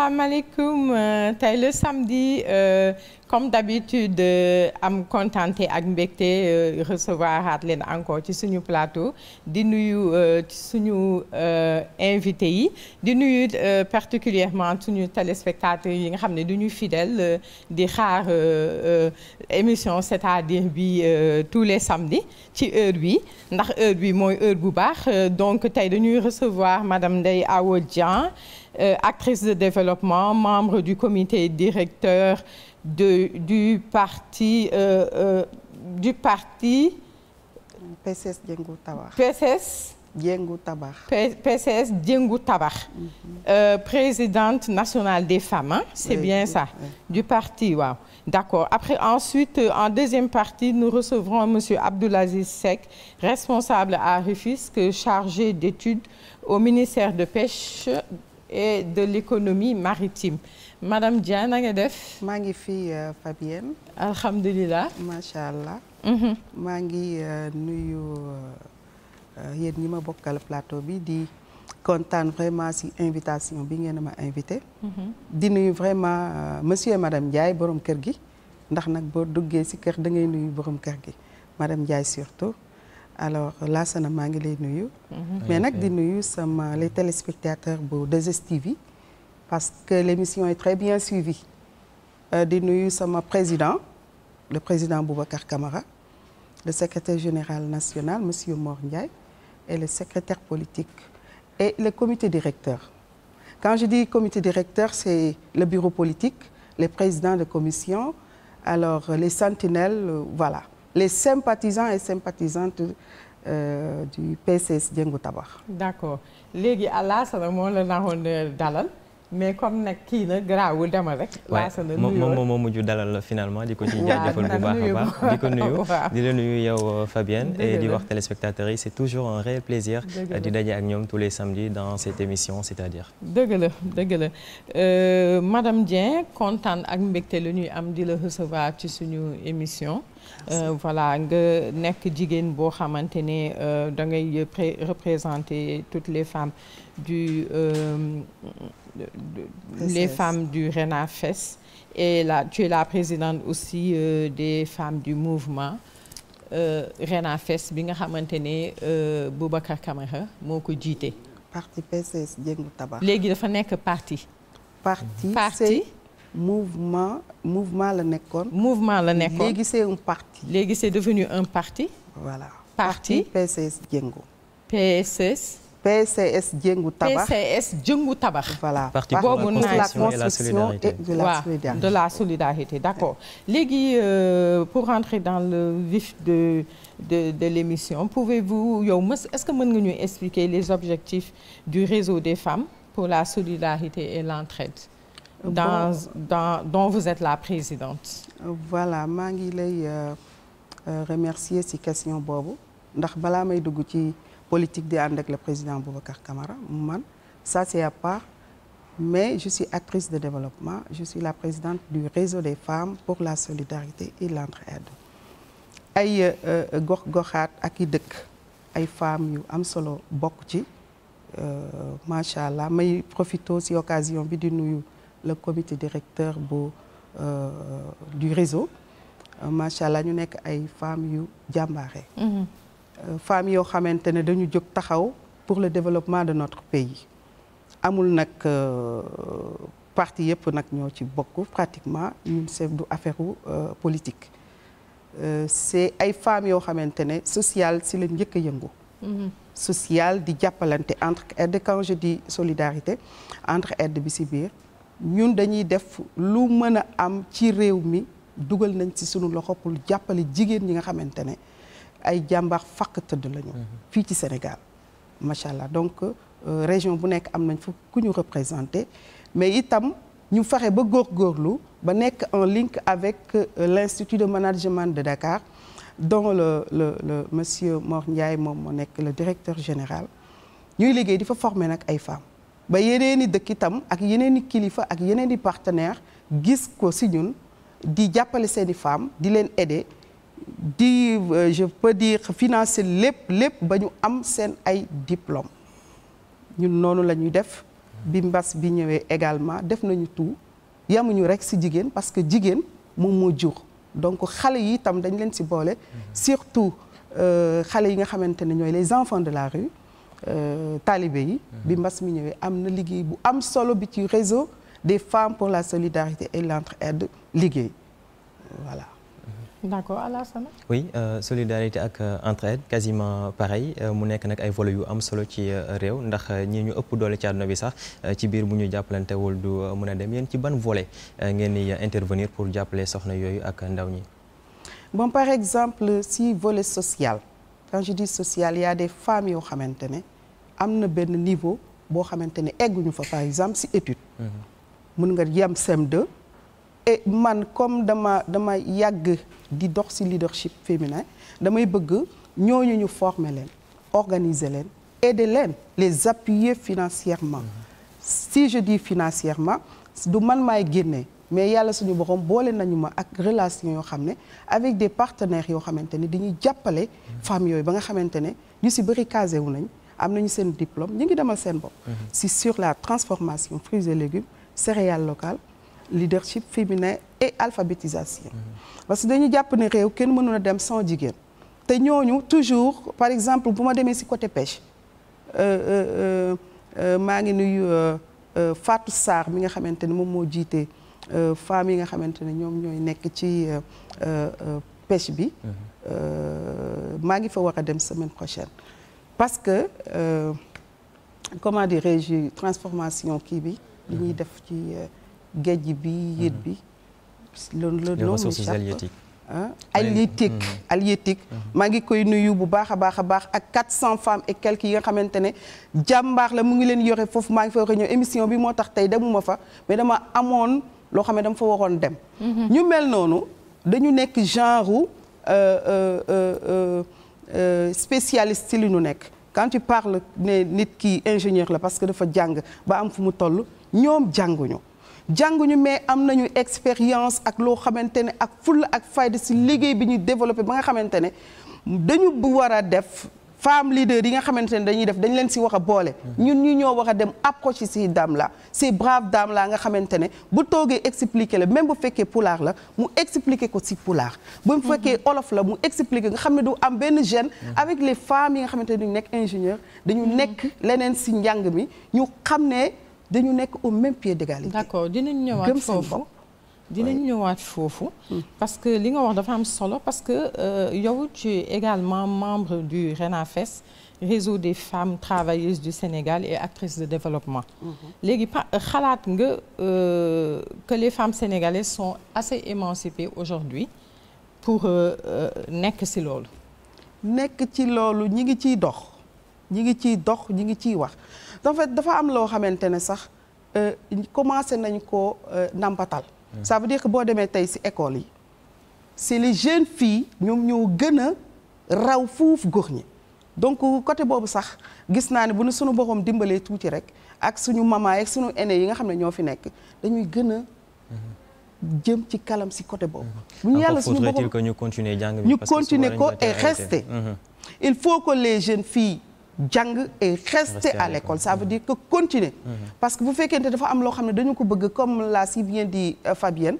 asalaamaaleykum euh, tey le samedi euh, comme d'habitude euh, am contenté ak mbégte recevoir at leen encore ci suñu plateau di nuyu suñu invité yi di nuyu particulièrement suñu téléspectateurs yi nga xam ne du ñu fidèle di xaar émission c'est-à-dire bi tous les samedis ci heure bi ndax heure bi mooy heure bu baax donc tey dañuy recevoir madame Ndeye Awa Dieng Euh, actrice de développement, membre du comité directeur de, du parti euh, euh, du parti PCS Jëngu Tabax. PCS Jëngu Tabax. PCS Tabax. Mm -hmm. euh, présidente nationale des femmes hein? c'est bien oui, ça oui. du parti waaw. d'accord après ensuite en deuxième partie nous recevrons monsieur Abdoulaziz Seck responsable à Rufisque chargé d'études au ministère de pêche et de l'économie maritime madame Dia na def. maa ngi fi euh, Fabienne. alhamdulilah. macha allah. Mhm. maa ngi euh, nuyu euh, yéen ñi ma bokkal plateau bi di kontaan vraiment ci invitation bi ngeen ma invité. Mhm. di nuyu vraiment monsieur et madame Ndiaye borom kër gi ndax nag boo duggee ci kër da ngay nuyu borom kër gi madame Ndiaye surtout. alors Lassana maa ngi lay nuyu. Mhm. mais nag di nuyu sama les téléspectateurs bu 2STV. parce que l' émission est très bien suivie. Euh, di nuyu sama président le président Boubacar kamara le secrétaire général national monsieur Mor Ndiaye et le secrétaire politique et le comité directeur. quand je comité directeur c'est le bureau politique les président de commission alors les euh, voilà. les sympathisants et sympathisantes euh, du PCS Jëngu Tabax. d'accord léegi Lassana moo la naxoon euh, dalal mais comme nag kii na garaawul demal rek. Lassana nuyoo moom moom moo mujj dalal la finalement di ko ci jaajëfal bu baax a baax di ko nuyu di yow euh, Fabienne. et di wax téléspectateurs yi c'est toujours un réel plaisir. Euh, di daje ak ñoom tous les samedis dans cette émission c'est-à-dire. dëgg la dëgg la madame Dieng kontaan ak mbégte la ñuy am di la recevoir ci suñu émission. Euh, voilà nga nekk jigéen boo xamante ne euh, da ngay représenter toutes les femmes du euh, les femmes du RENAFES et là tu es la présidente aussi des femmes du mouvement RENAFES bi nga xamante ne Boubacar Camara moo ko jiite. parti léegi dafa nekk parti. parti parti. mouvement mouvement la nekkoon. mouvement la nekkoon léegi un parti. léegi c'est devenu un parti. voilà parti PCS Jëngu. PSS. PCS Jëngu Tabax PCS Jëngu Tabax. voilà parti pour la construction et la solidarité de la solidarité. de la solidarité d'accord léegi euh, pour rentrer dans le vif de. de de l'émission pouvez-vous yow mës est-ce que mën nga ñu expliquer les objectifs du réseau des femmes pour la solidarité et l'entraide dans dans dont vous êtes la présidente. voilà maa ngi lay euh, euh, remercier si question boobu ndax balaa may dugg ci politique di ànd ak le président Boubacar Camara man ça c'est à part mais je suis actrice de développement je suis la présidente du réseau des femmes pour la solidarité et l'entraide ay euh, gox-goxaat ak i dëkk ay femmes yu am solo bokk ci macha allah may profito si occasion bi di nuyu. le commité directeur bu euh, du réseau euh, macha allah ñu nekk ay femmes yu jàmbaare. Mhm. Euh, femmes yoo xamante ne dañu jóg taxaw pour le développement de notre pays amul nag partie yëpp nag ñoo ci bokk pratiquement ñun chef du affaire politique. c'est ay femmes yoo xamante ne sociale si lañ njëkk a yëngu. Mhm. sociale di jàppalante entre aide quand je dis solidarité entre aide bi si biir. ñun dañuy def lu mën a am ci réew mi dugal nañ si sunu loxo pour jàppale jigéen ñi nga xamante ne ay jàmbaar fàq tëdd lañu. Mhm. fii ci Sénégal macha allah donc euh, région bu nekk am nañ fa ku ñu représenté mais itam ñu faxe ba góor góorlu ba nekk en link avec euh, l'institut de management de Dakar dont le le le monsieur Mor Ndiaye moom moo nekk le directeur général ñuy liggéey di fa former nag ay femmes. ba yeneen i dëkk itam ak yeneen i kilifa ak yeneen i partenaire gis ko si ñun di jàppale seen i femmes di leen aider di euh, je peux dire financer lépp lépp ba ñu am seen ay diplôme ñun noonu la ñuy def bi mbas bi ñëwee également def nañu tout yamuñu rek si jigéen parce que jigéen moom moo jur donc xale yi itam dañ leen si boole mm-hmm. surtout euh, xale yi nga xamante ne ñooy les enfants de la rue Euh, taalibe yi. Mhm. bi mbas mi ñëwee am na liggéey bu am solo bi ci réseau des femmes pour la solidarité et lentre l'entraide liggéey voilà. Mhm. d'accord Alassane. oui euh, solidarité ak euh, entraide quasiment pareil euh, mu nekk nag ay volets yu am solo ci réew ndax ñi ñu ëpp doole ci àdduna bi sax ci biir bu ñu jàppalantewul du mën a dem yéen ci ban vole ngeen di intervenir pour jàppale soxna yooyu ak ndaw ñi. bon par exemple si volet social. quand je dis social il y a des femmes yoo xamante ne am na benn niveau boo xamante ne egguñu fa par exemple si étude mm-hmm. mën nga yem CM2 et man comme dama dama yàgg di dox si leadership féminin damay bëgg ñooñu ñu former leen organiser leen aider leen les appuyer financièrement mm-hmm. si je dis financièrement du man maay génne mais yàlla suñu borom boole nañu ma ak relation yoo xam ne avec des partenaires yoo xamante ne dañuy jàppale femmes yooyu ba nga xamante ne ñu si bëri casé wu nañ am nañu seen diplôme ñu ngi demal seen bopp. Mhm. si sur la transformation fruits et légumes céréales locales leadership féminin et alphabétisation. Mhm. parce que dañu jàpp ne réew kenn mënu na dem sans jigéen. te ñooñu toujours par exemple bu ma demee si côté pêche euh, euh, euh, maa ngi nuyu Fatou Sarr mi nga xamante ne moom moo jiite. Euh, femmes yi nga xamante ne ñoom ñooy nekk ci euh, euh, pêche bi mhm. maa ngi fa war a dem semaine prochaine parce que euh, comment dirais-je transformation kii bi li ñuy mhm. def ci géej bi yët mhm. bi loolu loolu les ressources halieutiques halieutique ah, halieutique maa ngi koy nuyu bu baax a baax a baax ak quatre cent femmes et quelques yi nga xamante ne jàmbaar la mu ngi leen yore foofu maa ngi fa war a émission bi moo tax tey demuma fa mais dama amoon loo xam ne dama fa waroon dem. Mhm. ñu mel noonu dañu nekk genre euh, euh, euh, spécialiste ci li ñu nekk. quand tu parles ne nit ki ingénieur la parce que dafa jàng ba am fu mu toll ñoom jànguñu. jànguñu mais am nañu expérience ak loo xamante ne ak fulla ak fayda si liggéey bi ñuy développé ba nga xamante ne dañu war a def. femme leader yi nga xamante ne dañuy def dañ leen si war a boole ñun ñu ñoo wax a dem approche si daam la ces braves daam la nga xamante ne bu toogee expliquer la même bu fekkee pulaar la mu expliquer ko si pulaar bu fekkee olof la mu expliquer nga xam ne du am benn gêne avec les femmes yi nga xamante ne dañu nekk ingénieur dañu nekk leneen si njàng mi ñu xam ne dañu nekk au même pied d'égalité d'accord dinañ ñëwaat foofu dinañ ñëwaat foofu hmm. parce que li nga wax dafa am solo parce que euh, yow ci également membre du RENAFES réseau des femmes travailleuses du Sénégal et actrices de développement mm-hmm. léegi xalaat nga euh, que les femmes sénégalaises sont assez émancipées aujourd'hui pour euh, nekk ci loolu nekk ci loolu ñi ngi ciy dox ñi ngi ciy dox ñi ngi ciy wax en dafa am loo xamante ne sax commencé nañ ko nampatal ça veut dire que boo demee tey si école yi c'est les jeunes fii ñoom ñoo gën a raw fuuf gox ñi donc côté boobu sax gis naa ne bu nu suñu boppam dimbalee tuuti rek ak suñu mamaay ak suñu aîné yi nga xam ne ñoo fi nekk dañuy gën a jëm ci kalam ci côté boobu. Mm-hmm. bu ñu yàlla suñu boppam ñu continuer jàng bi ñu continuer ko et rester. Mm-hmm. il faut que les jeunes filles. jàng et rester à l'école ça veut dire que continuer mm-hmm. parce que bu fekkente dafa am loo xam ne dañu ko bëgg comme l'a si bien dit euh, Fabienne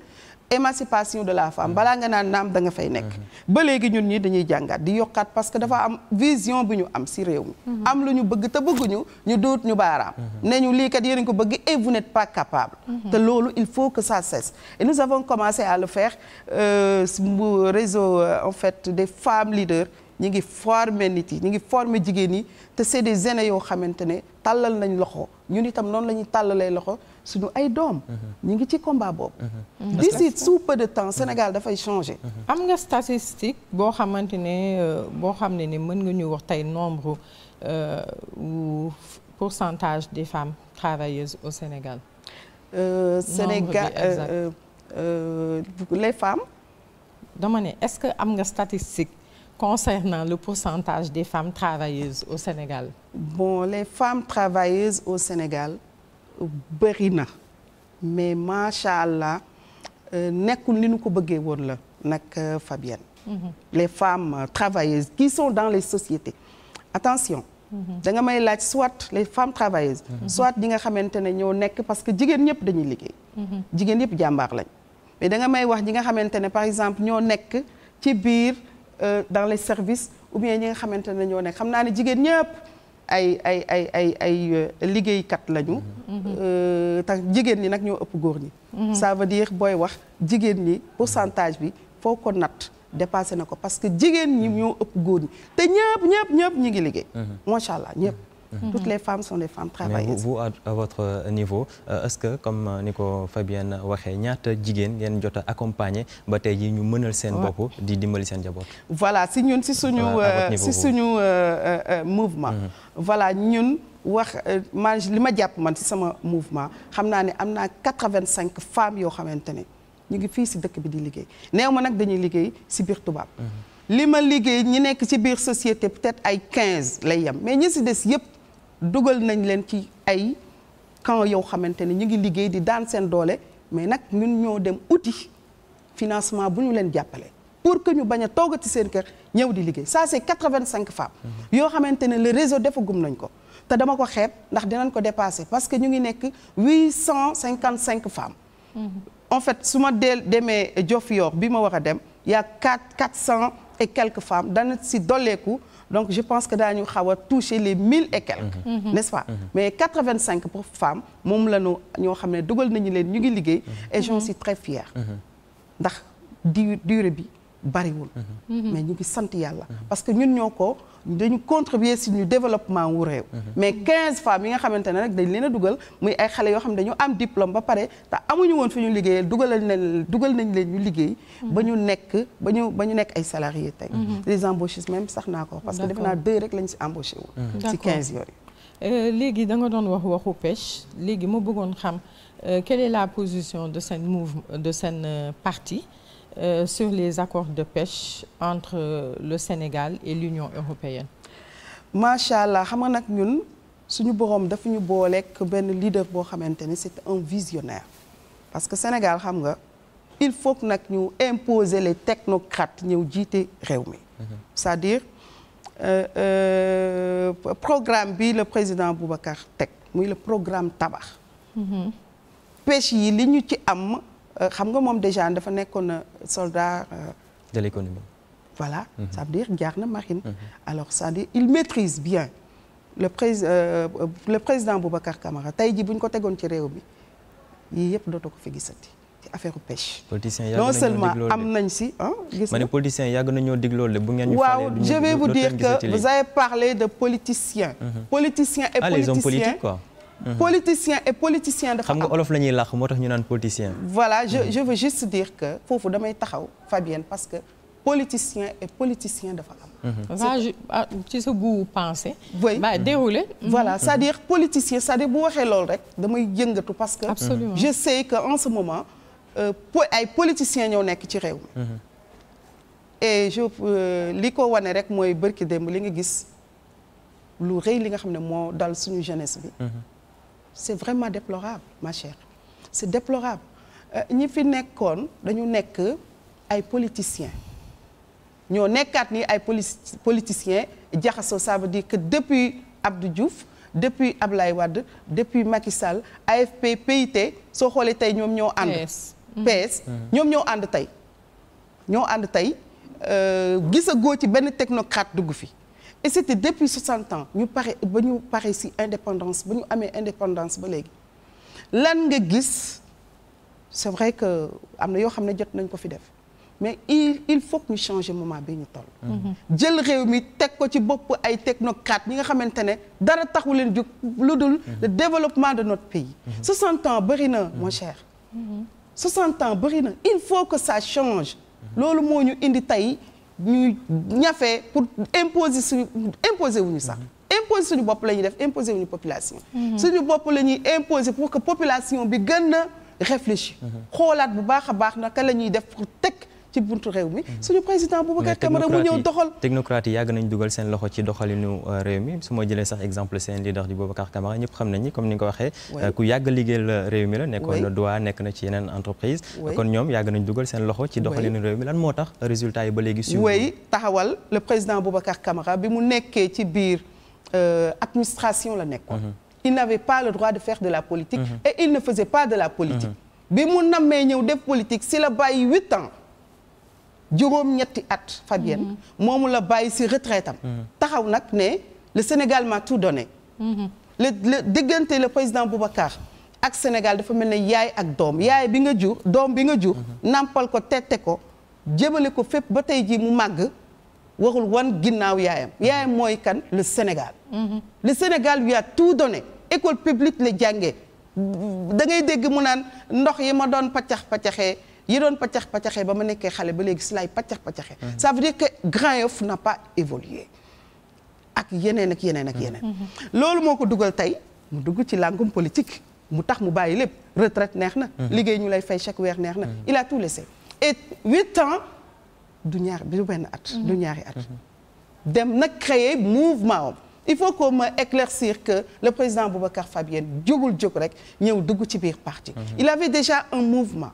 émancipation de la femme mm-hmm. balaa nga naan naam da nga fay nekk mm-hmm. ba léegi ñun ñi dañuy jàngaat di yokkaat parce que dafa am vision bu ñu am si réew mi am lu ñu bëgg te bëgguñu ñu dóot ñu baaraam ne ñu lii kat yéen ko bëgg et vous n'êtes pas capable te loolu il faut que ça cesse et nous avons commencé à le faire euh, réseau euh, en fait des femmes leaders ñu ngi former nit yi ñu ngi former jigéen yi te c'est des aînés yoo xamante ne tàllal nañ loxo ñun itam noonu la ñuy tàllalee loxo suñu ay doom. Mm-hmm. ñu ngi ci combat boobu. Mm-hmm. Mm-hmm. d'ici sous peu de temps Sénégal dafay changer. am nga statistique boo xamante ne euh, boo xam ne ni mën nga ñu wax tey nombre euh, ou pourcentage des femmes travailleuses au Sénégal. Euh, Sénégal euh, euh, euh, les femmes. dama ne est-ce que am nga statistique. concernant le pourcentage des femmes travailleuses au Sénégal. bon les femmes travailleuses au Sénégal bëri na mais macha allah euh, nekkul ni ñu ko bëggee woon la nag euh, Fabienne. Mhm. les femmes euh, travailleuses qui sont dans les sociétés attention. Mhm. da may laaj soit les femmes travailleuses. Mhm. soit ñi nga xamante ne ñoo nekk parce que jigéen ñëpp dañuy liggéey. jigéen ñëpp jàmbaar lañ. mais da may wax ñi nga xamante ne par exemple ñoo nekk ci biir. Euh, dans les services ou bien ñi nga xamante ne ñoo nekk xam naa ne jigéen ñëpp ay ay ay ay ay euh, liggéeykat lañu. Mm-hmm. Euh, tax jigéen ñi nag ñoo ëpp góor ñi. Mm-hmm. ça vedir booy wax jigéen ñi pour pourcentage bi foo ko natt dépassé na ko parce que jigéen ñi mm-hmm. ñoo ëpp góor ñi te ñëpp ñëpp ñëpp ñi ngi liggéey. macha allah ñëpp. Mhm. toutes les femmes sont des femmes travailleuses. mais vous à votre niveau euh, est-ce que comme euh, ni ko Fabienne waxee ñaata jigéen ngeen jot a accompagner ba tey jii ñu mënal seen bopp. di dimbali seen njaboot. voilà si ñun si suñu. Euh, si suñu mouvement. Mhm. voilà ñun. wax ma li ma jàpp man ci sama mouvement xam naa ne am naa quatre-vingt-cinq femmes yoo xamante ne ñu ngi fii si dëkk bi di liggéey neew ma nag dañuy liggéey si biir tubaab. Mhm. li ma liggéey ñi nekk ci biir société peut-être ay quinze lay yem mais ñi ci des yépp. dugal nañ leen ci ay camp yow xamante ne ñu ngi liggéey di daan seen doole mais nag ñun ñoo dem outil financement bu ñu leen jàppale pour que ñu bañ a toogati seen kër ñëw di liggéey ça c'est quatre-vingt-cinq femmes yoo xamante ne le réseau defagum nañ ko te dama ko xeeb ndax dinañ ko dépasser parce que ñu ngi nekk huit cent cinquante-cinq femmes mm-hmm. en fait su ma dee demee Diofior bi ma war a dem y a quatre quatre cent et quelques femmes dana si dolleeku donc je pense que daañu xaw a toucher les mille et quelques mhm. Mm-hmm. Mhm. n'est-ce pas mhm. mais quatre-vingt-cinq pour femmes moom la ñoo xam ne dugal nañu leen ñu ngi liggéey et j'en suis très fière ndax di durée bi bariwul mais ñu ngi sant yàlla parce que ñun ñoo ko dañu contribuer si ñu développement wu réew. Mhm. mais 15 femmes yi nga xamante ne nag dañ leen a dugal muy ay xale yoo xam ne dañu am diplôme ba pare te amuñu woon fi ñu liggéeyee dugal nañ dugal nañ leen ñu liggéey. Mhm. ba ñu nekk ba ñu ba ñu nekk ay salariés tey. Mhm. les embauches même sax naa ko parce que defe naa deux rek lañ si embauché wu. si 15 léegi da nga doon wax waxu pêche léegi ma bëggoon xam euh, quelle est la position de seen mouvement de seen euh, parti. euh, sur les accords de pêche entre le Sénégal et l'Union européenne macha allah xam nga nag ñun suñu borom dafa ñu booleek benn leader boo xamante ni c'est un visionnaire parce que Sénégal xam nga il faut que nag ñu imposer les technocrates ñëw jiite réew mi mhm. c'est-à-dire euh, euh, programme bi le président Boubacar teg muy le programme tabax. Mhm. pêche yi li ñu ci am Euh, xam nga moom déjà dafa nekkoon euh, soldat. Euh, de l'économie. voilà mm -hmm. ça veut dire jaar na marine. Mm -hmm. alors ça veut dire il maîtrise bien le prés euh, le président Boubacar Camara tey jii bu ko tegoon ci réew bi yii yëpp dootu ko fi gisati. ci affaire pêche. non seulement am nañ si ah. gis nga ma ne politiciens yàgg nañoo dig loolu bu ngeen ñu. waaw je vais vous dire que vous avez parlé de politicien. Mm -hmm. politicien et ah, politicien les hommes politiques quoi. Mhm. politicien et politicien dafa am xam nga olof la ñuy làq moo tax ñu naan politicien. voilà mhm. je veux juste dire que foofu damay taxaw Fabienne parce que politicien et politicien dafa am. Mhm. va ah, ci sa bu pensée. oui ba déroulé. voilà c'est-à-dire politicien c'est-à-dire bu waxee loolu rek damay jëngatu parce que. absolument je sais que en ce moment euh, po ay politiciens ñoo nekk ci réew mi. Euh, li ko wane rek mooy bërki démb li nga gis lu rëy li nga xam ne moo dal suñu jeunesse bi. c'est vraiment déplorable ma chère c'est déplorable euh, ñi fi nekkoon dañu nekk ay politiciens ñoo nekkaat ni ay politiciens jaxasoo ça veut dire que depuis Abdou Diouf depuis Ablaye wadd depuis Macky Sall AFP PIT soo xoolee tey ñoom ñoo ànd PS mm. mm. ñoom ñoo ànd tey ñoo ànd tey euh, gis a ci benn technocrate dugg fi et c' était depuis 60 ans ñu pare ba ñu pare si indépendance ba ñu amee indépendance ba léegi lan nga gis c' est vrai que am na yoo xam ne jot nañ ko fi def mais il il faut que ñu changer moment bi ñu toll. Mhm. jël réew mi teg ko ci bopp ay technocrates ñi nga xamante ne dara taxu leen jóg lu dul le mhm. développement de notre pays. 60 mhm. ans bëri na mon cher. 60 ans bëri na il faut que ça change. loolu moo ñu indi tey ñu ñafe pour imposer suñu imposer wuñu sax imposer suñu bopp la ñuy def imposer wuñu population suñu bopp la ñuy imposer pour que population bi gën a réfléchir mhm. xoolaat bu baax a baax naka la ñuy def pour teg ci buntu réew mi mhm. suñu président Boubacar Camara mu ñëw doxal technocrates yi yàgg nañ dugal seen loxo ci doxalinu euh, réew mi su ma jëlee sax exemple seen leader di Boubacar Camara ñëpp xam nañ ni comme ni nga ko waxee euh, ku yàgg liggéeyal euh, réew mi la nekkoon na nekk na ci yeneen entreprise kon ñoom yàgg nañ dugal seen loxo ci doxalinu réew mi lan moo tax résultat yi ba léegi su wéy taxawal le président Boubacar Camara bi mu nekkee ci biir administration la nekkoon mhm. il de la politique mhm. et la politique bi mu nammee juróom-ñetti at Fabienne mm-hmm. moomu la bàyyi si retraite mm-hmm. taxaw nag ne le Sénégal tout donné mm-hmm. le diggante le président Boubacar ak Sénégal dafa mel ne yaay ak doom yaay bi nga jur doom bi nga jur nàmpal ko tette ko jëmale ko fépp ba tey jii mu màgg warul wan ginnaaw yaayam yaayam mooy kan le Sénégal le Sénégal lui a tout donné école publique la jàngee da ngay dégg mu naan ndox yi ma doon paccax-paccaxee yenoon doon paccax paccaxee ba ma nekkee xale ba léegi si laay paccax paccaxee ça veut dire que Grand Yoff n'a pas évolué ak yeneen ak yeneen ak mm-hmm. yeneen loolu moo ko dugal tey mu dugg ci làngum politique mu tax mu bàyyi lépp retraite neex na mm-hmm. liggéey ñu lay fay chaque weer neex na mm-hmm. il a tout laissé et huit ans du ñaar du benn at du ñaari at dem nag créer mouvement am il faut qu'on me éclaircir que le président Boubacar Fabienne jogul jóg rek ñëw dugg ci biir parti il un mouvement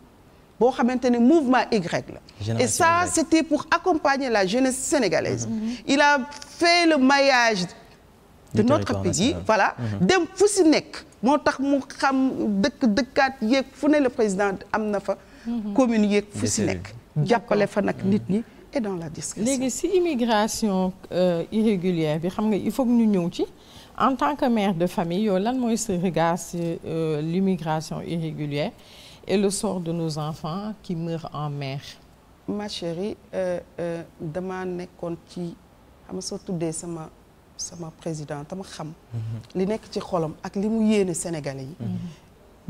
boo xamante ne mouvement Y la et ça c'était pour accompagner la jeunesse sénégalaise mhm. Mhm. il a fait le maillage de notre pays voilà mhm. dem fu si nekk moo tax mu xam dëkk dëkkaat yeeg fu ne le président am na fa commune yeeg fu si nekk jàppale fa nag nit ñi et dans la discrétion léegi si immigration euh, irrégulière bi xam nga il faut que ñu ñëw ci en tant que mère de famille yow lan mooy sa regard si euh, l'immigration irrégulière et le sort de nos enfants qui meurent en mer. ma chérie euh, euh, dama nekkoon ci xam soo tuddee sama sama président dama xam. Mhm. li nekk ci xolam ak li mu yéene Sénégalais yi. Mhm.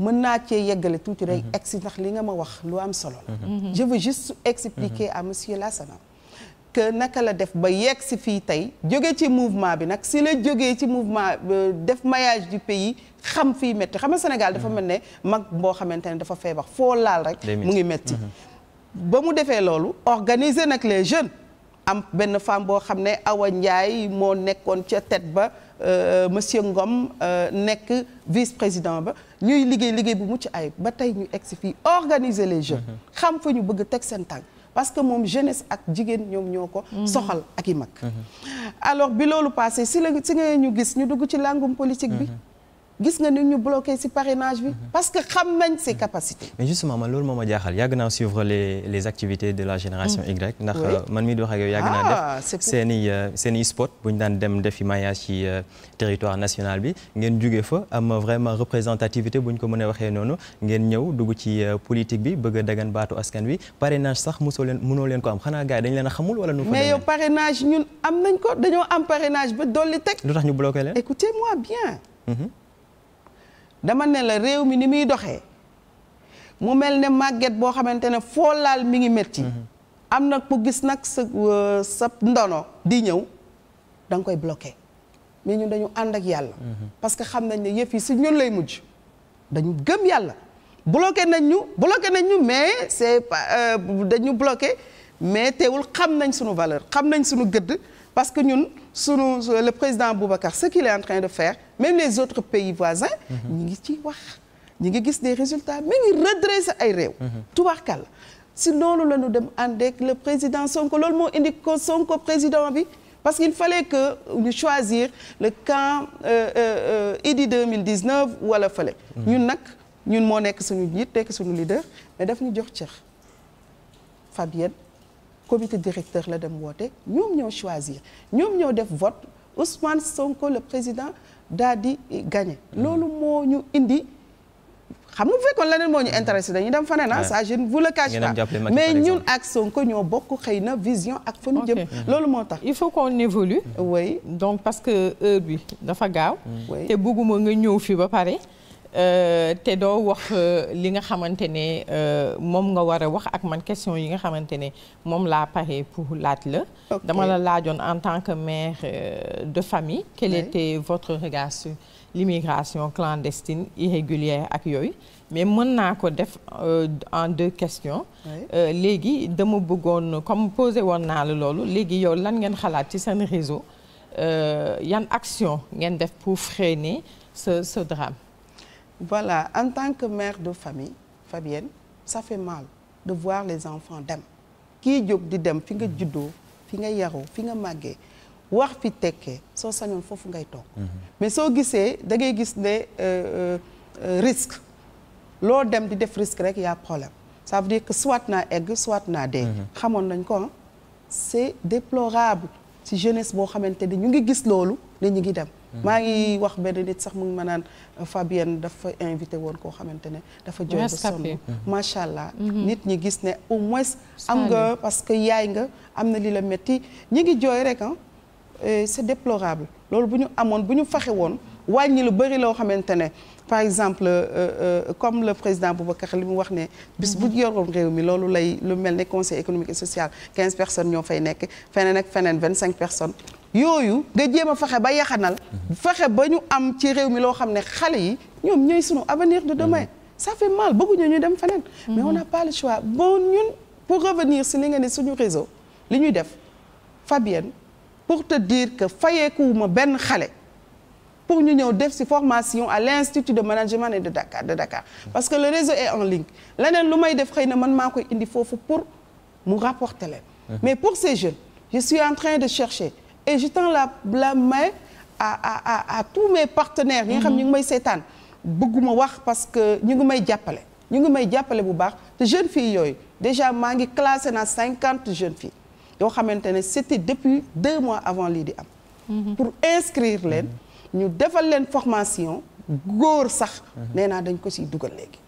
mën naa cee yeggale tuuti rek. Mhm. egsi ndax li nga ma wax lu am solo je veux juste expliquer à monsieur la Lassana. que naka la def ba yegg si fii tey jóge ci mouvement bi nag si la jógee ci mouvement euh, def maillage du pays xam fii métti xam nga Sénégal dafa mel ne mag boo xamante ne dafa feebar foo laal rek mu ngi metti mhm. ba mu defee loolu organiser nag les jeunes am benn femme boo xam ne Awa Ndiaye moo nekkoon ca tête ba euh, monsieur Ngom euh, nekk vice-président ba ñuy liggéey liggéey bu mucc ay ba tey ñu egg si fii organiser les jeunes mhm. xam fa ñu bëgg teg seen tànk parce que moom jeunesse ak jigéen ñoom ñoo ko mhm. soxal ak i mag mhm. alors bi loolu passé si la si nga ñu gis ñu dugg ci langum politique bi mhm. gis nga ni ñu bloqué ci parrainage bi mhm. parce que xam nañ ses mhm. capacités mais justement man loolu moo ma jaaxal yàgg naa suivre les les activités de la génération mhm. Y ndax man mii di wax ak yow yàgg naa ah, def seen i seen spot bu ñu daan dem defi maillage ci euh, territoire national bi ngeen juge fa am vraiment représentativité bu ñu ko mën a waxee noonu ngeen ñëw dugg ci euh, politique bi bëgg a dagan baatu askan wi parrainage sax mosoo leen mënoo leen ko am xanaa gars dañ leen a xamul wala nu mais yow parrainage ñun ñu bloqué leen dama ne la réew mi ni muy doxee mu mel ne màgget boo xamante ne foo laal mi ngi metti mhm. am na ku gis nag sa euh, sa ndono di ñëw danga koy bloqué mais ñun dañu ànd ak yàlla mhm. parce que xam nañ ne yëf yi si ñun lay mujj dañu gëm yàlla bloqué nañ ñu bloqué nañ ñu mais c'est pas euh, dañu bloqué mais teewul xam nañ sunu valeur xam nañ suñu gëdd parce ñun sunu euh, le président Boubacar ce qu'il est en train de faire même les autres pays voisins mhm. ñi ngi ci wax ñi ngi gis des résultats mi ngi redresser ay réew mhm. tubaarkàlla si loolu la ñu dem ànd ak le président Sonko loolu moo indi ko Sonko président bi parce qu'il fallait que ñu choisir le camp euh, euh, Idy 2019 wala fale mhm. ñun nag ñun moo nekk suñu njiit nekk suñu leader mais daf ñu jox cër Fabienne comité directeur la dem woote ñoom ñoo choisir ñoom ñoo def vote Ousmane Sonko la président daal di gagné. Hmm. loolu moo ñu indi xam nga bu fekkoon leneen moo ñu intéressé dañuy dem faneen ah ça je ne vous le cache pas mais ñun ak Sonko ñoo bokk xëy na vision ak fa ñu jëm. Hmm. loolu moo tax il faut qu'on évolue. oui donc parce que heure bi dafa gaaw. Hmm. te bëgguma nga ñëw fi ba pare. Euh, te doo wax euh, li nga xamante ne euh, moom nga war a wax ak man question yi nga xamante ne moom laa pare pour laaj la. dama la laajoon en tant que mère de famille. quel était votre regard sur l'immigration clandestine irrégulière ak yooyu. mais mën naa ko def en deux questions. léegi dama bëggoon comme posé woon naa la loolu léegi yow lan ngeen xalaat ci seen réseau yan action ngeen def pour freiner ce ce drame. voilà en tant que mère de famille Fabienne ça fait mal de voir les enfants dem kii jóg di dem fi nga mhm. juddoo fi nga yaroo fi nga màggee wax fi tekkee soo sañoon foofu ngay toog mhm. mais soo gisee da ngay gis ne euh, euh, risque loo dem di def risque rek y'a problème ça veut que soit naa egg soit naa dee mhm. xamoon nañ ko ah? c'est déplorable ci jeunesse boo xamante ni ñu ngi gis loolu ne ñu ngi dem maa ngi wax benn nit sax mu ngi ma naan Fabienne dafa invité woon koo xamante ne dafa jooy ba sonn mhm. macha allah. Mhm. nit ñi gis ne au moins am nga parce que yaay nga am na li la métti ñi ngi jooy rek ah euh, c'est déplorable loolu bu ñu amoon bu ñu faxe woon wàññi lu bëri loo xamante ne par exemple euh, euh, comme le président Boubacar li mu wax ne bis bu mhm. yoroon réew mi loolu lay lu mel ne conseil économique et social quinze personnes ñoo fay nekk feneen ak feneen vingt cinq personnes yooyu nga jéem a fexe ba yaxanal mhm. fexe ba ñu am ci réew mi loo xam ne xale yi ñoom ñooy suñu avenir de demain mhm. ça fait mal bëgguñu ñu dem feneen mais on a pas le choix bon ñun pour revenir si li nga ne suñu réseau li ñuy def Fabienne pour te dire que fayeekuwuma benn xale pour ñu ñëw def ci formation à l'institut de management et de Dakar de Dakar parce que le réseau est en ligne leneen lu may def xëy na man maa koy indi foofu pour mu rapporter leen mais pour ces jeunes je suis en train de chercher et je tends la la main à à à tous mes partenaires yi nga xam ñu ngi may seetaan bëgguma wax parce que ñu ngi may jàppale ñu ngi may jàppale bu baax te jeunes filles yooyu déjà maa ngi classé na cinquante jeunes filles yoo xamante ne c'était depuis deux mois avant lii di am pour inscrire leen ñu defal leen formation góor sax mhm. nee naa dañ ko siy dugal léegi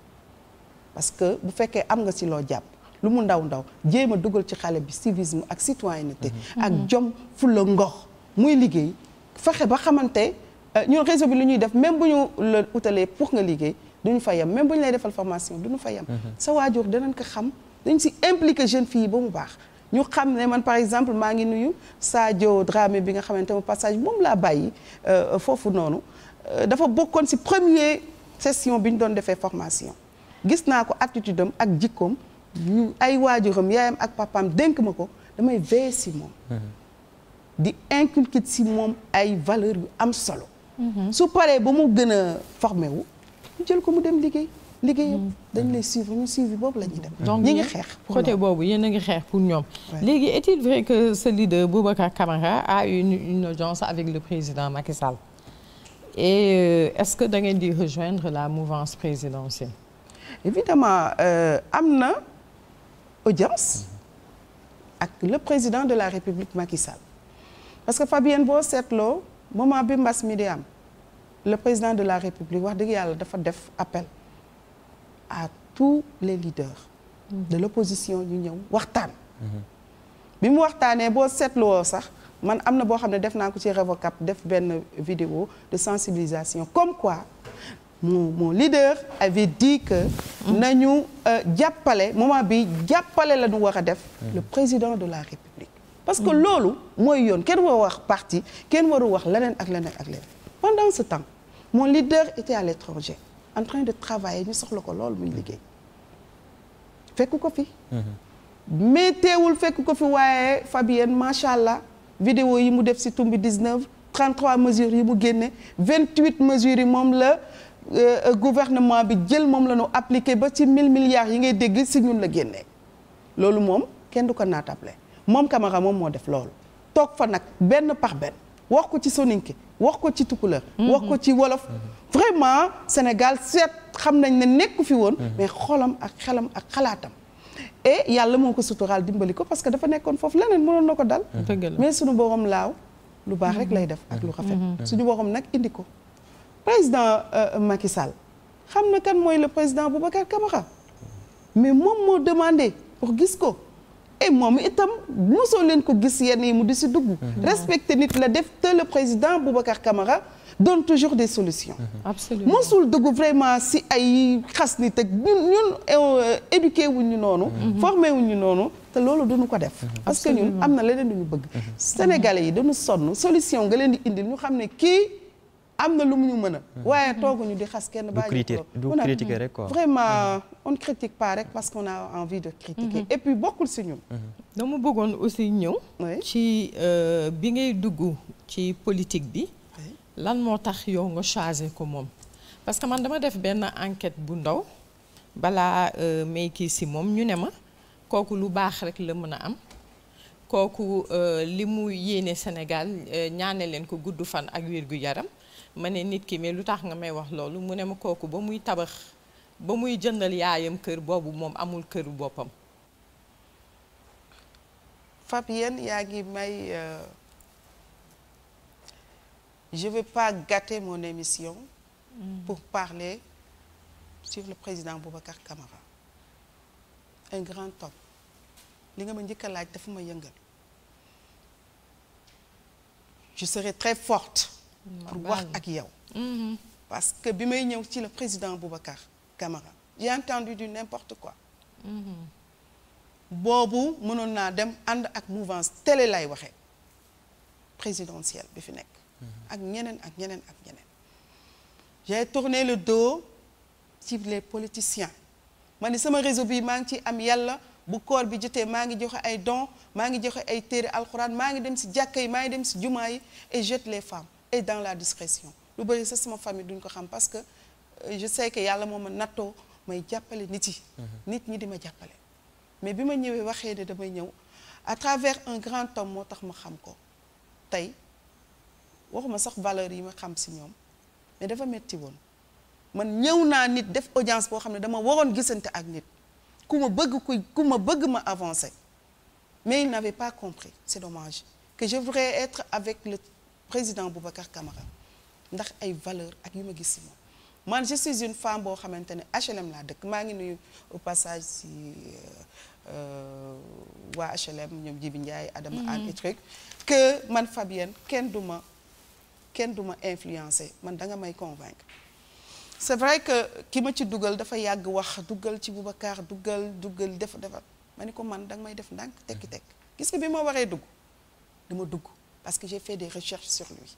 parce que bu fekkee am nga si loo jàpp lu mu ndaw ndaw jéem a dugal ci xale bi civisme ak citoyenneté mhm. ak mhm. jom fulla ngox muy liggéey fexe ba xamante euh, ñun réseau bi lu ñuy def même bu ñu la utalee pour nga liggéey duñu fa yem même bu ñu lay defal formation duñu fa yem sa waajur danañ ko xam dañ si impliqué jeune fille ba mu baax ñu xam ne man par exemple maa ngi nuyu Sadio Dramé bi nga xamante ne passage moom laa bàyyi euh, foofu noonu euh, dafa bokkoon si premier session bi ñu doon defee formation gis naa ko attitude ak jikkoom ay waajuram yaayam ak papaam dénk ma ko damay veiller si moom mm-hmm. di inculquer si moom ay valeur yu am solo mm-hmm. su paree ba mu gën a formé wu jël ko mu dem liggéey liggéeyam mm. dañ lay suivre ñu suivi boobu la ñuy dem. donc ñu ngi xeex côté boobu yéen ngi xeex pour ñoom. léegi est-il vrai que ce leader Boubacar Camara a eu une, une audience avec le président Macky Sall euh, est-ce que da ngeen di rejoindre la mouvance présidentielle. évidemment euh, am na audience ak le président de la République Macky Sall parce que Fabienne boo seetloo moment bi mbas mi di am le président de la République wax dëgg yàlla dafa def appel. à tous les leaders de l'opposition ñu ñëw waxtaan bi mu waxtaanee boo seetloo sax man am na boo xam ne def naa ko ci Revocap def benn vidéo de sensibilisation comme quoi mon mon leader avait dit que nañu euh, jàppale moment bi jàppale la ñu war a def le président de la République parce que loolu mooy yoon kenn waru wax parti kenn waru wax leneen ak leneen ak leneen pendant ce temps mon leader était à l'étranger en train de yi ñu soxla ko loolu muy liggéey fekk ko fi mais mm-hmm. teewul fekk ko fi waaye Fabienne macha allah vidéo yi mu def si tumbi 19 33 mesures yi mu génne 28 mesures yi moom la euh, gouvernement bi jël moom la ñu appliqué ba ci mille milliards yi ngay dégg si ñun la génnee loolu moom kenn du ko naatable moom Camara moom moo def loolu toog fa nag benn par benn wax ko ci soninke wax ko ci tukulër wax ko ci wolof vraiment Sénégal seet xam nañ ne nekku fi woon mais xolam ak xelam ak xalaatam e yàlla moo ko suturaal dimbali ko parce que dafa nekkoon foofu leneen mënoon na ko dal mais suñu borom laaw lu baax rek lay def ak lu rafet mhm. suñu borom nag indi ko président euh, Macky Sall xam na kan mooy le président Boubacar Camara mais moom moo demandé pour gis ko moom itam mosoo leen ko gis yenn yi mu di si dugg mhm. respecté nit la def te le président Boubacar Camara donne toujours des solutions mhm. absolument mosul dugg vraiment si ay xas nit ak ñun ñun euh, éduqué wuñu noonu mhm. formé wuñu noonu te loolu duñu ko def parce que ñun am na leneen lu ñu bëgg sénégalais yi dañu sonn solution nga leen di indil ñu xam ne kii am na lu mu ñu mën a. Hmm. waaye tooguñu di xas kenn baa ñu toog du critiquer hmm. rek vraiment hmm. on ne critique pas rek parce qu'on a envie de critiquer. et puis bokkul si ñun. dama bëggoon aussi ñëw. ci euh, bi ngay dugg ci politique bi. lan moo tax yow nga choisir ko moom. parce que man dama def benn enquête bu ndaw balaa euh, may kii si moom ñu ne ma kooku lu baax rek la mën a am. kooku euh, li mu yéene Sénégal ñaane leen ko gudd fan ak wér gu yaram. ma ne nit ki mais lu tax nga may wax loolu mu ne ma kooku ba muy tabax ba muy jëndal yaayam kër boobu moom amul këru boppam Fab yéen yaa ngi may euh, je vais pas gâter mon émission mm. pour parler sur le président Boubacar Camara un grand homme li nga ma njëkka laaj dafa ma yëngal je serai très fort pour wax ak yow mm-hmm. parce que bi may ñëw ci la président Boubacar Camara j'ai entendu du n'importe quoi mm-hmm. boobu mënoon naa dem ànd ak mouvance télé lay waxee présidentielle bi fi nekk mm-hmm. ak ñeneen ak ñeneen ak ñeneen j'ai tourné le dos ci les politiciens ma ne sama réseau bi maa ngi ci am yàlla bu koor bi jotee maa ngi joxe ay dons maa ngi joxe ay téere alxuraan maa ngi dem si jàkka yi maa ngi dem si jumaa yi et j'aide les femmes et dans la discrétion lu bëri sax sama famille duñ ko xam parce que euh, je sais que yàlla moo ma nattoo may jàppale nit yi. Mhm. nit ñi di ma jàppale. mais bi ma ñëwee waxee ne damay ñëw à travers un grand homme moo tax ma xam ko tey waxuma sax valeur yi ma xam si ñoom mais dafa metti woon man ñëw naa nit def audience boo xam ne dama waroon gisante ak nit ku ma bëgg ku ku ma bëgg ma avancer mais il n'avait pas compris c'est dommage que je voudrais être avec le président Boubacar Camara ndax ay valeur ak yu ma gis si moom man je suis une femme boo xamante ne HLM laa dëkk maa ngi nuyu passage si euh, waa HLM ñoom Jibi njaay Adama mm-hmm. Anne et truc que man Fabienne kenn du ma kenn du ma influencé man da nga may convaincre c'est vrai que ki ma ci dugal dafa yàgg wax dugal ci Boubacar dugal dugal def defar ma ni ko man danga may def ndànk tekki-tekk gis nga bi ma waree dugg dama dugg parce que j'ai fait des recherches sur lui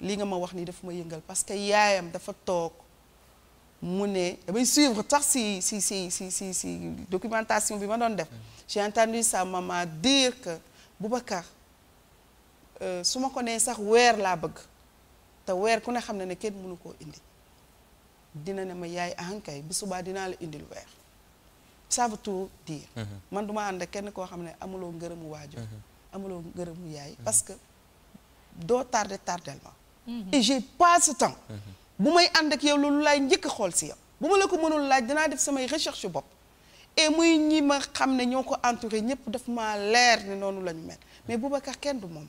li nga ma wax nii dafa ma yëngal parce que yaayam dafa toog mu ne damay suivre tax si si si si si si documentation bi ma doon def j'ai entendu sa maman dire que Boubacar euh, su ma ko nee sax weer laa bëgg te weer ku ne xam ne ne kenn mënu koo indi dina ne ma yaay ahankay bu subaa dinaa la indil weer ça veut tout dire mm-hmm. man duma ànd kenn koo xam ne amuloo ngërëmu waajur mm-hmm. amuloo mu yaay parce que doo tardé tardel ma mhm. et j'ai pas mhm. bu may ànd ak yow loolu laay njëkk xool si yow bu ma la ko mënul laaj danaa def samay recherche bopp et muy ñii ma xam ne ñoo ko entouré ñëpp daf ma leer ne noonu la ñu mel mais Boubacar kenn du moom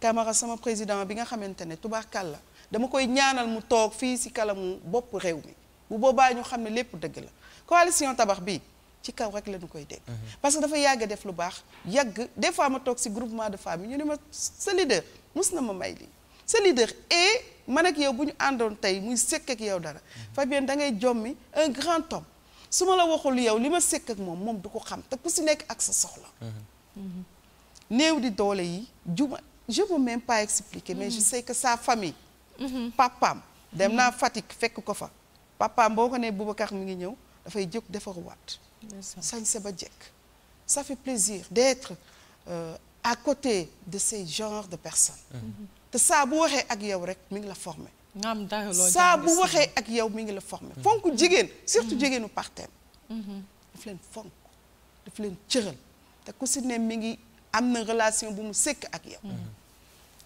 Camara sama président bi nga xamante ne tubaarkàlla dama koy ñaanal mu toog fii si kalamu bopp réew mi bu boobaa ñu xam ne lépp dëgg la coalition tabax bi ci kaw rek la ñu koy dégg. Mhm. parce que dafa yàgg def lu baax yàgg des fois ma toog si groupement de femmes yi ñu ne ma sa leader mus na ma may lii sa leader et man ak yow bu ñu àndoon tey muy sekk ak yow dara. Mhm. Fabienne da ngay jommi un grand homme su ma la waxul yow li ma sekk ak moom moom du ko xam te ku si nekk ak sa soxla. Mhm. néew di doole yi juma je peux même pas expliquer mais je sais que sa famille. papaam dem naa Fatick fekk ko fa. papaam boo ko nee Boubacar mi ngi ñëw dafay jóg defaruwaat. sañse ba jekk ça fait plaisir d'être euh, à côté de ces genre de personnes mhm. te saa bu waxee ak yow rek mi ngi la formé saa bu waxee ak yow mi ngi la formé mhm. fonk jigéen surtout mhm. jigéenu parteem daf leen fonk daf leen cëral te ku si ne mi ngi am na relation bu mu sëkk ak yow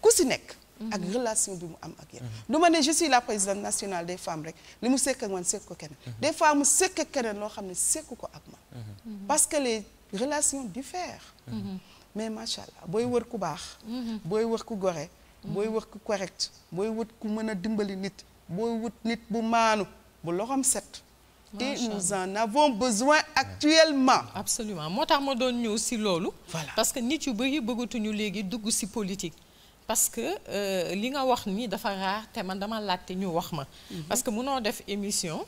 ku si nekk ak mhm. relation bi mu am ak yéen mhm. du ma ne je la présidente nationale des femmes rek li mu sekk ak man sekk ko keneen mhm. des fois mu sekk ak keneen loo xam ne sekk ko ak man parce que les relations diffèrent mais macha allah booy wër ku baax booy wër ku gore booy wër ku correct booy wut ku mën a dimbali nit booy wut nit bu maanu bu loxoom set te nous en avons besoin actuellement. absolument moo tax ma doon ñëw si loolu. voilà parce que nit yu bëri bëggatuñu léegi dugg si politique. parce que euh, li nga wax nii dafa raar te man dama laajte ñu wax ma. Mhm. parce que munoo def émission.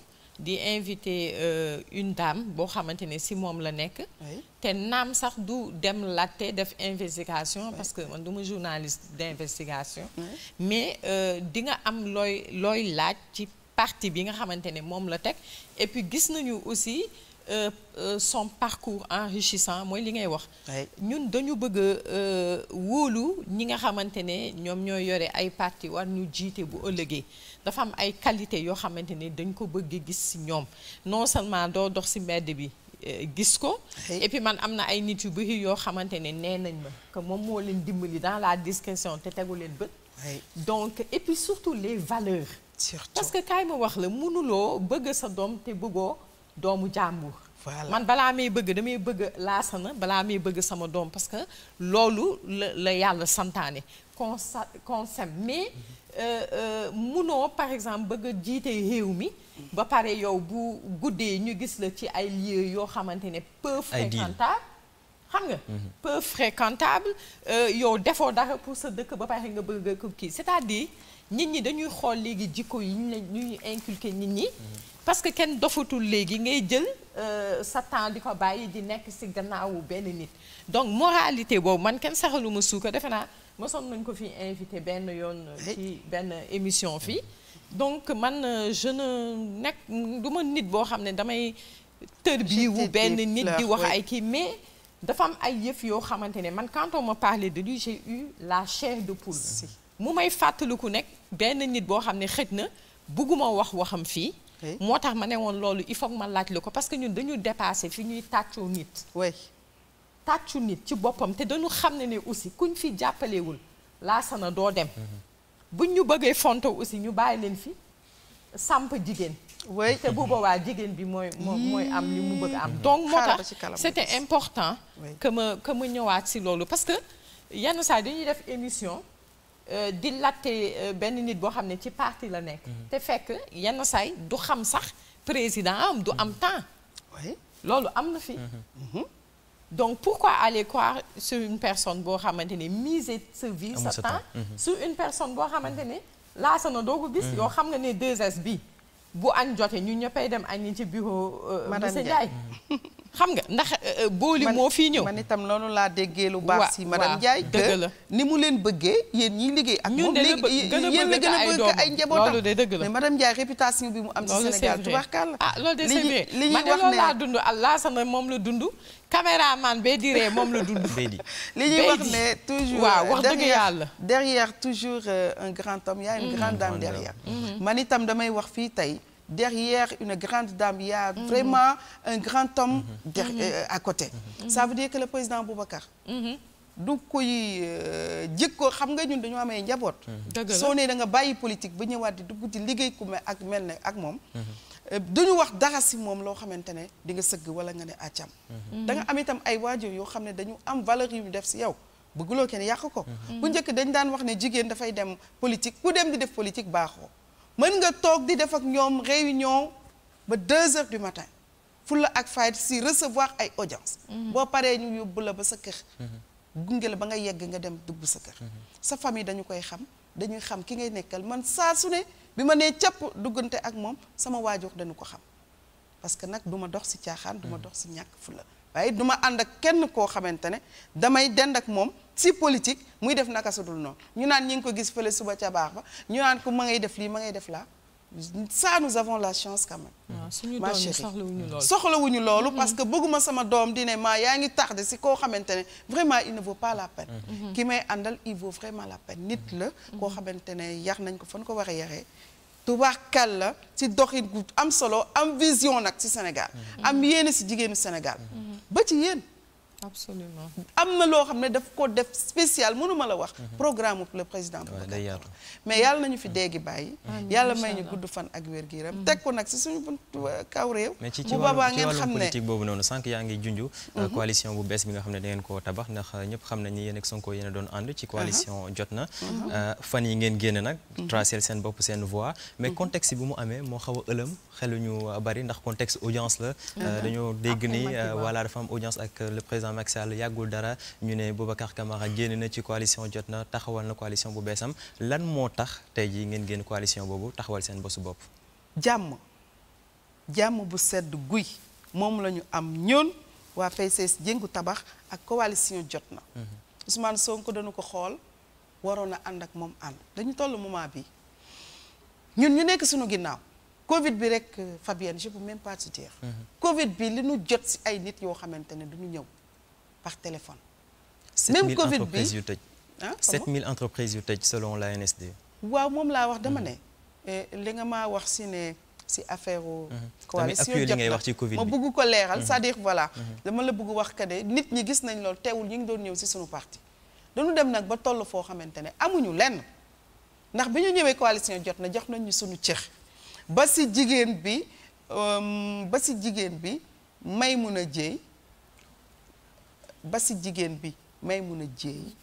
di invité euh, une dame boo xamante ne si moom la nekk. Oui. te naam sax du dem laajte def investigation. Oui. parce que man du ma journaliste d'investigation. Oui. mais euh, di nga am looy looy laaj ci parti bi nga xamante ne moom la teg et gis nañu aussi. Euh, euh, son parcours enrichissant mooy li ngay wax ñun dañu bëgg euh, wóolu ñi nga xamante ne ñoom ñooy yore ay parti war ñu jiite bu ëllëgee dafa am ay qualité yoo xamante ne dañ ko bëgg gis ci ñoom non seulement doo dox ci mbedd bi gis ko et man am na ay nit yu bëri yoo xamante ne nee nañ ma que moom moo leen dimbali dans la discrétion te tegu leen bët donc et puis surtout les valeurs parce que kaay ma wax la mënuloo bëgg sa doom te bëggoo doomu jàmbur. voilà man balaa may bëgg damay bëgg laasana balaa may bëgg sama doom parce que loolu la yàlla santaane consa consem mais euh, euh, munoo par exemple bëgg a jiite réew mi. ba pare yow bu guddee ñu gis la ci ay lieux yoo xamante ne peu fréquentable xam nga. Mhm. peu fréquentable euh, yow defoo dara pour sa dëkk ba pare nga bëgg ko kii c'est-à-dire nit ñi dañuy xool léegi jikko yi ñu la ñuy inculquer nit ñi. Mhm. parce que kenn dofatul léegi ngay jël euh, sa temps di ko bàyyi di nekk si gannaawu benn nit donc moralité boobu man kenn saxalu ma suuka defe naa mosoon nañ ko fi invité benn yoon ci benn émission fii donc man euh, jeune ne nekk du ma nit boo xam ne damay tër bii wu benn nit di wax ay kii mais dafa am ay yëf yoo xamante ne man quand on m'a parlé de lui j'ai eu la chair de poule mu may fàttaliku nekk benn nit boo xam ne xëj na bugguma wax waxam fii moo tax ma ne woon loolu il faut ma laaj la ko parce que ñun dañu dépassé fi ñuy tàccoo nit. oui tàccu nit ci boppam te dañu xam ne ne aussi kuñ fi jàppalewul laasana doo dem. Mhm. buñ ñu bëggee fonto aussi ñu bàyyi leen fi samp jigéen. oui te bu boobaa jigéen bi mooy mooy am li mu bëgg am. Mhm. donc moo tax c'était important. que ma que ma ñëwaat si loolu parce que yenn saa dañuy def émission. Euh, di latte euh, benn nit boo xam ne ci partie la nekk. Mhm. te fekk yenn saay du xam sax président am du am mhm. temps. loolu am na fi. Mhm. donc pourquoi aller croire sur une personne boo xamante ne miser sa sa temps sur une personne boo xamante ne laasana doo ko gis. yoo xam nga ne 2S bi bu añ jotee ñu ñëppay dem ak añi ci bureau. Euh, madame Ndiaye monsieur Ndiaye xam nga ndax booli euh, euh, moo fii ñëw man itam loolu laa déggee lu baax si madame Ndiaye dëgg la ni mu leen bëggee yéen ñi liggéey ak ñu léegi yéen la gën a bëgg ay njabootam loolu de la mais madame Ndiaye réputation bi mu am ci Sénégal tubaarkalla ah loolu de c'est vrai li ñuy wax ne moom la dund caméraman bee diree moom la dund li ñuy wax ne wax dëgg yàlla derrière toujours euh, un grand homme y a une mm. mm-hmm. man itam damay wax fii tey derrière une grande dame il y a mhm. vraiment un grand homme mhm. Mhm. Euh, à côté ça veut dire que le président Boubacar du koy euh, jikko xam nga ñun dañoo amee njaboot soo nee da nga bàyyi politique ba ñëwaat di dugg ci liggéey ku mel ak mel ne ak moom euh, duñu wax dara si moom loo xamante ne di nga sëgg wala nga ne àccam da nga am itam ay waajur yoo xam ne dañu am valeur yu ñu def si yow bëgguloo kenn yàq ko bu njëkk dañ daan wax ne jigéen dafay dem politique ku dem di def politique baaxoo mën nga toog di def ak ñoom réunion ba deux heures du matin fulla ak fayda si recevoir ay audience mhm. boo paree ñu yóbbu la ba sa kër mhm. gunge la ba nga yegg nga dem dugg sa kër mhm. sa famille dañu koy xam dañuy xam ki ngay nekkal man saa su ne bi ma nee capp duggante ak moom sama waajur dañu ko xam parce que nag du ma dox si caaxaan duma ma dox si ñàkk fulla waaye du ma ànd ak kenn koo xamante ne damay dend ak moom ci politique muy def naka su dul noonu ñu naan ñi ngi ko gis fële suba ca baax ba ñu naan ko ma ngay def lii ma ngay def laa ça nous avons la chance quand même. Ah, ma chérie soxlawuñu loolu. parce mm-hmm. que bëgguma sama doom di ne ma yaa ngi tax tardé si koo xamante ne vraiment in ne vaut pas la peine. Mm-hmm. ki may àndal il vraiment la peine nit la. Mm-hmm. koo xamante ne yar nañ ko fan ko war a yaree. kal la si doxin gu am solo am vision nag si Sénégal. am yéene si jigéenu Sénégal. absolument am na loo xam ne daf ko def spécial mënuma la wax mhm. programme le président Boubacar mais yàlla nañu fi déegi bàyyi mhm. yàlla may ñu gudd fan ak wér gi yaram mhm. teg ko nag si suñu buntu euh, kaw réew bu boobaa euh, bu nga xam ne da ngeen koo tabax ndax euh, ñëpp xam nañu yéen ak Sonko yéen a doon ànd ci coalition uh-huh. jot na uh-huh. fan yi ngeen génn nag uh-huh. tracer seen bopp seen voie mais contexte bi mu amee moo xaw a ëlëm xeluñu bari ndax contexte audience la dañoo dégg ah, ni voilà dafa président Macky Sall yàggul dara ñu ne Boubacar Camara génn na ci coalition jot na taxawal na coalition bu beesam lan moo tax tey ji ngeen génn coalition boobu taxawal seen bosu bopp. jàmm jàmm bu sedd guy moom lañu am ñoon waa PCS jëngu tabax ak coalition jot na. Mhm. Ousmane Sonko dañu ko xool waroon a ànd ak moom ànd dañu toll moment bi ñun ñu nekk suñu ginnaaw. Covid bi rek euh, Fabienne je peux même pas mhm. Covid bi li ñu jot ci ay nit yoo xamante ne du ñu ñëw. par téléphone. même Covid bi 7000 entreprises yu tëj. ah mille entreprises yu tëj solon la l'ANSD. waaw moom laa wax dama hmm. ne. Eh, li nga ma wax si ne si affaire. Hmm. coalition jot na ma bëgg ko leeral hmm. c'est-à-dire voilà. dama la bëgg wax que ne nit ñi gis nañ loolu teewul ñu ngi doon ñëw si sunu parti. dañu dem nag ba toll foo xamante ne amuñu lenn ndax bi ñu ñëwee coalition jot na jox nañ ñu sunu cër ba si jigéen bi euh, ba si jigéen bi may mun a jéey. ba si jigéen bi may mun a jéey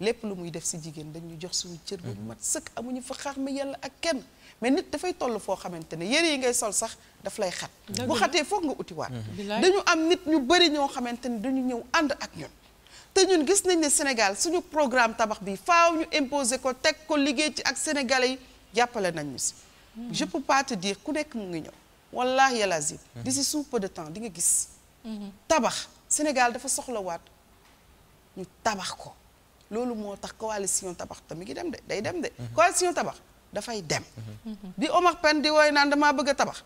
lépp lu muy def si jigéen dañu jox suñu cër bu mat sëkk amuñu fa xaar ma yàlla ak kenn mais nit dafay toll foo xamante ne yére yi ngay sol sax daf lay xat bu xatee foog nga uti utiwaat mmh. dañu am nit ñu bëri ñoo xamante ne dañu ñëw ànd ak ñun te ñun gis nañ ne Sénégal suñu programme tabax bi faaw ñu imposer ko teg ko liggéey ci ak sénégalais yi jàppale nañ ñu si mmh. je peux pas ku nekk mu ngi ñëw wallahi yàlla zib mmh. d'ici sous peu de temps di nga gis tabax Sénégal dafa soxlawaat ñu tabax ko loolu moo tax coalition tabax tam mi ngi dem de day dem de. Mhm. coalition tabax dafay dem. bi mhm. Omar Pène di wooy naan damaa bëgg a tabax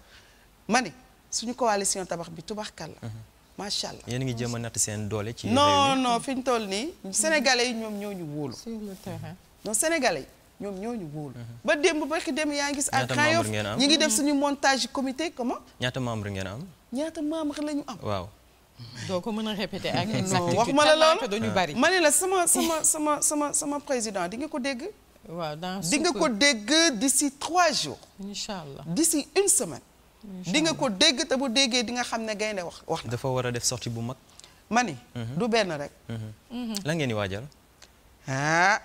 ma ni suñu coalition tabax bi tubax tubaxkal la. Mhm. macha allah yéen ngi jéem a natt seen doole. ci non non fi ñu toll nii. sénégalais yi ñoom ñoo ñu wóolu. sur le terrain non sénégalais yi ñoom ñoo ñu wóolu. ba démb ba ki démb yaa ngi gis. ñaata membre ngeen am ñi ngi dem suñu montage comité comment. ñaata membre ngeen am. ñaata membre la ñu waaw. doo ko mën a répéter ak exactitude wax ma la loolu dañu ah. bari ma ne la sama sama sama sama sama président di nga ko dégg waaw di nga ko dégg d'ici trois jours incha allah d'ici une semaine di nga ko dégg te bu déggee di nga xam ne gaynde wax wax na dafa war a def sortie bu mag ma ni mhm. du benn rek mhm. mhm. la ngeen di waajal ah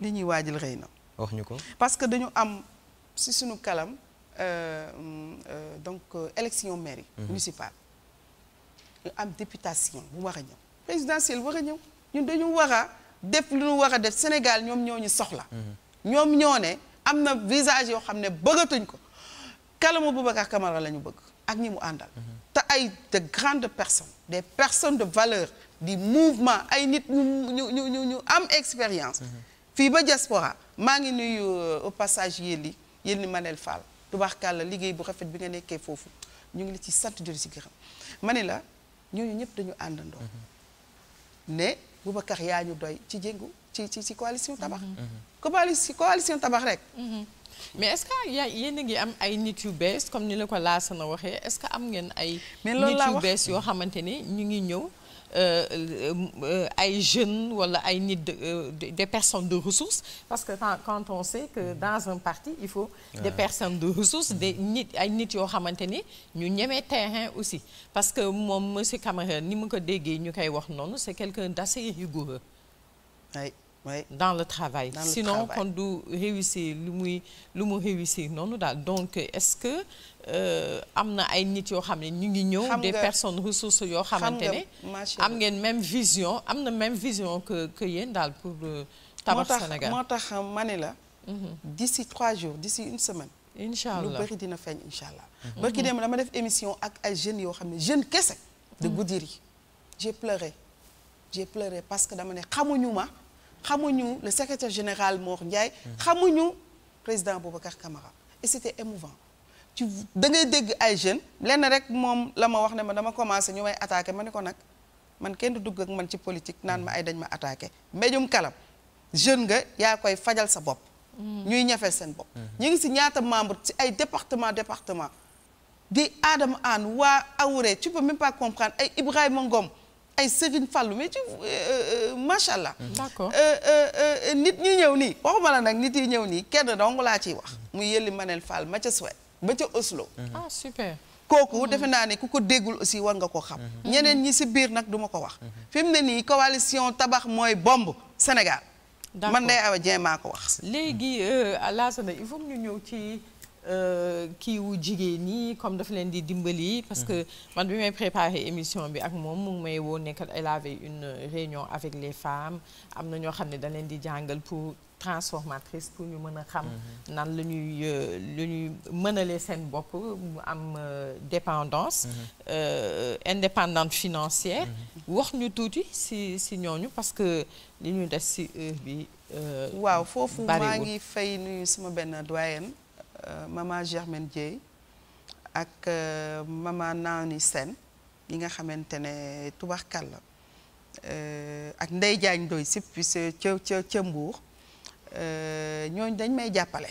li ñuy waajal xëy na wax ñu ko parce que dañu am si suñu kalam euh, euh, donc euh, élection mairie municipale ñu am députation bu war a ñëw présidentielle war a ñëw ñun dañu war a def lu ñu war def Sénégal ñoom ñoo ñu soxla. Mhm. ñoom ñoo ne am na visage yoo xam ne bëggatuñ ko kalamu Boubacar Camara la ñu bëgg ak ñi mu àndal. Mhm. te ay de grandes personnes des personne de valeur di mouvement ay nit ñu ñu ñu am expérience. Mhm. fii ba diaspora maa ngi nuyu euh, au passage yéen ni yéen i Manel Fall tubaarkàlla liggéey bu rafet bi nga nekkee foofu ñu ngi la ci sant di ci gërëm ma ne la. ñooñu ñëpp dañu àndandoo. Mhm. ne Boubacar yaa ñu doy ci jéngu ci ci ci coalition tabax. coalition mhm. mhm. coalition tabax rek. mais est-ce que a ngi am ay nit yu bees comme ni la ko Laasana waxee est-ce que am ngeen ay. mais loolu laa nit yu bees yoo xamante ni ñu ngi ñëw. Euh, euh, ay jeunes wala ay nit de euh, personnes de ressources parce que quand on sait que mm. dans un parti il faut des personnes de ressources mm. des nit ay nit yoo xamante ni ñu ñemee terrain aussi parce que moom si Camara ni ma ko déggee ñu koy wax noonu c'est quelqu'un d'assez rigoureux oui dans le travail. Dans sinon kon du réussir lu muy lu mu réussir noonu daal donc est-ce que euh, am na ay nit yoo xam ne ñu ngi ñëw. des personnes ressources yoo. xamante ne am ngeen même vision am na même vision que que yéen daal pour. Euh, tabax Sénégal moo tax moo ma ne la. Mhm. d'ici trois jours d'ici une semaine. incha allah lu bëri dina feeñ incha allah. Mhm. ba ki dem dama def émission ak ay jeunes yoo xam ne jeunes kese. de mhm. Goudiri. j'ai pleuré parce que dama ne xamuñu ma. xamuñu le secretaire général Mor Ndiaye. xamuñu président Boubacar Camara et c'était émouvant ci da ngay dégg ay jeunes lenn rek moom la ma wax ne ma dama commencé ñu may attaqué ma ne ko nag man kenn du dugg ak man ci politique naan ma ay dañ ma attaqué mbéjum kalam jeune nga yaa koy fajal sa bopp. Mm. ñuy ñafeel seen bopp. Mm-hmm. ñu ngi si ñaata membre ci ay département département di Adama Anne waa Awuré ci peux même pas comprendre ay Ibrahima Ngom. ay Sevin Fallou mais ci macha allah. d'accord euh, euh, nit ñi ñëw nii waxuma la nag nit yi ñëw nii kenn dong laa ciy wax. Mm-hmm. mu Yelli Manel Fall ma ca Suède ba ca Oslo. Mm-hmm. Ah, kooku mm-hmm. defe naa ne ku ko déggul aussi war nga ko xam. ñeneen ñi si biir nag duma ko wax. fi mu ne nii coalition tabax mooy bomb Sénégal. man day awa jéem a ko wax. léegi euh, Lassana il faut ñu ñëw ci. Euh, kiiwu jigéen ñi comme dafa leen di dimbali. parce que mhm. man bi may préparé émission bi ak moom mu may woo nekk elle avait une réunion avec les femmes am na ñoo xam ne da leen di jàngal pour transformatrice pour ñu mën a xam. Mhm. nan la ñuy euh, la ñuy mënalee seen bopp mu am euh, dépendance. Mhm. indépendante financière. wax ñu tuuti si si ñooñu parce que li ñuy des si heure bi. waaw foofu maa ngi fay nuyu sama benn doyen. Euh, maman Germaine Dieye ak euh, maman Naomi seen yi nga xamante ne tubaxkàlla euh, ak Ndeye Diagne doy si puisque ca ca ca Mbour ñooñu dañ may jàppale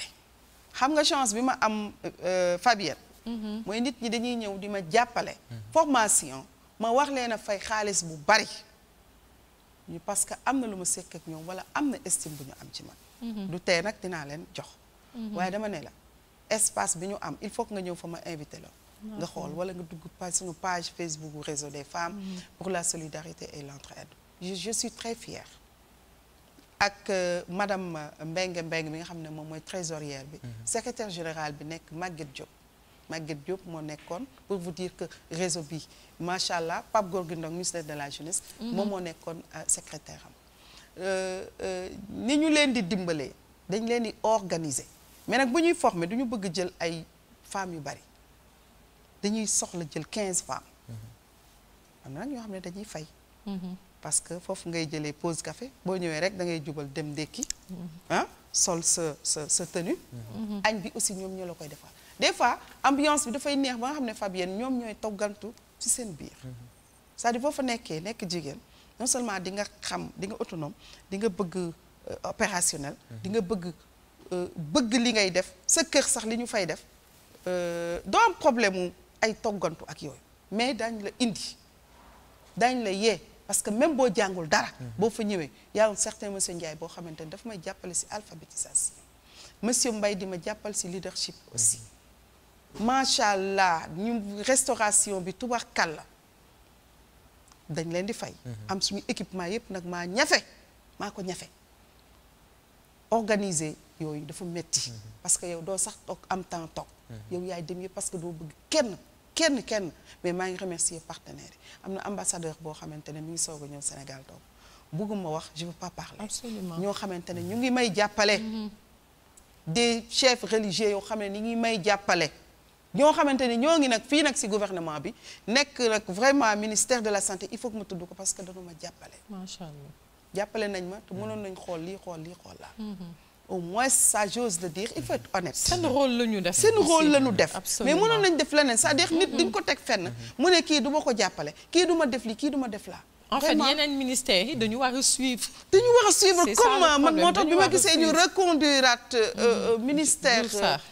xam nga chance bi ma am Fabienne mhm. mooy nit ñi dañuy ñëw di ma jàppale mhm. formation ma wax leen a fay xaalis bu bari ñu parce que am na lu ma sekk ak ñoom wala am na estime bu ñu am ci man mhm. du tey nag dinaa leen jox waaye dama ne la espace bi ñu am il faut nga ñëw fa ma invité la ah, nga xool wala nga dugg page suñu page Facebook réseau des femmes mm-hmm. pour la solidarité et l'entraide je, je suis très fière ak euh, madame euh, Mbengue Mbengue bi nga xam ne moom mooy trésorière bi mm-hmm. secretaire général bi nekk Maguette Diop Maguette Diop moo nekkoon pour vous dire que réseau bi macha allah Pape Gorgui Ndong ministère de la jeunesse mm-hmm. moom moo nekkoon euh, secrétaire am ni ñu leen di dimbalee dañ leen di organiser mais nag bu ñuy former du ñu bëgg jël ay femmes yu bari dañuy soxla jël quinze femmes mm-hmm. am na nag ñoo xam ne dañuy fay mm-hmm. parce que foofu ngay jëlee pause café boo ñëwee rek da ngay jubal dem ndékki mm-hmm. ah sol sa sa sa tenue añ bi aussi ñoom ñoo la koy defal des fois ambiance bi dafay neex ba nga xam ne Fabienne ñoom ñooy toggantu ci seen biir cest à boo fa nekkee nekk jigéen non seulement di nga xam di nga autonome di nga bëgg euh, opérationnel di nga bëgg Euh, bëgg li ngay def sa kër sax li ñu fay def euh, doo am problème mu ay toggantu ak yooyu mais daañ la indi daañ la yee parce que même boo jàngul dara. Mm-hmm. boo fa ñëwee yaa un certain monsieur Ndiaye boo xamante ne daf may jàppale si alphabétisation monsieur mbay di ma jàppal si leadership aussi. Mm-hmm. macha allah ñu restauration bi tubarkalla dañ leen di fay. Mm-hmm. am suñu équipement yépp nag maa ñafe maa ko ñafe. organiser yooyu dafa metti mhm. parce que yow doo sax toog am temps toog mhm. yow yaay dem yëpp parce que doo bëgg kenn kenn kenn mais maa ngi remercier partenaire yi am na ambassadeur boo xamante ne mi ngi soog a ñëw Sénégal toog bëgguma wax je veux pas parler absolument ñoo xamante ne ñu ngi may jàppale mhm. des chefs religieux yoo xam ne ni ngi may jàppale ñoo xamante ne ñoo ngi nag fii nag ci gouvernement bi nekk nag vraiment ministère de la santé il faut que ma tudd ko parce que dañu ma jàppale macha allah jàppale nañ ma te mënoon nañ xool lii xool lii xool laa mhm. au moins sa j'ose le dire il faut être honnête seen rôle la ñu def seen rôle la ñu def mais mënoon nañ def leneen c'est-à-dire nit mhm. di nga ko teg fenn mhm. mu ne kii du ko jàppale kii du def lii kii du def laa ma fait yeneen ministères yi dañu war a suivre. dañu war a suivre comme euh, man moo tax bi ma gisee ñu reconduiraat euh, mm-hmm. euh, ministère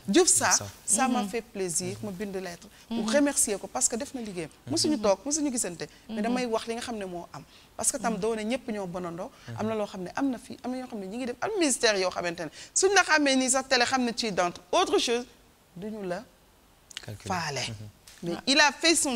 Diouf Sarr ça m'a mm-hmm. fait plaisir ma bind lettre. pour mm-hmm. remercier ko parce que def na liggéeyam. mosuñu toog mosuñu gisante. mais damay wax li nga xam ne moo am. parce que tam doo ne ñëpp ñoo bonandoo. am na loo xam ne am na fii am na ñoo xam ne ñu ngi def am ministère yoo xamante ne suñ la xamee nii sax télé xam ne ci d'entre autre chose la faale. mais il a fait son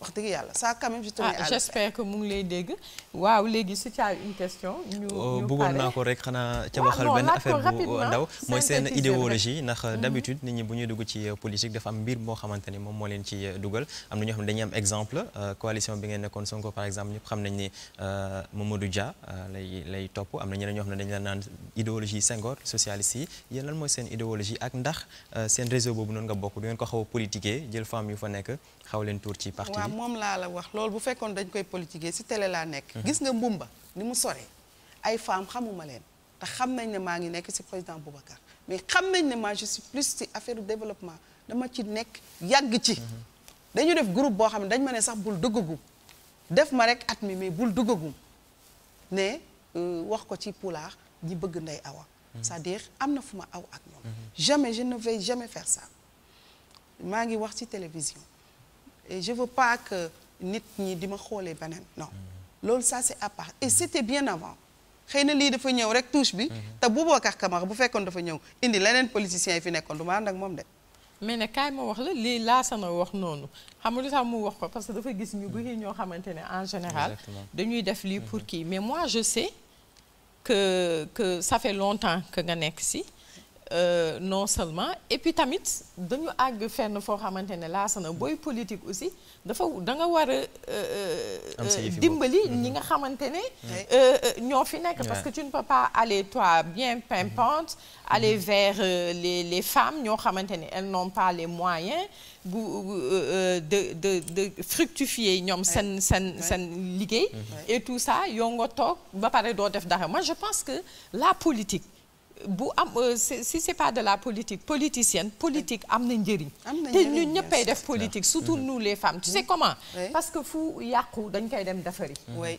wax dëgg yàlla ça quand même je tenais à le mu ngi lay dégg waaw léegi si tu as une question. ñu oh, ñu bëggoon naa ko rek xanaa ca waxal ah, benn affaire bu uh, ndaw mooy seen idéologie ndax mhm. d'habitude nit ñi bu ñuy dugg ci euh, politique dafa am mbir moo xamante ni moom moo leen ci euh, dugal am na ñoo xam ne exemple euh, coalition bi ngeen nekkoon Sonko par exemple ñëpp xam nañ ni Mamadou Dia lay lay topp am na ñeneen ñoo xam ne dañu la naan idéologie Senghor socialiste yi yéen mooy seen idéologie ak ndax seen réseau boobu noonu nga bokk du ngeen ko xaw a jël femme yu fa nekk xaw leen tuur ci parti waaw moom laa la wax lool bu fekkoon dañ koy politiquer ci télé laa nekk mhm. gis nga mbumba ni mu sore ay femmes xamuma leen te xam nañ ne maa ngi nekk ci président Boubacar mais xam nañ ne maa plus ci affaire développement dama ci nekk yàgg ci mhm. dañu def groupe boo xam ne dañ ma ne sax bul duggagum def ma rek at mi mais bul duggagum ne euh, wax ko ci pulaar ñi bëgg ndey awa mhm. sa à dire am na fu ma aw ak ñoom jamais je ne vais jamais faire ça maa ngi wax ci télévision et je veux pas que nit ñi di ma xoolee beneen non loolu ça c'est à part et c'était bien avant xëy na lii dafa ñëw rek touche bi mhm. te Boubacar Camara bu fekkoon dafa ñëw indi leneen politiciens yi fi nekkoon du ma ànd ak moom de mais ne kaay ma wax la lii laa na wax noonu xam nga lu tax mu wax ko parce que dafa gis ñu bëri ñoo xamante ne en général dañuy def lii pour mhm. kii mais moi je sais que que ça longtemps que nga nekk si Euh, non seulement et puis tamit dañu àgg fenn foo xamante ne laasana booy politique aussi dafa da nga war a euh, euh, dimbali mm-hmm. ñi nga xamante ne ñoo fi nekk parce que tu ne peux pas aller toi bien pimpante mm-hmm. aller mm-hmm. vers les les femmes ñoo xamante ne elles n'ont pas les moyens bu de de de fructifier ñoom seen seen seen liggéey et tout ça yow nga toog ba pare doo def dara moi je pense que la politique bu am euh, si c'est pas de la politique politicienne politique am na njëriñ te ñun ñëppay def politique surtout mhm. nous les femmes tu sais comment parce que fu yàqu dañ koy dem defari mhm.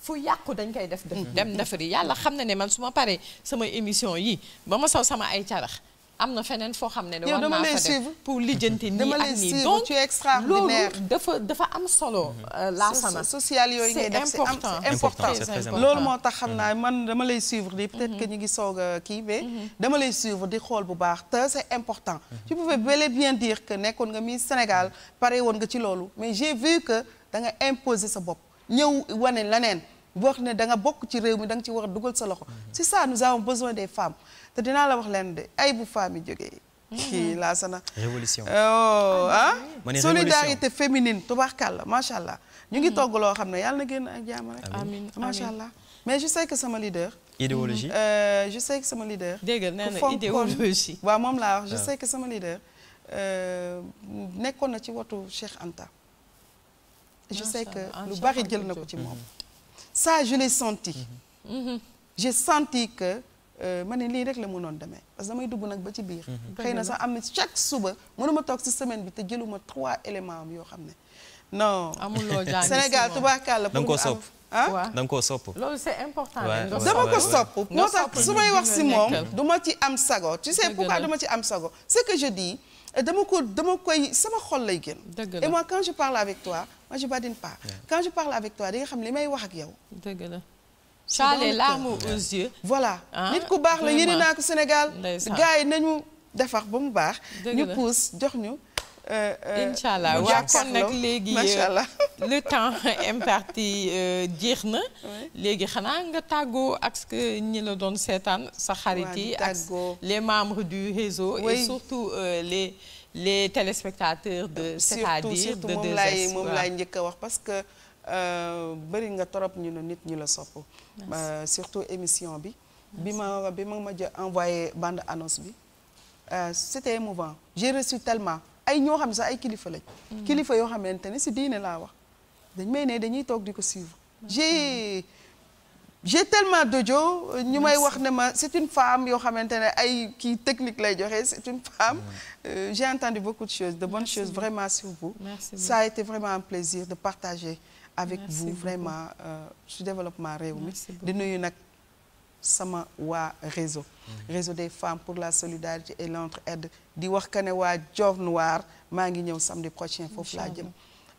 fu yàqu dañ koy def mhm. dem defari yàlla xam na ne man su ma paree sama émission yi ba ma saw sama ay carax am na feneen foo xam ne ne war naa pour lijjanti nii ak nii donc loolu mm-hmm. dafa am solo mm-hmm. euh, laasana social yooyu ngay def c'est important loolu moo tax xam mm-hmm. naa man dama lay suivre di peut-être ñu ngi soog a kii mais dama lay suivre di xool bu baax te c'est important tu pouvais bel et bien dire que nekkoon nga Miss Sénégal pare woon nga ci loolu mais je vu que danga nga imposer sa bopp ñëw wane leneen wax ne da nga bokk ci réew mi da nga ci war a dugal sa loxo c'est ça nous avons besoin des femmes te dinaa la wax leen de ay bu femme yi jógee. kii mhm. laa sana. révolution oh ah. solidarité féminine tubaarkàlla macha allah. ñu ngi mhm. togg loo xam ne yàlla na génn ak jàmm rek. amiin allah mais je sais que sama leader. idéologie mhm. euh, je sais que sama leader. dégg na idéologie waaw moom laa wax je ah. sais que sama leader. Euh, nekkoon na ci watu Cheikh Anta. je sais que ah, lu bari jël na ko ci moom. ça je l'ai senti. j'ai senti que. Euh, ma ne lii rek la mënoon demee parce que damay dugg nag ba ci biir. Mhm. xëy na sax am na chaque suba mënuma toog ci semaine bi te jëluma trois éléments yoo xam ne non. amuloo jàng Sénégal tubaarkàlla pour mu am ah da nga koo sopp. loolu c'est important. dama ko sopp moo tax su may wax si moom du ma ci am sago tu sais pourquoi du ci am sago ce que je dis dama ko dama koy sama xol lay génn. et moi quand je parle avec toi moi je badine pas. quand je parle avec toi di nga xam li may wax ak yow. dëgg ça les larmes aux yeux. voilà ah, nit ku baax la yéene naa ko Sénégal. gars yi nañu defar ba mu baax. ñu pousse jox ñu. Euh, euh, incha allah waa kon nag léegi euh, le temps imparti jeex na. léegi xanaa nga tàggoo que ñi la doon seetaan sa xarit yi. ak les membres du réseau. et surtout les les téléspectateurs de. c'est-à-dire de 2 moom laay moom njëkk a wax parce que. Euh, bëri nga torop ñu ne nit ñi la sopp euh, surtout émission bi bi ma bi ma ma jë envoyé bande annonce bi euh, c'était émouvant j'ai reçu tellement ay ñoo xam ne sax ay kilifa lañ mm. kilifa yoo xamante ne si diine laa wax dañ may ne dañuy toog di ko suivre j'ai j'ai tellement d'audio ñu may wax ne ma c'est une femme yoo xamante ne ay kii technique lay joxe c'est une femme euh, j'ai entendu beaucoup de choses de bonnes Merci vraiment sur vous Merci a été vraiment un plaisir de partager avec vous vraiment euh, su développement réew mi di nuyu nag sama waa réseau mm-hmm. réseau des femmes pour la solidarité et l'entraide di wax que ne waa Dior maa ngi ñëw samedi prochain foofu laa jëm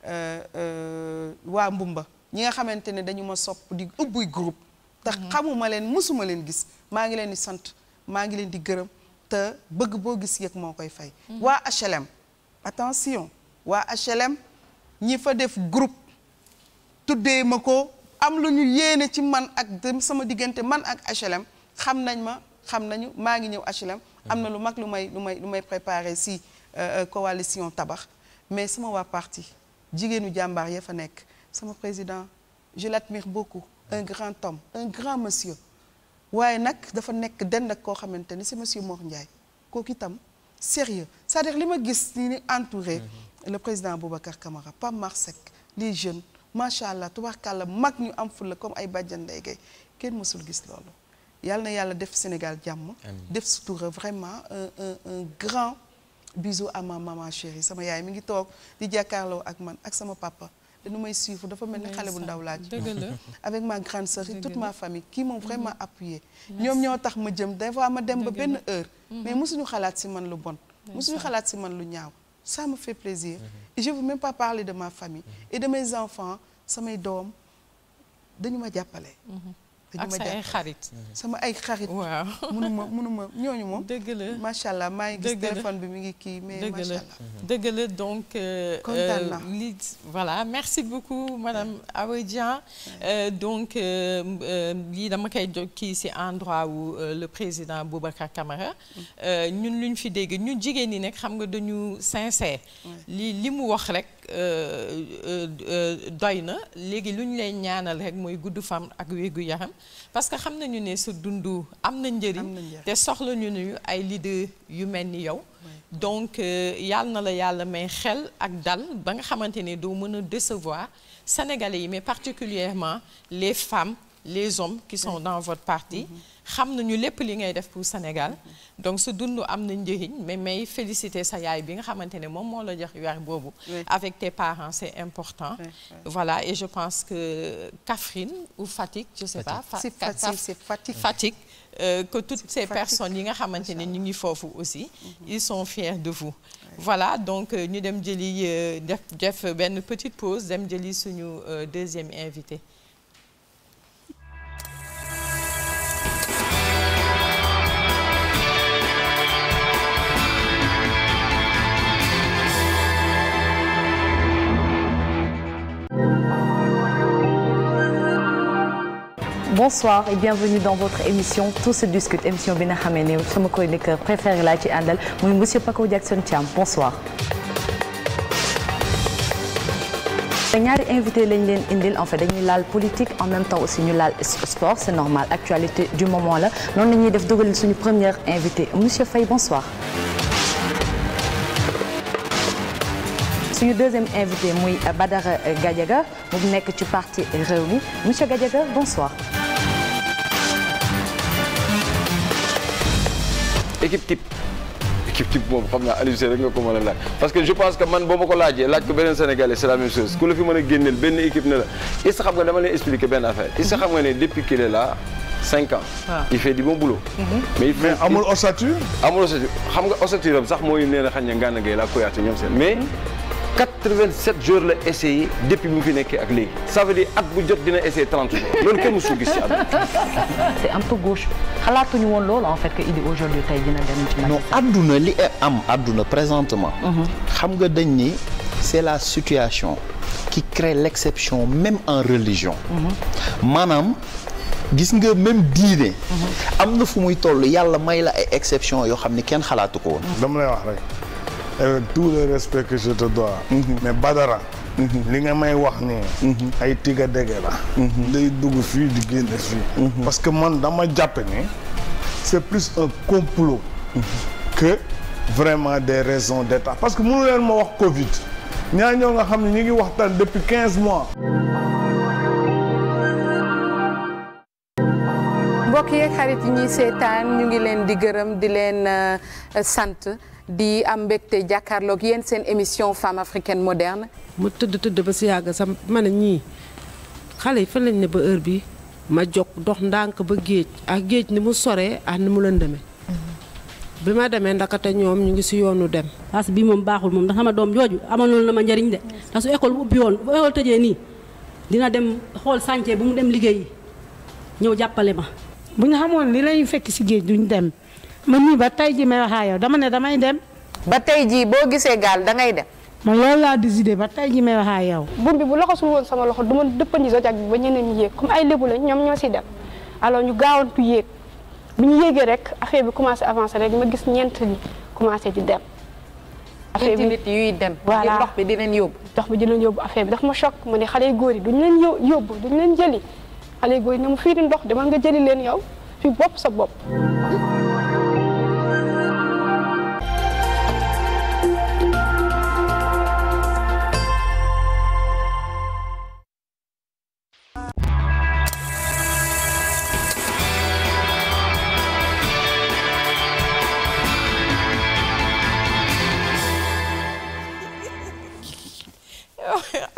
euh, euh, waa Mbumba ñi nga xamante ne dañu ma sopp di ubbi group tax mm-hmm. xamuma leen mësuma leen gis maa ngi leen di sant maa ngi leen di gërëm te bëgg boo gis yëg moo koy fay mm-hmm. waa HLM attention waa HLM ñi fa def groupe tuddee ma ko am lu ñu yéene ci man ak dem sama diggante man ak HLM xam nañ ma xam nañu maa ngi ñëw HLM. am na lu mag lu may may lu may préparé si euh, euh, coalition tabax mais sama waa parti jigéenu jàmbaar ya fa nekk sama président je l'admire beaucoup un grand homme un grand monsieur waaye nag dafa nekk dend ak koo xamante ni c'est monsieur Mor Ndiaye kooku itam sérieux cest dire li ma gis ni ni entouré mm-hmm. le président Boubacar Camara Pape Marsec les jeunes macha allah tubaarkàlla mag ñu am fulla comme ay bàjjan Ndeye Gueye kenn mësul gis loolu yàlla na yàlla def Sénégal jàmm def sutura vraiment un un un grand bisou à ma maman sama yaay mi ngi toog di jàkkaarloo ak man ak sama papa nu may suivre dafa mel ni xale bu ndaw laaj avec ma grande sœur et ma famille kii moom vraiment mhm. appuyé ñoom ñoo tax ma jëm des fois ma dem ba benn heure mhm. mais mosuñu xalaat si man lu bon mosuñu xalaat si man lu ñaaw ça me fait plaisir. Mhm. et je veux même pas parler de ma famille. Mhm. et de mes enfants samay doom dañu ma jàppale. Mhm. ak sa ay xarit sama ay xarit. waaw munuma munuma ñooñu moom. dëgg la macha allah maa ngi gis téléphone bi mu ngi kii mais macha allah. dëgg la donc. Euh, kontaan naa euh, li voilà merci beaucoup madame Awa Dia. Euh, donc lii dama koy jóg kii si endroit wu le président Boubacar Camara. Mm. ñun ñu fi dégg ñu jigéen ñi nag xam nga dañu sincère. li li mu wax rek. Euh, euh, euh, doy na léegi lu ñu lay ñaanal rek mooy gudd fan ak wéegu yaram parce que xam nañu ne sa dundu am na njëriñ te soxla ñu ñu ay leader yu mel ni yow donc yàlla na la yàlla may xel ak dal ba nga xamante ne doo mën a décevoir sénégalais yi mais particulièrement les femmes les hommes qui sont mm-hmm. dans votre parti. Mm-hmm. xam na ñu lépp li ngay def pour Sénégal. Mm-hmm. donc su dund am na njëriñ mais may féliciter sa yaay bi nga xamante ne moom moo la jox weer boobu. avec tes parents c'est important. voilà et je pense que Kaffrine ou Fatick je sais pas. c'est Fatick Fatick. Euh, que toutes ces personnes yi nga xamante ne ñu ngi foofu aussi. ils sont fiers de vous. voilà donc euh, ñu dem jëli euh, def def benn petite pause dem jëli suñu deuxième invité. bonsoir et bienvenue dans votre émission Tout se discute émission bi nga xamee ne sama chroniqueur préféré laa ci àndal muy monsieur Paco Jackson Thiam bonsoir. ñaari invité lañ leen indil en fait dañuy laal politique en même temps aussi ñu laal sport c'est normal actualité du moment la noonu la ñuy def dugal suñu première invité monsieur Faye bonsoir. suñu deuxième invité muy Badara Gadiaga mu nekk ci parti Rewmi monsieur Gadiaga bonsoir. équipe type équipe type boobu xam naa Aliou Cissé rek nga ko mën a laaj parce je pense que man boo ma ko laajee laaj ko beneen Sénégalais c'est la même chose ku la fi mën a génneel benn équipe ne la is xam nga dama lay expliquer benn affaire is xam nga ne depuis qu'il est là cinq ans ah. il fait du bon boulot mm-hmm. mais il fait amul ossature amul ossature xam nga ossature am sax mooy nee na xañ na Gana Gueye laa Kouyaté ñoom seen quatre-vingt-sept jours la essayé depuis bi mu fi nekkee ak léegi ça veut dire at bu jot dina essayé trente jours loolu kenn musul gis ci àdduna c'est gauche xalaatuñu woon loolu en fait que Idy aujourd'hui tey dina dem ci non àdduna li e am àdduna présentement mhm. xam nga dañ ni c'est la situation qui crée l'exception même en religion mhm. maanaam gis nga même diine mhm. am na fu muy toll yàlla may la ay exception yoo xam ne kenn xalaatu ko woon avec euh, tout le respect que je mhm. mais Badara. Mhm. li nga may wax nii. Mhm. ay tiga dege la. day dugg fii di génne parce que man dama jàpp ni c'est plus un complot. que des raisons parce que mënu leen wax Covid. ñaa ñoo nga xam ne ñu ngi waxtaan depuis quinze mois. mbokk yeeg xarit yi seetaan ñu ngi leen di gërëm di leen euh, sant. di am mbégte jàkkaarloog yéen seen émission femme africaine moderne. ma tëdd tëdd ba si yàgg sax ma ne ñii xale yi fan lañ ne ba heure bi ma jox dox ndànk ba géej ak géej ni mu soree ak ni mu leen demee. bi ma demee ndakate ñoom ñu ngi si yoonu dem. parce que bii moom baaxul moom ndax sama doom jooju amaloon la ma njariñ de ndax su école bu ubbi woon bu école tëjee nii dina dem xool chantier bi mu dem liggéeyi ñëw jàppale ma. bu ñu xamoon li lay fekk si géej duñ dem. man nii ba tey ji may waxaa yow dama ne damay dem. ba tey jii boo gisee gaal da ngay dem. man loolu laa décidé ba tey ji may waxaa yow. buur bi bu la ko woon sama loxo du ma dëppandi sa jag bi ba ñeneen ñi yéeg ay lébu lañ ñoom ñoo si dem alors ñu gaawantu yéeg bi ñu yéegee rek affaire bi commencé avancé rek ma gis ñeent commencé di dem. affaire bi nit yuy dem. voilà ndox bi dinañ yóbbu. ndox bi dinañ yóbbu affaire bi daf ma choc ma ne xale góor yi duñ leen yóbbu duñ leen jëli xale yu góor yi ne mu fii di ndox demal nga jëli leen yow fi bopp sa bopp.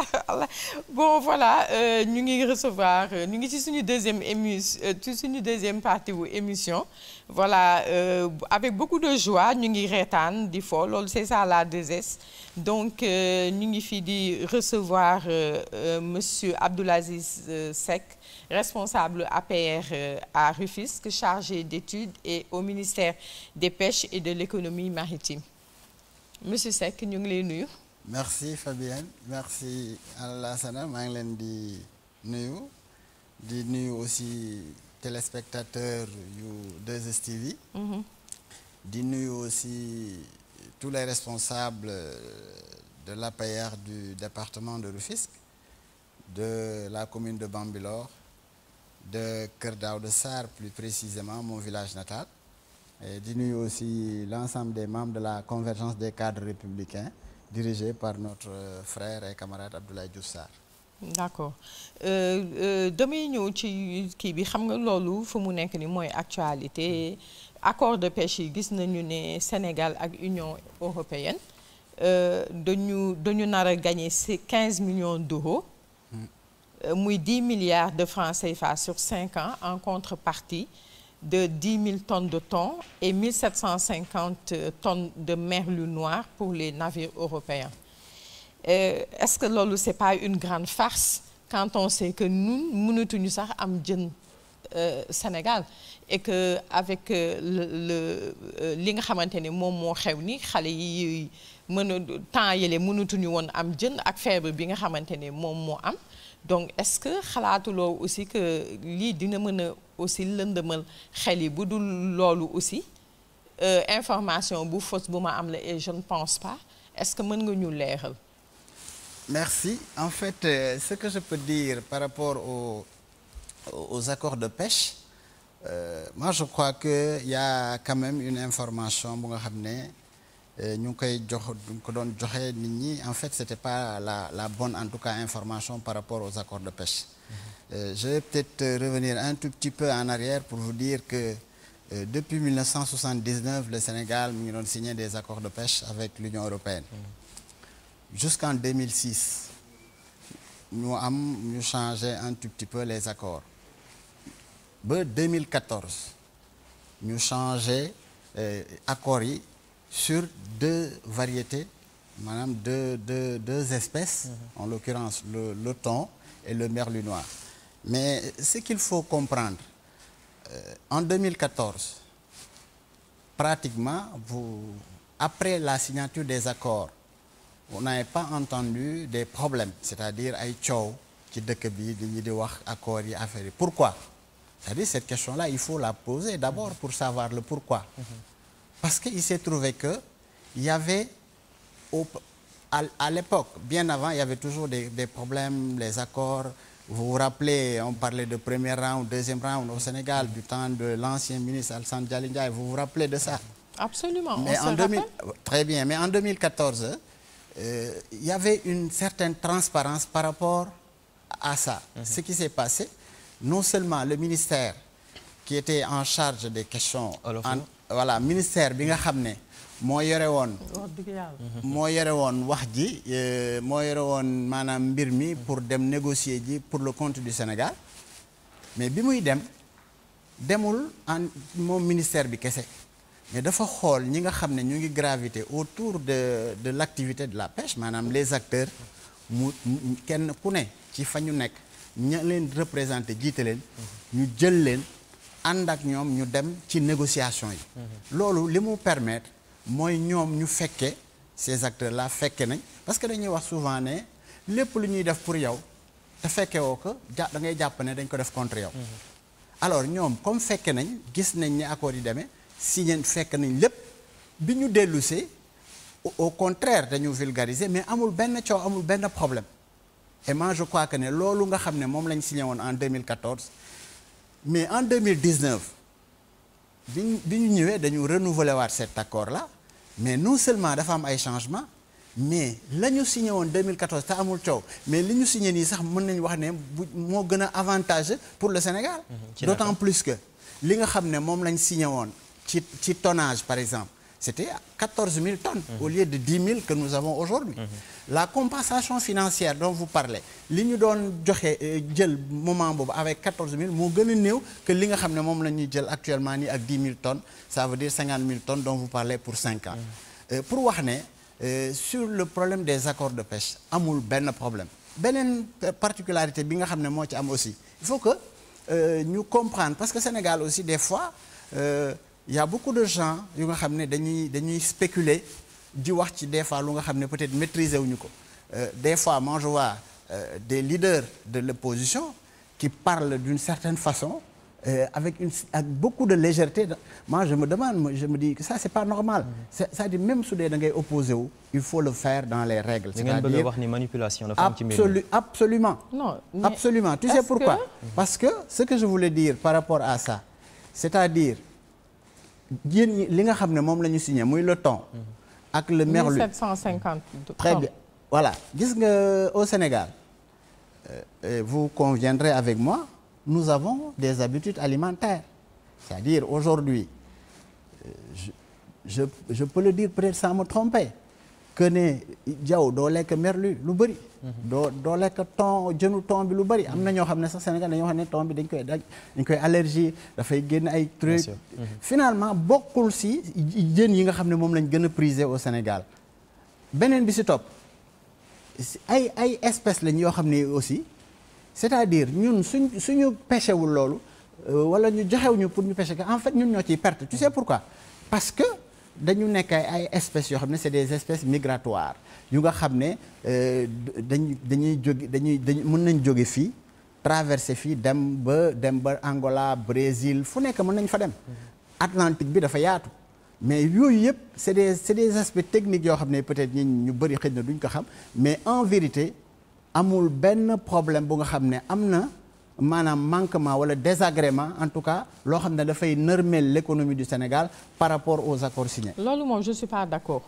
bon voilà euh, ñu ngi recevoir euh, ñu ngi ci suñu deuxième émission euh, ci suñu deuxième partie wu émission voilà euh, avec beaucoup de joie ñu ngi reetaan di fo loolu c'est la 2S donc ñu ngi fii di recevoir euh, monsieur Abdoul Aziz Seck responsable APR à Rufisque chargé d'études et au ministère des pêches et de l'économie maritime monsieur Seck ñu ngi lay nuyu. merci Fabienne merci Alassana maa ngi leen di nuyu di nuyu aussi téléspectateurs yu 2STV. Mhm. di nuyu aussi tous les responsables de l'APR du département de Rufisque de la commune de Bambilor de Kër Daouda Sarr plus précisément mon village natal et di nuyu aussi l'ensemble des membres de la convergence des cadres républicains dirigé par notre euh, frère et camarade Abdoulaye Diouf Sarr. d' accord euh, euh, damay ñëw ci kii bi xam nga loolu fu mu nekk ni mooy actualité accord de pêche yi gis nañu ne Sénégal ak Union européenne dañu dañu nar a gagné si 15 millions d' hmm. muy milliards de francs CFA sur 5 ans en contrepartie. de 10 000 tonnes de thon et 1 750 euh, tonnes de lu noir pour les navires européens. Euh, est-ce que loolu c'est pas une grande farce quand on que ñun mënatuñu sax am jën euh, Sénégal et que avec euh, li nga xamante ne moom moo xew ni xale yi mën a temps yële mënatuñu woon am jën ak feebar bi nga xamante ne moom moo am donc est-ce que xalaatuloo aussi que lii dina mën a aussi lëndëmal xel yi bu dul loolu aussi euh, information bu fausse bu ma am la et je ne pense pas est-ce que mën nga ñu leeral. merci en fait euh, ce que je peux dire par rapport aux aux accords de pêche euh, moi je crois que yaa a quand même une information bu nga xam ne. Euh, ñu ngi koy jox duñ ko doon joxe nit ñi en fait c'était pas la la bonne en tout cas information par rapport aux accords de pêche mm-hmm. euh, je vais peut-être euh, revenir un tout petit peu en arrière pour vous dire que euh, depuis 1979 le Sénégal mu ngi doon signé des accords de pêche avec l'Union européenne mm-hmm. jusqu'en 2006 ñu am ñu changé un tout petit peu les accords ba 2014 ñu changé euh, accords yi sur deux variétés maanaam deux deux deux espèces. Mmh. en l'occurrence le le thon et le merlu noir. mais ce qu'il faut comprendre euh, en 2014 pratiquement vous après la signature des accords on n'avait pas entendu des problèmes c'est-à-dire ay coow ci dëkk bi dañuy di wax accords yi affaire yi pourquoi c'est-à-dire cette question-là il faut la poser d'abord pour savoir le pourquoi. Mmh. Parce qu'il s'est trouvé que il y avait au, à, à l'époque, bien avant, il y avait toujours des, des problèmes, les accords. Vous vous rappelez, on parlait de premier round, deuxième round au Sénégal, du temps de l'ancien ministre Alassane Dialinga. Vous vous rappelez de ça Absolument. Mais on en se 2000, euh, très bien. Mais en 2014, euh, il y avait une certaine transparence par rapport à ça. Mm -hmm. Ce qui s'est passé, non seulement le ministère qui était en charge des question en voilà ministère bi nga xam ne moo yore woon mhm. moo yore woon wax ji euh, moo yore woon maanaam mbir mi pour dem négocier ji pour le compte du Sénégal mais bi muy dem demul en moom ministère bi kese mais dafa xool ñi nga xam ne ñu ngi gravité autour de de l'activité de la pêche maanaam les acteurs mu kenn ku ne ci fa ñu nekk ña leen représenté jiite leen ñu jël leen ànd ak ñoom ñu dem ci négociation yi mhm. loolu li mu permettre mooy ñoom ñu fekkee ces acteurs là fekke nañ parce que dañuy wax souvent ne lépp lu ñuy def pour yow te fekke woo ko ja da ngay jàpp ne dañ ko def contre yow mhm. alors ñoom comme fekke nañ gis nañ ni accord yi demee signé fekk nañ lépp bi ñu dellusee au contraire dañu vulgariser mais amul benn coow amul benn problème et moi je crois que ne loolu nga xam ne moom lañ signé woon en 2014 mais en 2019 bi ñu bi ñu ñëwee dañu renouveler waat cet accord la mais non seulement dafa am ay changement mais la ñu signé woon 2014 te amul coow mais li ñu signé nii sax mën nañu wax ne bu moo gën a avantage pour le Sénégal. Mm-hmm. d'autant plus que li nga xam ne moom lañ signé woon ci ci tonnage par exemple. c'était 14 000 tonnes mhm. au lieu de 10 000 que nous avons aujourd'hui mhm. la compensation financière dont vous parlez li ñu doon joxe euh, jël moment boobu avec 14 mille moo gën a néew que li nga xam ne moom la ñuy jël actuellement nii ak 10 mille tonnes ça veut dire 50 000 tonnes dont vous parlez pour 5 mhm. euh, pour wax ne euh, sur le problème des accords de pêche amul benn problème beneen particularité bi nga xam ne moo ci am aussi il faut que euh, ñu euh, parce que Sénégal aussi des fois y a beaucoup de gens yu nga xam ne dañuy dañuy spéculer di wax ci des fois lu nga xam ne peut-être maitriser wu ñu ko euh, des fois moi je euh, des leaders de l'opposition qui parlent d'une certaine façon Euh, avec une ak beaucoup de légèreté moi je me demande je me dis que ça c'est pas normal mm-hmm. c'est-à-dire même su dee da ngay opposé wu il faut le faire dans les règles cest wax ni manipulation dafa am ci mbir mi absolument non absolument tu sais pourquoi parce que ce que je voulais dire par rapport à ça c'est-à-dire yéen li nga xam ne moom la ñu signé muy le thon mm-hmm. ak le merlu 1750 très bien voilà gis nga euh, au Sénégal euh, vous conviendrez avec moi nous avons des habitudes alimentaires c'est-à-dire aujourd'hui euh, je, je je peux le dire peut-être sans me tromper que ne jaww doo lekk merlu lu bëri. Mhm. doo doo lekk ton jënu ton bi lu bëri. am na ñoo xam ne sax Sénégal dañoo xam ne thon bi dañ koy dañ koy allergie dafay génn ay trucs. Mhm. finalement bokkul si jën yi nga xam ne moom lañ gën a prisé au Sénégal. beneen bi si topp ay ay espèces lañ yoo xam ne aussi c'est-à-dire ñun suñ suñu pêchewul loolu euh, wala ñu joxewuñu pour ñu pêche que en fait ñun ñoo ciy perte tu sais pourquoi dañu nekk ay espèces yoo xam ne c'est des espèces migratoires yu nga xam ne euh, dañuy dañuy jóge dañuy dañuy mën nañ jóge fii traversé fii dem ba dem ba Angola Brésil fu nekk mën nañ fa dem Atlantique bi dafa yaatu mais yooyu yëpp c'est des c'est des aspects techniques yoo xam ne peut-être ñi ñu bari xëj na duñ ko xam mais en vérité amul benn problème bu nga xam ne am na maanaam manquement wala désagrément en tout cas loo xam ne dafay nërmeel l'économie du Sénégal par rapport aux accords signés. loolu moom je suis pas d'accord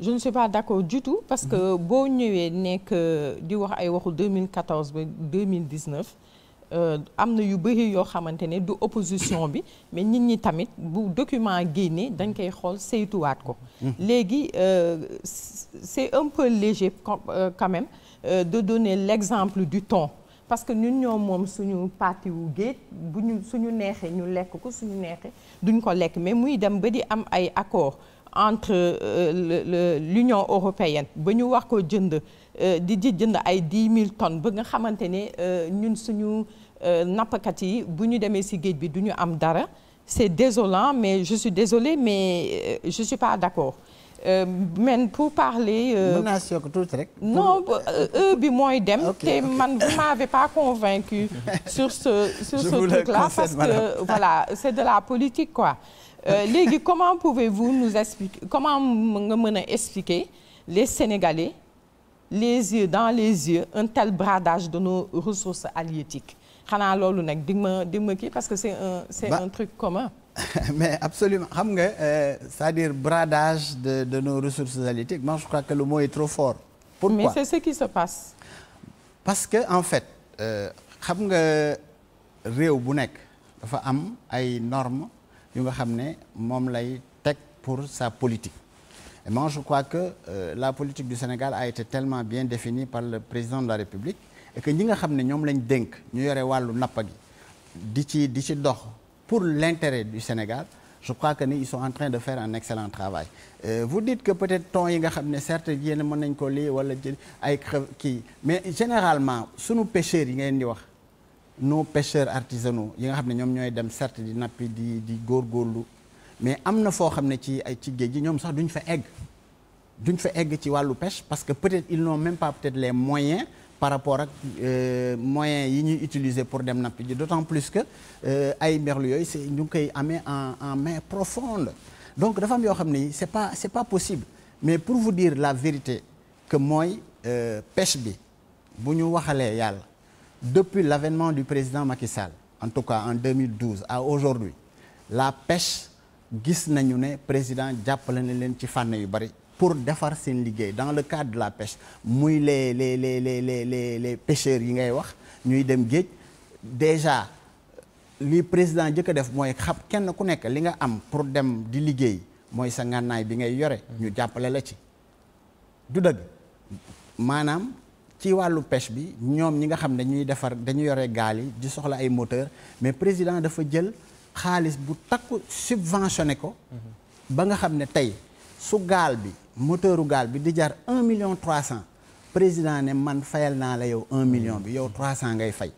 je ne suis pas d'accord du tout parce que mm-hmm. boo ñëwee nekk euh, di wax ay waxu 2014 ba 2019 euh, am na yu bëri yoo xamante ne du opposition bi mais nit ñi tamit bu document génnee dañ koy xool saytuwaat ko. Mm-hmm. léegi euh, c'est un peu léger quand même de donner l'exemple du ton. parce que ñun ñoo moom suñu parti wu géej bu ñu suñu neexee ñu lekk ko suñu neexee duñ ko lekk mais muy dem ba di am ay accord entre euh, l'Union européenne ba ñu wax ko jënd euh, di di jënd ay dix 000 tonnes ba nga xamante ne euh, ñun suñu nappkat yi bu ñu demee ci géej bi du ñu am dara c'est désolant mais je suis désolée mais je suis pas d'accord Euh, men pour parler. Euh, mën naa siyokk tuuti rek. non e bi mooy dem. te man vous m'avez pas convaincu sur ce sur ce truc là parce que voilà c'est de la politique quoi. léegi comment pouvez-vous nous expliquer comment nga mën a expliquer les Sénégalais les yeux dans les yeux un tel bradage de nos ressources halieutiques xanaa loolu nag di ma di ma kii parce que c'est un c'est un mais absolument xam nga euh, cest dire bradage de de nos ressources halieutiques moi je crois que le mot est trop fort. pourquoi mais c'est ce qui se passe. parce que en fait euh, xam nga réew bu nekk dafa am ay normes yu nga xam ne moom lay teg pour sa politique. et moi je crois que euh, la politique du Sénégal a été tellement bien définie par le président de la République et que ñi nga xam ne ñoom lañ dénk ñu yore wàllu nappa gi di ci di ci dox. pour l'intérêt du Sénégal je crois que ni ils sont en train de faire un excellent travail euh, vous dites que peut-être ton yi nga xam ne certes yéen mën nañ ko lii wala jël ay kii mais généralement sunu pêcheurs yi ngeen di wax nos pêcheurs artisanaux yi nga xam ne ñoom ñooy dem certes di nappi di di góorgóorlu mais am na foo xam ne ci ay ci géej gi ñoom sax duñ fa egg duñ fa egg ci wàllu pêche parce que peut-être ils n'ont même pas peut-être les moyens par rapport ak euh, moyens yi ñuy utiliser pour dem nappi ji d'autant plus que euh, ay merlu yooyu c'est ñu ngi koy amee en en main profonde donc dafa am yoo xam ne c'est pas c'est pas possible mais pour vous dire la vérité que mooy euh, pêche bi bu ñu waxalee yàlla depuis l'avènement du président Macky Sall en tout cas en 2012 à aujourd'hui la pêche gis nañu ne président jàppale na leen ci fànn yu bari pour defar seen liggéey dans le cadre de la pêche muy les les les les les les les pêcheurs yi ngay wax ñuy dem géej déjà li président jëkk a def mooy xam kenn ku nekk li nga am pour dem di liggéey mooy sa ngànnaay bi ngay yore. ñu jàppale la ci. du dëgg maanaam ci wàllu pêche bi ñoom ñi nga xam ne ñuy defar dañu yore gaal yi di soxla ay moteur mais président dafa jël xaalis bu takku subventionné ko. Mhm. ba nga xam ne tey su gaal bi. moteuru gaal bi di jar un million trois cent président ne man fayal naa la yow un million bi yow trois cent ngay fay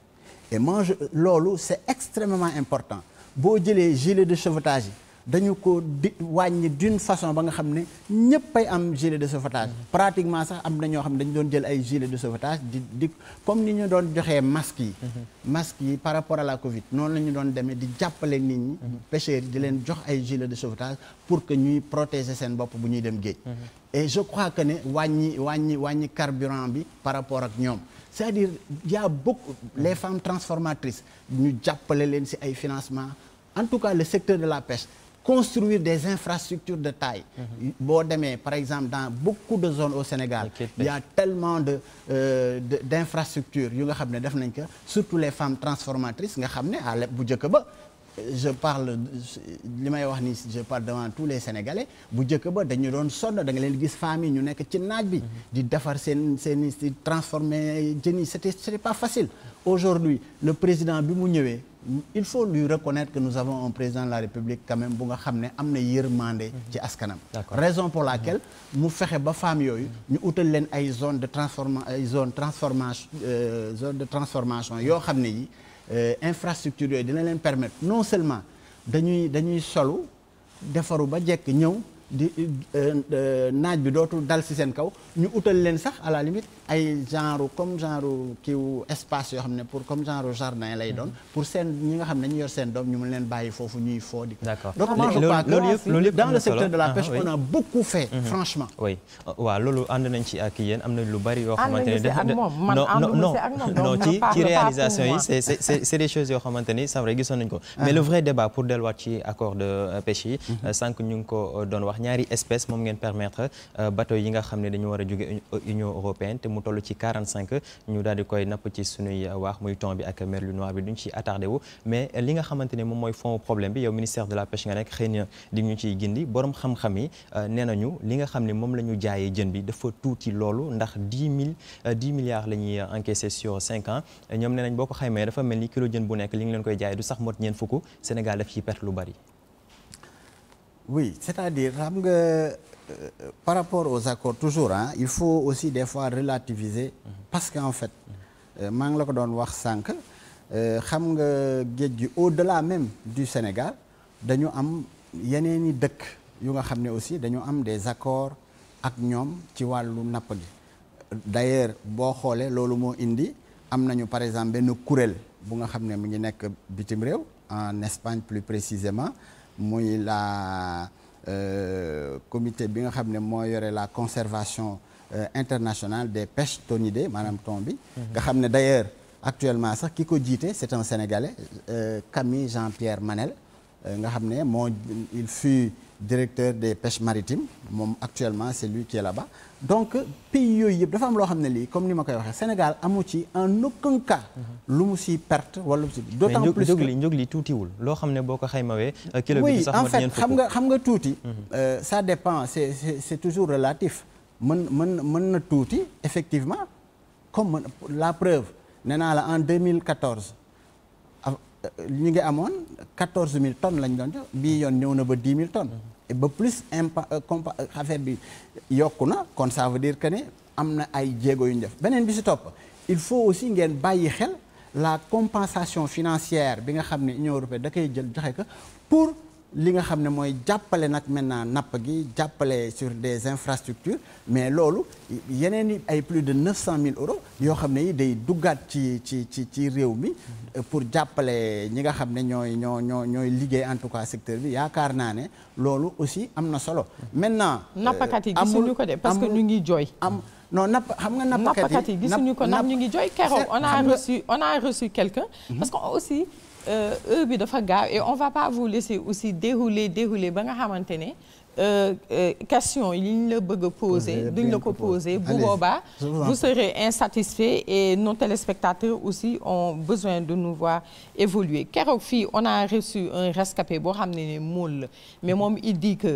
et moi je loolu c'est extrêmement important boo jëlee gilet de sauvetage yi dañu ko di wàññi d'une façon ba nga xam ne ñëpp ay am gilet de sauvetage mm-hmm. pratiquement sax am na ñoo xam ne dañu doon jël ay gilet de sauvetage di di comme ni ñu doon joxee masques yi mm-hmm. masques yi par rapport à la Covid noonu la doon demee di jàppale nit ñi mm-hmm. pêcheurs di leen jox ay gilet de sauvetage pour que ñuy protéger seen bopp bu ñuy dem géej et je crois que ne wàññi wàññi wàññi carburant bi par rapport ak ñoom c'est-à-dire y a les femmes transformatrices ñu jàppale leen ci ay financement en tout cas le secteur de la pêche construire des infrastructures de taille. boo demee par exemple dans beaucoup de zones au Sénégal. il y a tellement de euh, de d' yu nga xam ne def nañ ko surtout les femmes transformatrices nga xam ne à bu jëkk ba. je parle li may wax ni je parle devant tous les sénégalais bu njëkk ba dañu doon sonn da nga leen gis famille ñu nekk ci naaj bi. di defar seen seen i transformer jën yi c'était c'était pas facile. aujourd'hui le président bi mu ñëwee. il faut lui reconnaître que nous avons un président de la République quand même bu nga xam ne am na yërmande ci askanam raison pour laquelle mu fexe ba femmes yooyu ñu utal leen ay zone de transforma ay zone transformation euh, zone de transformation yoo xam ne yi euh, infrastructure yooyu dina leen permettre non seulement dañuy dañuy solu defaru ba jekk ñëw di euh, naaj bi dootul dal ci seen kaw ñu utal leen sax à la limite ay genre comme genre kiiw espace yoo xam ne pour comme genre jardin lay doon mhm. pour seen ñi nga xam ne ñu yor seen doom ñu mën leen bàyyi foofu ñuy foo di d'accord donc moi je crois dans le secteur de la ah, pêche on beaucoup fait mhm. franchement oui loolu ànd nañ ci ak yéen am na lu bari yoo xamante ne non non ci ci réalisation yi c'est c'est c'est des choses yoo xamante ni c'est vrai gisoon nañ ko ah. mais le vrai débat pour delluwaat ci accord de euh, pêche yi mhm. euh, sànq ñu ngi ko euh, doon wax ñaari espèce moom ngeen permettre bateau yi nga xam ne dañu war a jóge Union européenne mu toll ci 45 ñu daal di koy napp ci sunuy waax muy thon bi ak merlu noir bi duñ ci attardé mais li nga xamante ne moom mooy fond problème bi yow ministère de la pêche nga nekk xëy na di ñu ciy gindi borom xam-xam yi euh, nee nañu li nga xam ne moom la ñu jaayee jën bi dafa tuuti loolu ndax 10 mille 10 euh, milliards la ñuy encaissé sur 5 ans ñoom nee nañ boo ko xaymee dafa mel ni kilo jën bu nekk li ngi leen koy jaayee du sax mot ñeen fukk Sénégal par rapport au accord toujours ah il faut aussi des fois relativiser parce en fait euh, maa ngi la ko doon wax sànq euh, xam nga géej gi au-delà même du Sénégal dañu am yeneeni dëkk yu nga xam ne aussi dañu am des accords ak ñoom ci wàllu napp gi d'ailleurs boo xoolee loolu moo indi am nañu par exemple benn kuréel bu nga xam ne mu ngi nekk bitim réew en Espagne plus précisément muy laa Euh, comité bi nga xam ne moo yore la conservation euh, internationale des pêches thonidés maanaam thon bi mhm. nga xam ne d'ailleurs actuellement sax ki ko jiite c'est un sénégalais euh, Camille Jean-Pierre Manel nga xam ne moo il fut directeur des pêches maritimes moom actuellement c'est lui qui est là donc pays yooyu yëpp dafa am loo xam ne lii comme ni ma koy waxee Sénégal amu ci en aucun lu mu si perte wala lu mu si d'autant plus que mais tuutiwul loo xam ne boo ko xaymawee euh, kilo bi sax en fait xam nga xam nga tuuti mhm. euh, ça dépend c'est c'est c'est toujours relatif mën mën mën na tuuti effectivement comme la preuve nee naa la en 2014 ñu ngi amoon quatorze mille tonnes lañ doon jox bii yoon ñëw na ba dix mille tonnes. ba plus impa euh, compa euh, affaire bi yokku na kon ça veut dire que ne am na ay jéego yu ñu def beneen bi si topp il faut aussi ngeen bàyyi xel la compensation financière bi nga xam ne Union européenne da kay jël joxe ko pour. li nga xam ne mooy jàppale nag maintenant napp gi jàppale sur des infrastructures mais loolu yeneen ay plus de neuf cent mille euros yoo xam ne yi day duggaat ci ci ci ci réew mi pour jàppale ñi nga xam ne ñooy ñoo ñoo ñooy liggéey en tout cas secteur bi yaakaar naa ne loolu aussi am na solo maintenant euh, nappkat yi gisuñu ko de parce que ñu ngi jooy am non napp xam nga nappkat yi gisuñu ko naa ñu ngi jooy keroog on a reçu on a reçu quelqu'un mhm. parce que aussi Euh, heure bi dafa gaaw on va pas vous laisser aussi dérouler dérouler ba nga xamante ne euh, euh, question yi ñu la bëgg a poser duñ la ko poser bu boobaa vous serez insatisfait et nos téléspectateurs aussi on besoin de nous voir évoluer keroog fii on a reçu un rescapé boo xam ne ne la mais moom il dit que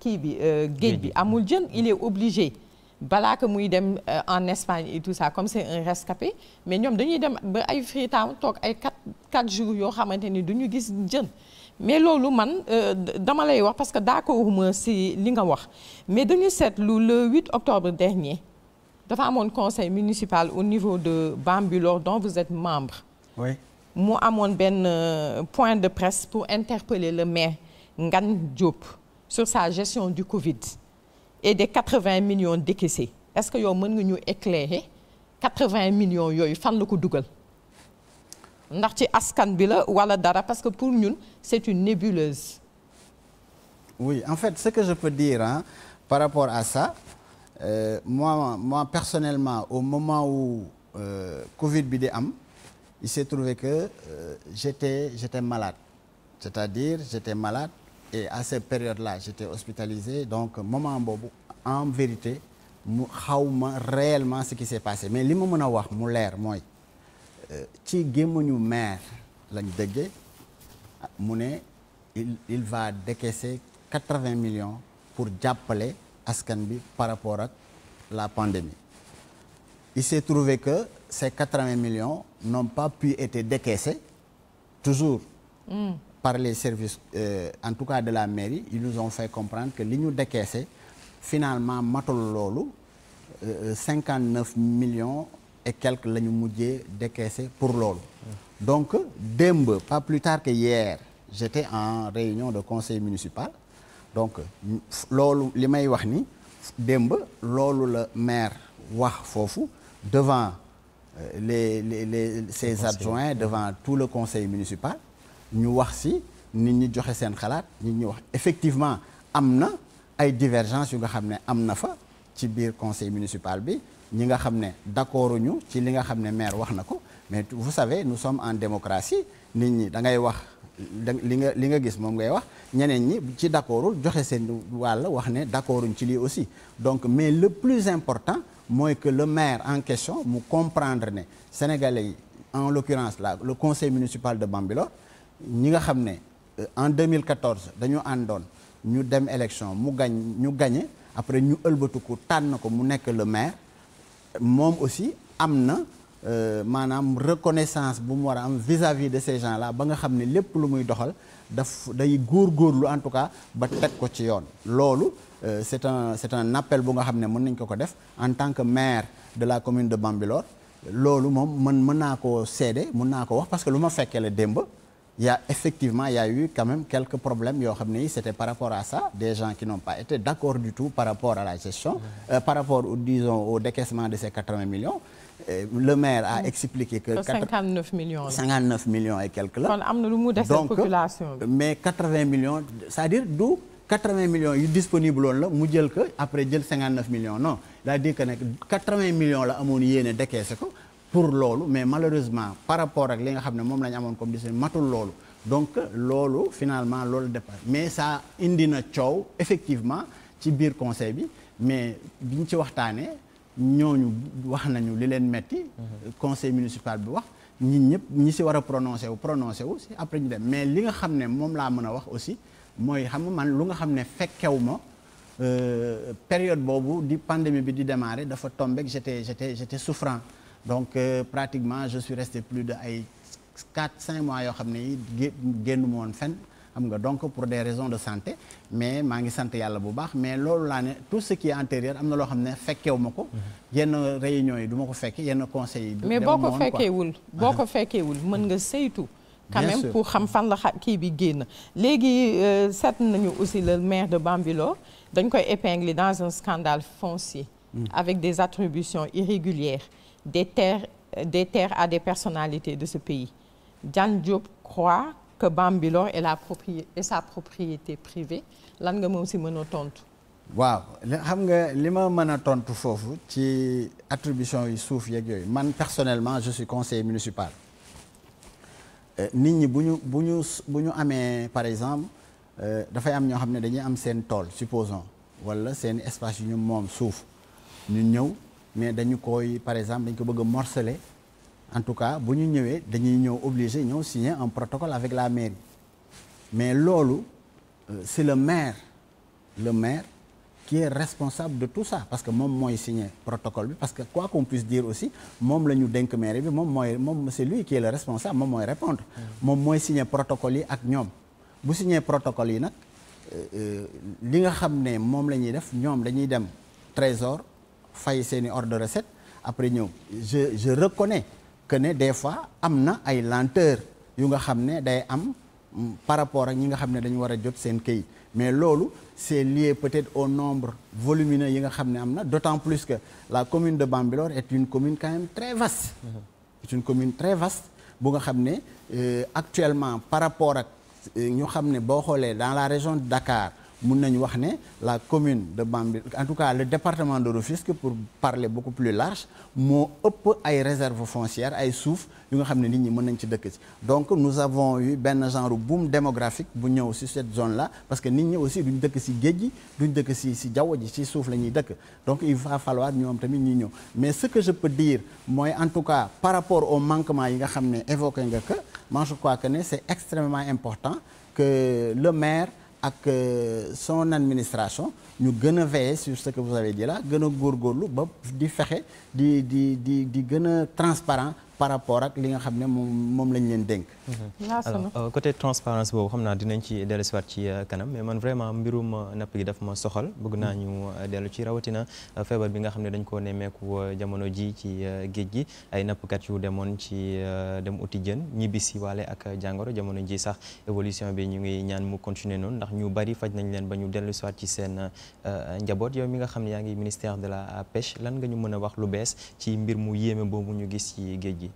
kii bi géej bi amul jën il est obligé balaa que muy dem euh, en Espagne et tout ça comme c'est un rescapé mais ñoom dañuy dem ba ay Freetown toog ay 4 4 jours yoo xamante ni du ñu gis jën mais loolu man euh, dama lay wax parce que d'accorduma si li nga wax mais dañu seetlu le 8 octobre dernier dafa amoon conseil municipal au niveau de Bambilor dont vous êtes membre. oui mu amoon benn euh, point de presse pour interpeller le maire ngan Diop sur sa gestion du Covid. et des quatre-vingts millions décaissés est-ce que yow mën nga ñu quatre-vingts millions yooyu fan la ko dugal ndax ci askan bi la walla dara parce que pour ñun c'est une nébuleuse. oui en fait ce que je peux dire par rapport à sa euh, moi moi personnellement au moment wu euh, Covid bi di am il s'est trouvé que euh, j'étais j'étais malade c'est-à-dire j'étais malade. et à cette période-là j'étais hospitalisé donc moment boobu en vérité mu xaw xawma réellement ce qui s'est passé mais li ma mën a wax mu leer mooy euh, ci ñu maire lañ déggee mu ne il il va décaisser quatre-vingts millions pour jàppale askan bi par rapport ak la pandémie il s'est trouvé que ces quatre-vingts millions n'ont pas pu être décaissés toujours. Mm. par les services euh, en tout cas de la mairie ils nous ont fait comprendre que li ñu décaissé finalement matul loolu euh, cinquante neuf millions et quelques la ñu mujjee décaissé pour loolu donc démb pas plus tard que hier j'étais en réunion de conseil municipal donc loolu li may wax ni démb loolu la maire wax foofu devant euh, les les les ses adjoints devant tout le conseil municipal ñu wax si nit ñi joxe seen xalaat nit ñi wax effectivement am na ay divergence yu nga xam ne am na fa ci biir conseil municipal bi ñi nga xam ne d'accord ñu ci li nga xam ne maire wax na ko mais vous savez nous sommes en démocratie nit ñi da ngay wax li nga li nga gis moom ngay wax ñeneen ñi ci d'accordul joxe seen wàll wax ne d'accorduñ ci lii aussi donc mais le plus important mooy que le maire en question mu comprendre ne sénégalais yi en l'occurrence la le conseil municipal de Bambilor ñi nga xam ne euh, en 2014 dañu àndoon ñu dem élection mu gañ ñu gañe après ñu ëlbatiku tànn ko mu nekk le maire moom aussi am na euh, maanaam reconnaissance bu mu war a am vis-à-vis de ces gens là ba nga xam ne lépp lu muy doxal daf day góorgóorlu en tout cas ba teg ko ci yoon loolu euh, c'est un c'est un appel bu nga xam ne mën nañ ko ko def en tant que maire de la commune de Bambilor loolu moom mën mën naa koo seede mën naa ko wax parce que lu ma fekkee la démb yaa y a effectivement il eu quand même quelques problèmes yoo xam ne c'était par rapport à ça des gens qui n'ont pas été d'accord du tout par rapport à la gestion euh, par rapport disons au décaissement de ces 80 millions euh, le maire a expliqué que millions là. millions et quelques là kon mais millions c'est-à-dire d'où millions yu disponible la mu jël que après jël 59 millions non c'est-à-dire que nag millions la amoon yéene décaissé ko pour loolu mais malheureusement par rapport ak li nga xam ne moom la ñu amoon comme discipline matul loolu donc loolu finalement loolu départ mais ça indi na coow effectivement ci biir conseil bi mais biñ ci waxtaanee ñooñu wax nañu li leen metti mhm. conseil municipal bi wax ñi ñëpp ñi si war a prononcé wu prononcé wu si après ñu dem mais li nga xam ne moom laa mën a wax aussi mooy xam nga man lu nga xam ne fekkew ma euh, période boobu di pandémie bi di démarrer dafa tombé j'étais j'étais j'étais souffrant donc euh, pratiquement je suis resté plus de ay quatre cinq mois yoo xam ne génn mu woon fenn xam nga donc pour des raisons de santé mais maa ngi sant yàlla bu baax mais loolu laa ne tout ce qui est antérieur am na loo xam ne fekkewu ma ko. Mm-hmm. yenn réunions yi duma ko fekkee yenn conseil yi. mais boo ko fekkeewul boo ko fekkeewul mën nga saytu. quand même pour xam fan la xam kii bi génn. léegi euh, seet nañu aussi le maire de Bambilor dañ koy épingler dans un scandale foncier. Mm. avec des attributions irrégulières. de terres, des terres à des personnalités de ce pays. Diane Diop croit que Bambilor est, la propriété, est sa propriété privée lan nga moom si mën a tontu. waaw xam nga li ma mën a tontu foofu ci attribution yi suuf yeeg yooyu man personnellement je suis conseiller municipal. Euh, nit ñi bu ñu bu ñu bu ñu amee par exemple euh, dafay am ñoo xam ne dañuy am seen tool supposons walla seen espace yu ñu moom suuf ñu ñëw. mais dañu koy par exemple dañ ko bëgg a morceler en tout cas bu ñu ñëwee dañuy ñëw obligé ñëw signer un protocole avec la mairie mais loolu euh, c'est le maire le maire qui est responsable de tout ça parce que moom mooy signer protocole bi parce que quoi qu'on puisse dire aussi moom la ñu dénk mairie bi moom mooy moom c'est lui qui est le responsable moom mooy répondre mm. moom mooy signer protocole yi ak ñoom bu signee protocole yi nag euh, euh, li nga xam ne moom la ñuy def ñoom dañuy dem trésor fay seen i ordre de recette après ñëw je je reconnais que ne des fois am na ay lenteur yu nga xam ne day am mm, par rapport ak ñi nga xam ne dañu war a jot seen kayit mais loolu c'est lié peut-être au nombre volumineux yi nga xam ne am na d'autant plus que la commune de Bambilor et une commune quand même très vaste mm-hmm. c'est une commune très vaste bu nga xam ne euh, actuellement par rapport ak euh, ñu xam ne boo xoolee dans la région de Dakar mun nañu wax ne la commune de Bambilor en tout cas le département de Rufisque pour parler beaucoup plus large moo ëpp ay réserve foncières ay suuf yu nga xam ne nit ñi mën nañ ci dëkk ci donc nous avons eu benn genre boom démographique bu ñëw si cette zone la parce que nit ñi aussi duñ dëkk si géej gi duñ dëkk si si jaww ji si suuf la ñuy dëkk donc il va falloir ñoom tamit ñuy ñëw mais ce que je peux dire mooy en tout cas par rapport au manquement yi nga xam ne évoqué nga que man je crois que ne c'est extrêmement important le maire ak euh, son administration ñu gën a veiller sur ce que vous avez dit là gën a góorlu ba di fexe di di di di gën a transparent par rapport ak li nga xam ne moom moom lañ leen dénk. Mhm. alors euh, côté transparence boobu xam naa dinañ ci dellu dellusiwaat ci euh, kanam mais man vraiment mbirum euh, napp gi daf ma soxal bëgg naa ñu mhm. dellu ci rawatina feebar bi nga xam ne dañ koo nemmeeku jamono ji ci géej gi ay nappkat yu demoon ci dem uti jën ñibbisi waale ak jàngoro jamono ji sax évolution bi ñu ngi ñaan mu continuer noonu ndax ñu bari faj nañ leen ba ñu dellusiwaat ci seen. Euh, njaboot yow mi nga xam ne yaa ngi ministère de la pêche lan nga ñu mën a wax lu bees ci mbir mu yéeme boobu ñu gis ci géej gi.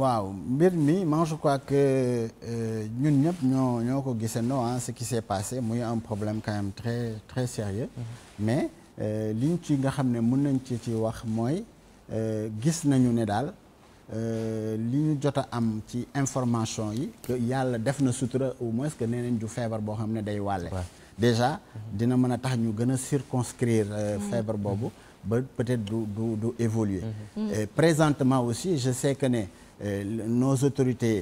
waaw mbir mi man je crois que euh, ñun ñëpp ñoo ñoo ko gisandoo ah ce qui s'est passé muy un problème quand même très très sérieux mm-hmm. mais euh, liñ ci nga xam ne mën nañ ci ci wax mooy gis nañu ne daal li ñu jot a am ci information yi que yàlla def na sutura au moins que nee nañ ju feebar boo xam ne day wàlle déjà dina mën a tax ñu gën a circonscrire euh, feebar boobu ba peut-être du du du évoluer mhm. présentement aussi je sais que ne euh, nos autorités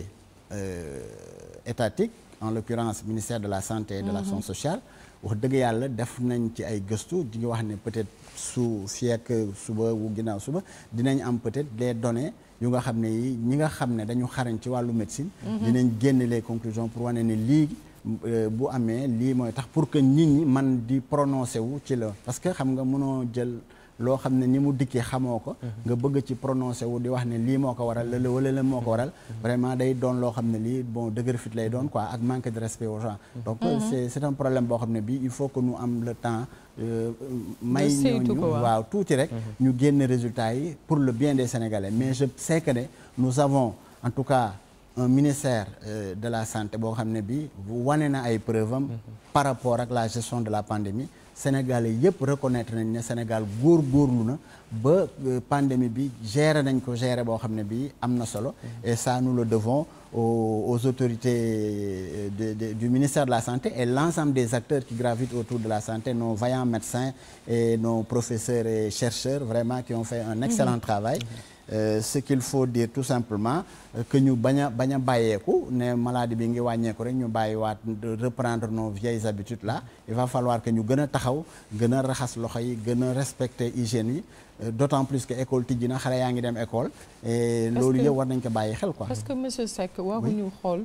euh, étatiques en l'occurrence ministère de la santé et de l'action mhm. sociale wax dëgg yàlla def nañ ci ay gëstu di nga wax ne peut-être su fekk suba wu ginnaaw suba dinañ am peut-être des données yu nga xam ne yi ñi nga xam ne dañu xarañ ci wàllu médecine mhm. dinañ génne les conclusions pour wane ne lii Euh, bu amee lii mooy tax pour que nit ñi man di prononcé wu ci la parce que xam nga mënoo jël loo xam ne ni mu dikkee xamoo ko mhm. nga bëgg ci prononcé wu di wax ne lii moo ko waral la wala la moo ko waral mhm. vraiment day doon loo xam ne lii bon dëgër fit lay doon quoi ak manque de respect aux gens mhm. donc euh, c'est c'est problème boo xam ne bii il faut que nous am le temps euh, may ñooñu waaw tuuti rek ñu génn résultat yi pour le bien des Sénégalais mais je sais que ne nous avons en tout cas un ministère euh, de la santé boo xam ne bi wane na ay preuve am par rapport ak la gestion de la pandémie sénégalais yëpp reconnaître nañ ne sénégal góor góorlu na ba euh, pandémie bi gérer nañ ko gérer boo xam ne bi am na solo et ça nous le devons aux, autorités euh, de, de, du ministère de la santé et l'ensemble des acteurs qui gravitent autour de la santé nos vaillants médecins et nos professeurs et chercheurs vraiment qui ont fait un excellent mmh. Euh, ce qu'il faut dire tout simplement euh, que ñu bañ a bañ a bàyyeeku ne maladie bi ngi wàññeeku rek ñu bàyyiwaat reprendre nos vieilles habitudes là il va falloir que ñu gën a taxaw gën a raxas loxo yi gën a respecter hygiène yi euh, d'autant plus que école tijji na xale yaa ngi dem école et loolu yëpp war nañ ko bàyyi xel quoi parce que monsieur Seck waruñu xool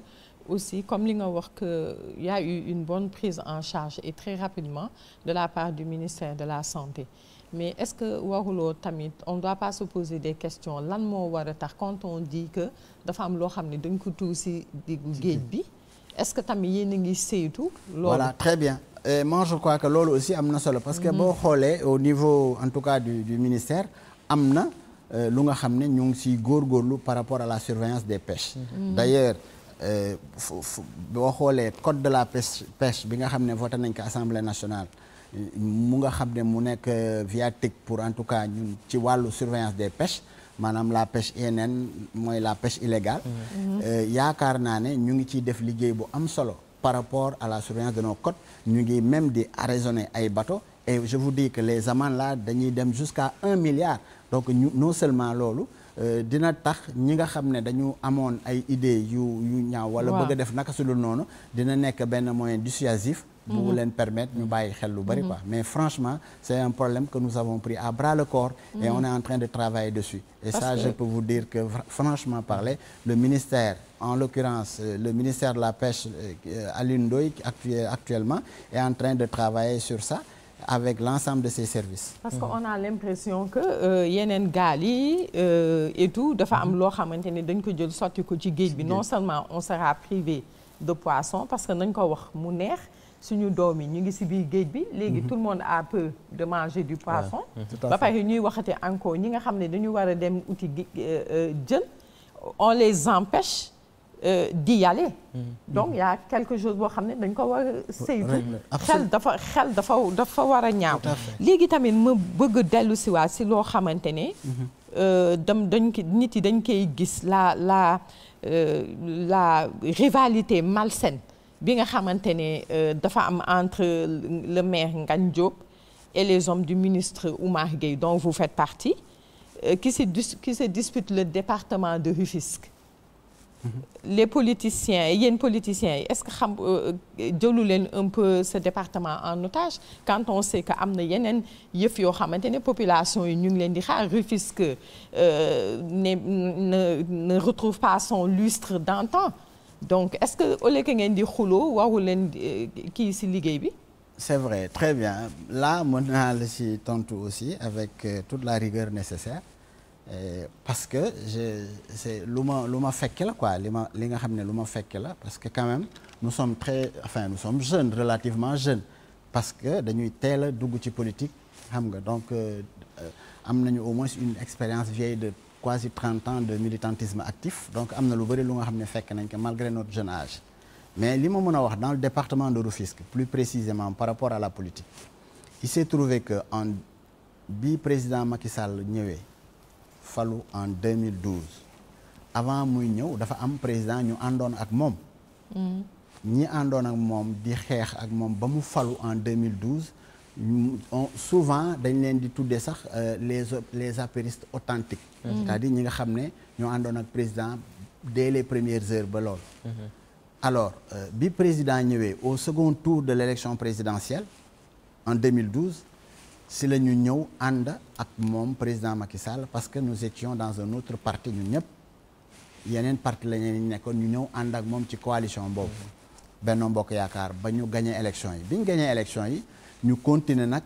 aussi comme li nga wax que y a eu une bonne prise en charge et très rapidement de la part du ministère de la santé mais est-ce que waruloo tamit on doit pas se poser des questions lan moo war a tax quand on que dafa am loo xam ne dañ ko tuur si diggu géej bi est-ce que tamit yéen ngi saytu loolu très bien et moi je crois que loolu aussi am na solo parce que mhm. boo xoolee au niveau en tout cas du, ministère am na euh, lu nga xam ne ñu ngi siy góorgóorlu par rapport à la surveillance des pêches mhm. d'ailleurs euh, boo xoolee code de la pêche pêche bi nga xam ne voté nañ ko assemblée nationale mu nga xam ne mu nekk euh, viatique pour en tout cas ñun ci wàllu surveillance des pêches maanaam la pêche INN mooy la pêche illégale mm-hmm. Mm-hmm. Euh, yaakaar naa ne ñu ngi ciy def liggéey bu am solo par rapport à la surveillance de nos côtes ñu ngi même di arraisonner ay bato et je vous que les amendes la dañuy dem jusqu'à un milliard donc ñu non seulement loolu euh, dina tax ñi nga xam ne dañu amoon ay idées yu yu ñaaw wala bëgg def naka su noonu dina nekk benn moyen dissuasif bu mhm. leen permettre ñu bàyyi xel lu bari mhm. quoi mais franchement c'est un problème que nous avons pris à bras le corps et mhm. on est en train de travailler dessus et Parce ça je peux vous dire que franchement parler le ministère en l'occurrence euh, le ministère de la pêche euh, Alioune Ndoye euh, actuellement est en de travailler sur ça avec l'ensemble de ses services. parce que on a l'impression que yeneen gaal yi et tout dafa am loo xamante ni dañ ko jël sotti ko ci géej bi non seulement on sera privé de poisson parce que nañ ko wax mu neex. suñu doom yi ñu ngi si biir géej bi. léegi mhm. tout le monde a peur de manger du poisson. ba pare ñuy waxate encore ñi nga xam ne dañu war a dem uti euh, euh, jën. on les empêche euh, d'y aller. Mhm. donc y a quelque chose boo xam ne dañ ko war a xel dafa xel dafa dafa war a ñaaw. léegi tamit ma bëgg a dellu si si loo xamante ne. Mhm. dam dañ ko nit yi dañ koy gis la la la rivalité malsaine. bi nga xamante ne euh, dafa am entre le maire nga Diop et les hommes du ministre Oumar Gueye dont vous faites partie euh, qui se qui se dispute le département de Rufisque mm-hmm. les politiciens yéen politiciens yi est-ce que xam euh, jëlu leen un peu ce département en otage quand on sait que am na yeneen yëf yoo xamante ne population yi ñu ngi leen di xaar Rufisque ne ne retrouve pas son lustre d'antan donc est-ce que au lieu ngeen di xuloo waxu leen eh, kii si liggéey bi. c'est vrai très bien là mën naa la ci tontu aussi avec euh, toute la rigueur nécessaire et parce que je c'est lu ma lu ma fekk la quoi li ma li nga xam ne lu ma fekk la parce que quand même nous sommes très enfin nous sommes jeunes relativement jeunes parce que dañuy teel a dugg ci politique xam nga donc euh, euh, am nañu au moins une expérience vieille de quasi trent ans de militantisme actif donc am na lu bëri lu nga xam ne fekk nañ ko malgré notre jeune âge mais li ma mën a wax dans le département de Rufisque plus précisément par rapport à la politique il s'est trouvé que en bi président Macky Sall ñëwee falu en 2012 avant muy ñëw dafa am président ñu àndoon ak moom mm. ñi àndoon ak moom di xeex ak moom ba mu falu en 2012 on souvent dañ leen di tuddee sax euh, les les apéristes authentiques mm-hmm. cest à ñi nga xam ne ñoo àndoon ak président dès les premières heures ba lool mm-hmm. alors euh, bi président ñëwee au second tour de l'élection présidentielle en 2012 si la ñu ñëw ànd ak moom président Macky Sall parce que nous étions dans un autre parti ñun ñëpp yeneen parti la ñu nekkoon ñu ñëw ànd ak moom ci coalition boobu mm-hmm. Benno mbokk Yaakaar ba ñu gagné élection yi bi gañee gagné élection yi ñu continuer nag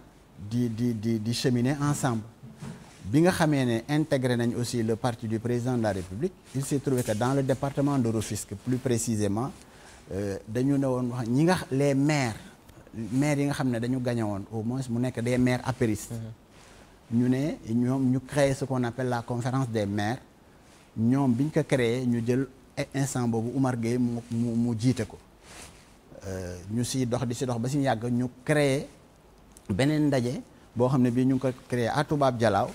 di di di di cheminer ensemble bi nga xamee ne intégré nañ aussi le parti du président de la République il s'est trouvé que dans le département de Rufisque plus précisément euh, dañu ne woon wax ñi nga les maires maire yi nga xam ne dañu gagné woon au moins mu nekk des maires apéristes mm-hmm. ñu ne ñoom ñu créé ce qu'on appelle la conférence des maire ñoom biñ ko créer ñu jël instant boobu Oumar Gueye mu mu jiite ko euh, ñu si dox di si dox ba si yàgg ñu créer beneen ndaje boo xam ne bii ñu ngi ko créé à Toubab Dialaw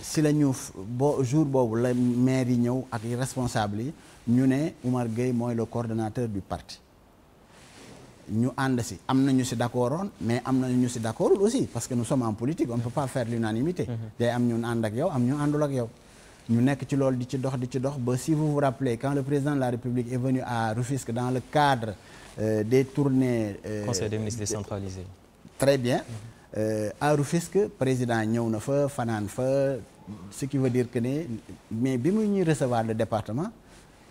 si la ñu bo jour boobu la maire yi ñëw ak responsable yi ñu ne Oumar Gueye mooy le coordonnateur du parti ñu ànd si am na ñu si d'accordoon mais am na ñu si d'accordul aussi parce que nous sommes en politique on ne peut pas faire l'unanimité mm-hmm. day am ñu ànd ak yow am ñu àndul ak yow ñu nekk ci loolu di ci dox di ci dox ba si vous vous rappelez quand le président de la République est venu à Rufisque dans le cadre euh, des tournées euh, conseil des ministres très bien à euh, Rufisque président ñëw na fa fanaan fa ce qui veut dire que ne mais bi mu ñuy recevoir le département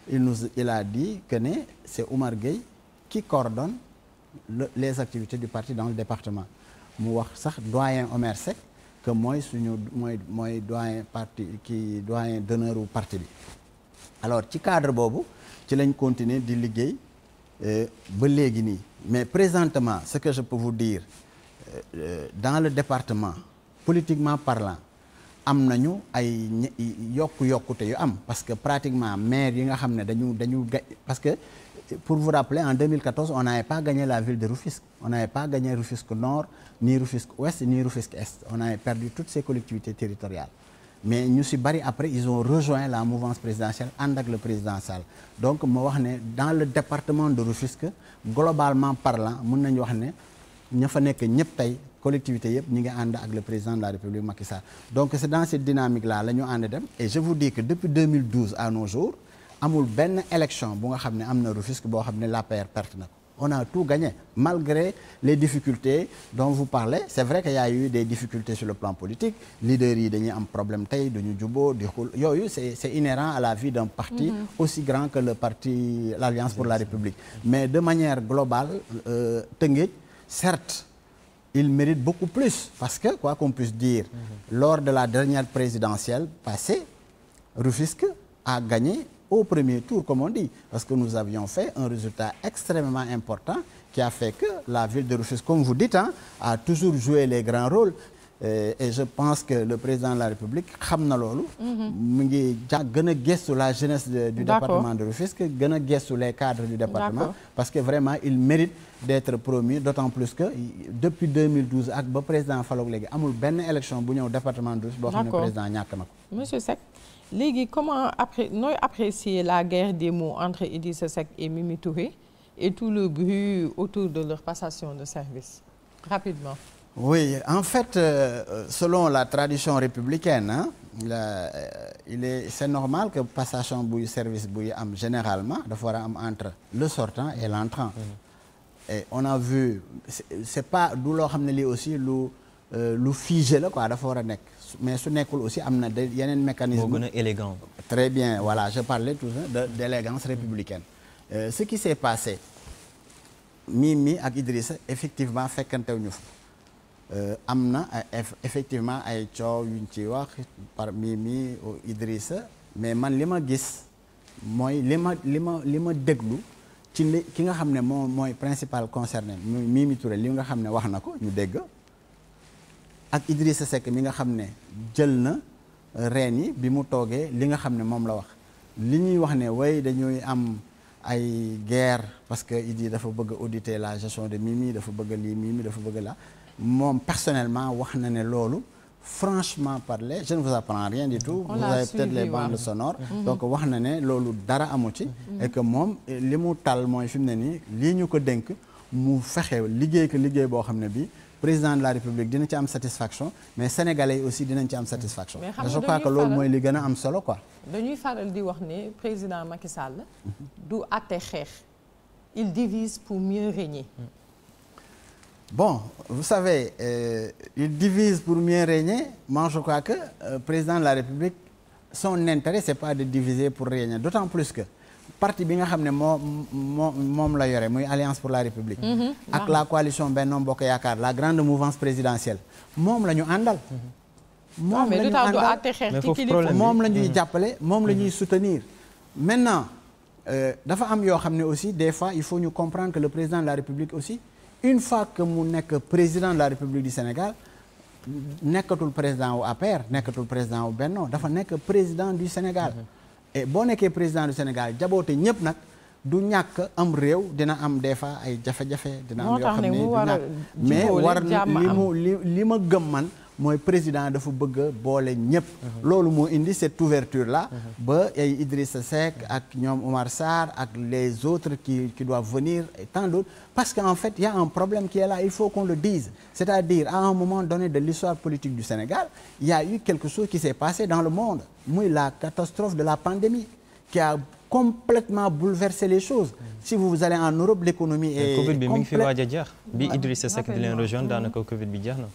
il nous il a dit que ne c'est Oumar Gueye qui coordonne le, les activités du parti dans le département mu wax sax doyen Omer Seck que mooy suñu mooy mooy doyen parti ki doyen d'honneur u parti bi alors ci cadre boobu ci lañ continuer di liggéey euh, ba léegi nii mais présentement ce que je peux vous dire dans le département politiquement parlant am nañu ay yokku-yokkute yu am parce que pratiquement maire yi nga xam ne dañu dañu ga parce que pour vous rappeler en 2014 on n'avait pas gagné la ville de Rufisque on n'avait pas gagné Rufisque Nord ni Rufisque Ouest ni Rufisque Est on avait perdu toutes ces collectivités territoriales mais ñu si bari après ils ont rejoint la mouvance présidentielle ànd ak le président Sall donc ma wax ne dans le département de Rufisque globalement parlant mën nañu wax ne ña fa nekk ñëpp tey collectivité yëpp ñu ngi ànd ak le président de la République Macky Sall donc c'est dans cette dynamique là la ñu ànd dem et je vous dis que depuis 2012 à nos jours amul benn élection bu nga xam ne am na Rufisque boo xam ne l'APR perte na ko on a tout gagné malgré les difficultés donc vous parlez c'est vrai que y eu des difficultés sur le plan politique leaders yi dañuy am problème tey duñu jubo di xul yooyu c'est c'est inhérent à la vie d'un parti mm -hmm. aussi grand que le parti l'Alliance pour la mais de manière globale euh, Tëngéej certes, il mérite beaucoup plus parce que, quoi qu'on puisse dire, mhm. lors de la dernière présidentielle passée, Rufisque a gagné au premier tour, comme on dit, parce que nous avions fait un résultat extrêmement important qui a fait que la ville de Rufisque, comme vous dites, a toujours joué les grands rôles. Euh, et je pense que le président de la République xam na loolu. Mhm. mu ngi ja gën la jeunesse. du département de Rufisque gën a gëstu les cadres du département. parce que vraiment il mérite d'être promu d'autant plus que depuis 2012 ak ba président faloog léegi amul benn élection bu ñëw département de Rufisque. boo xam ne président ñàkk na monsieur Seck léegi comment après nooy apprécier la guerre des mots entre Idrissa Seck et Mimi Touré et Oui, en fait, euh, selon la tradition républicaine, hein, la, euh, il est, c'est normal que passation buy service buy am généralement dafa war a am entre le sortant et l'entrant. Mm-hmm. Et on a vu c'est pas du loo xam ne lii aussi lu euh, lu figé la quoi dafa war a nekk mais su nekkul aussi am na de yeneen mécanisme. moo Très bien, voilà, je parlais tout de d'élégance républicaine. Euh, ce qui s'est passé Mimi ak Idrissa effectivement fekkantewuñu fa. Euh, am na effectivement ay coow yuñ ci wax par Mimi Idrissa mais man li ma gis mooy li ma li ma li ma déglu ci li ki nga xam ne moom mooy principal concerné Mimi Touré li nga xam ne wax na ko ñu dégg ak Idrissa Seck mi nga xam ne jël na euh, reen yi bi mu toogee li nga xam ne moom la wax li ñuy wax ne way dañuy am ay guerre parce que Idi dafa bëgg auditer la gestion de mii dafa bëgg lii Mimi dafa bëgg la moom personnellement wax na ne loolu franchement parler je ne vous apprends rien du tout vous avez peut-être les bandes mm-hmm. Mm-hmm. donc wax na ne loolu dara amu ci mm-hmm. et que moom li mu tal mooy fi mu ne nii lii ñu ko dénk mu fexe liggéey ko liggéey boo xam ne bii président de la république dina ci am satisfaction mais sénégalais yi aussi dinañ ci am satisfaction je crois que loolu mooy li gën a am solo ko dañuy faral di wax ne président Macky Sall du àtte xeex Bon, vous savez, il euh, divise pour mieux régner. Moi, je crois que euh, président de la République, son intérêt, c'est pas de diviser pour régner. D'autant plus que parti bi nga xam ne moo moo moom la yore muy Alliance pour la République. Mhm. ak la coalition Benno mbokk Yaakaar la grande mouvance présidentielle moom la ñu àndal. Mhm. moom ah, la ñu àndal moom la ñuy mhm. jàppale moom la ñuy soutenir. maintenant euh, dafa am yoo xam ne aussi des fois il faut ñu comprendre que le président de la République aussi. une fois que mu nekk président de la République du Sénégal nekkatul président wu APR nekkatul président wu Benno dafa nekk président du Sénégal mhm. boo nekkee président du Sénégal jaboote ñëpp nag du ñàkk am réew dina am des fois ay jafe-jafe dina am yoo xam ne mais war li mu li ma gëm man mooy président dafa bëgg boole ñëpp. Mhm. loolu moo indi cette ouverture là. Mhm. ba ay Idrissa Seck ak ñoom Omar sar ak les autres qui qui doivent venir et tant d'autres parce qu'en fait il y a un problème qui est là il faut qu'on le dise c'est-à-dire à un moment donné de l'histoire politique du Sénégal il y a eu quelque chose qui s'est passé dans le monde muy la catastrophe de la pandémie qui a complètement bouleverser les choses si vous allez en Europe l'économie est Covid bi mi ngi fi waaj a jeex bi Idrissa Seck di leen rejoindre daanaka Covid bi jeex na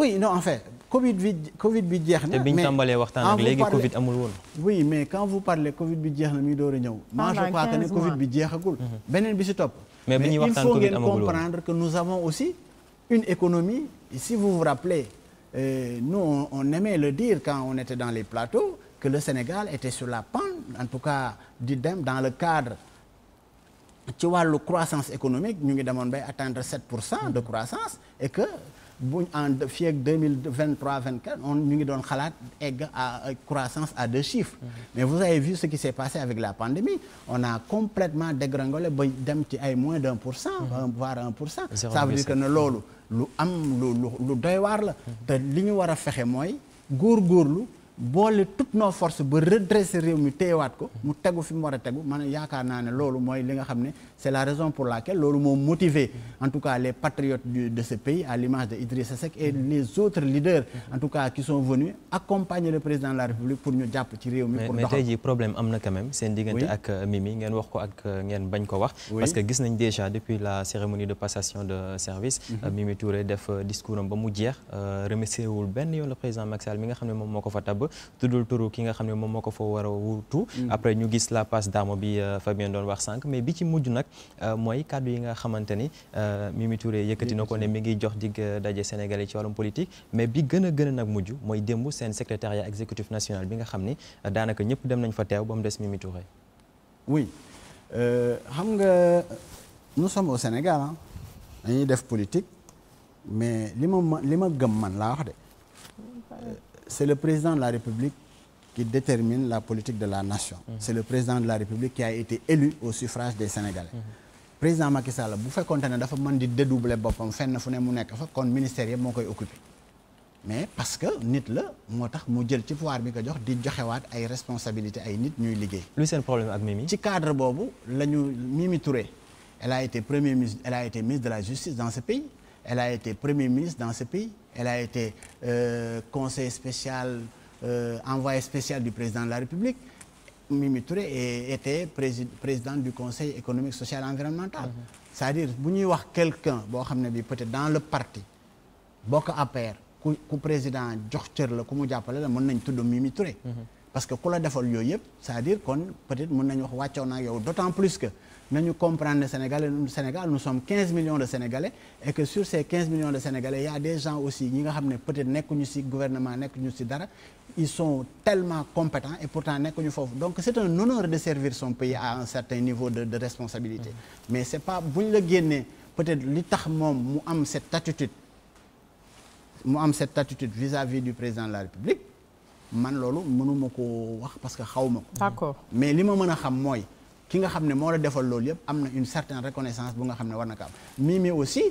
oui non en fait Covid bi Covid jeex na te bi ñu tàmbalee waxtaan ak léegi Covid amul woon oui mais quand vous parlez Covid bi jeex na mi door a ñëw moi je Covid bi jeexagul mhm. beneen bi si topp mais bi ñuy waxtaan Covid amagul woon il faut ngeen comprendre que nous si vous vous rappelez euh, on, on aimait le dire quand on était dans les plateaux que le Sénégal était sur la pente en tout cas d'IDEM dans le cadre ci wàllu croissance économique ñu ngi demoon bay attendre 7 pour cent de croissance et que buñ en fii ak 2023 24 on ñu ngi doon xalaat egg à euh, croissance à deux chiffres mm-hmm. mais vous avez vu ce qui s'est passé avec la pandémie on a complètement dégringolé ba dem ci ay moins d'un pour cent mm-hmm. voire pour cent ça veut dire que ne loolu lu am lu lu doy waar la mm-hmm. te li ñu war a fexe mooy góor góorgóorlu boole toutes nos forces ba redresser réew mi téyewaat ko mu tegu fi mu war a tegu man yaakaar naa ne loolu mooy li nga xam ne c'est la raison pour laquelle loolu moo motivé en tout cas les patriotes du, de ce pays à l'image de Idrissa Seck et les autres leaders en tout cas qui sont venus accompagner le président de la République pour ñu jàpp ci réew mi pour doxal mais tey jii problème am na quand même seen diggante ak euh, Mimi ngeen wax ko ak euh, ngeen bañ ko wax parce que gis nañ déjà depuis la cérémonie de passation de service mhm. euh, Mimi Touré def discours ba mu jeex remercier wul benn yoon le président mi nga xam ne moom moo ko fa tabb tuddul turu ki nga xam ne moom moo a wutu mhm. après wax sànq mais bi ci mujj nag Euh, mooy kàddu yi nga xamante ni euh, Mimi Touré yëkkati na ko ne mi ngi jox dig euh, daje Sénégalais ci wàllum politique mais bi gën a gën a nag mujj mooy démb seen secrétariat exécutif national bi nga xam ni daanaka ñëpp dem nañ fa teew ba mu des Mimi Touré oui xam nga nous sommes au dañuy def politique mais li ma li ma gëm man laa wax de c'est le président de la République qui détermine la politique de la nation. Mhm. C'est le président de la République qui a été élu au suffrage de Sénégalais. Mmh. président Macky Sall bu fekkoonte ne dafa man di dédoubler boppam fenn fu ne mu nekk fa kon ministère yëpp moo koy occupé mais parce que nit la moo tax mu jël ci pouvoir bi ko jox di joxewaat ay responsabilité ay nit ñuy liggéey. lu seen problème ak Mimi. ci cadre boobu la ñu Mimi Touré elle a été premier ministre elle a été ministre de la justice dans ce pays. elle a été premier ministre dans ce a été euh, conseiller spécial. Euh, envoyé spécial du président de la République Mimi Touré était président du conseil économique social et environnemental mhm. c'est-à-dire bu ñuy wax quelqu'un boo xam ne bi peut-être dans le parti bokk APR ku ku président jox cër la ku mu jàppale la mën nañ tudd Mimi Touré mhm. parce que ku la defal yooyu yëpp c'est-à-dire kon peut-être mën nañu wax wàccoon yow d'autant plus que nañu comprendre ne Sénégalais Sénégal nous sommes 15 de Sénégalais et que sur ces 15 de Sénégalais il y a des gens aussi ñi nga xam ne peut-être nekkuñu ci gouvernement nekkuñu ci dara ils son tellement compétents et pourtant nekkuñu foofu donc c'est un honneur de servir son pays à un certain niveau de de responsabilité. Mm-hmm. mais c'est pas buñ la génnee peut-être li tax moom mu am cette attitude mu am cette attitude vis-à-vis du président de la République man loolu mënuma ko wax parce que xawma ko. mais li ma mën a xam mooy. ki nga xam ne moo la defal loolu yëpp am na une certaine reconnaissance bu nga xam ne war na ko am aussi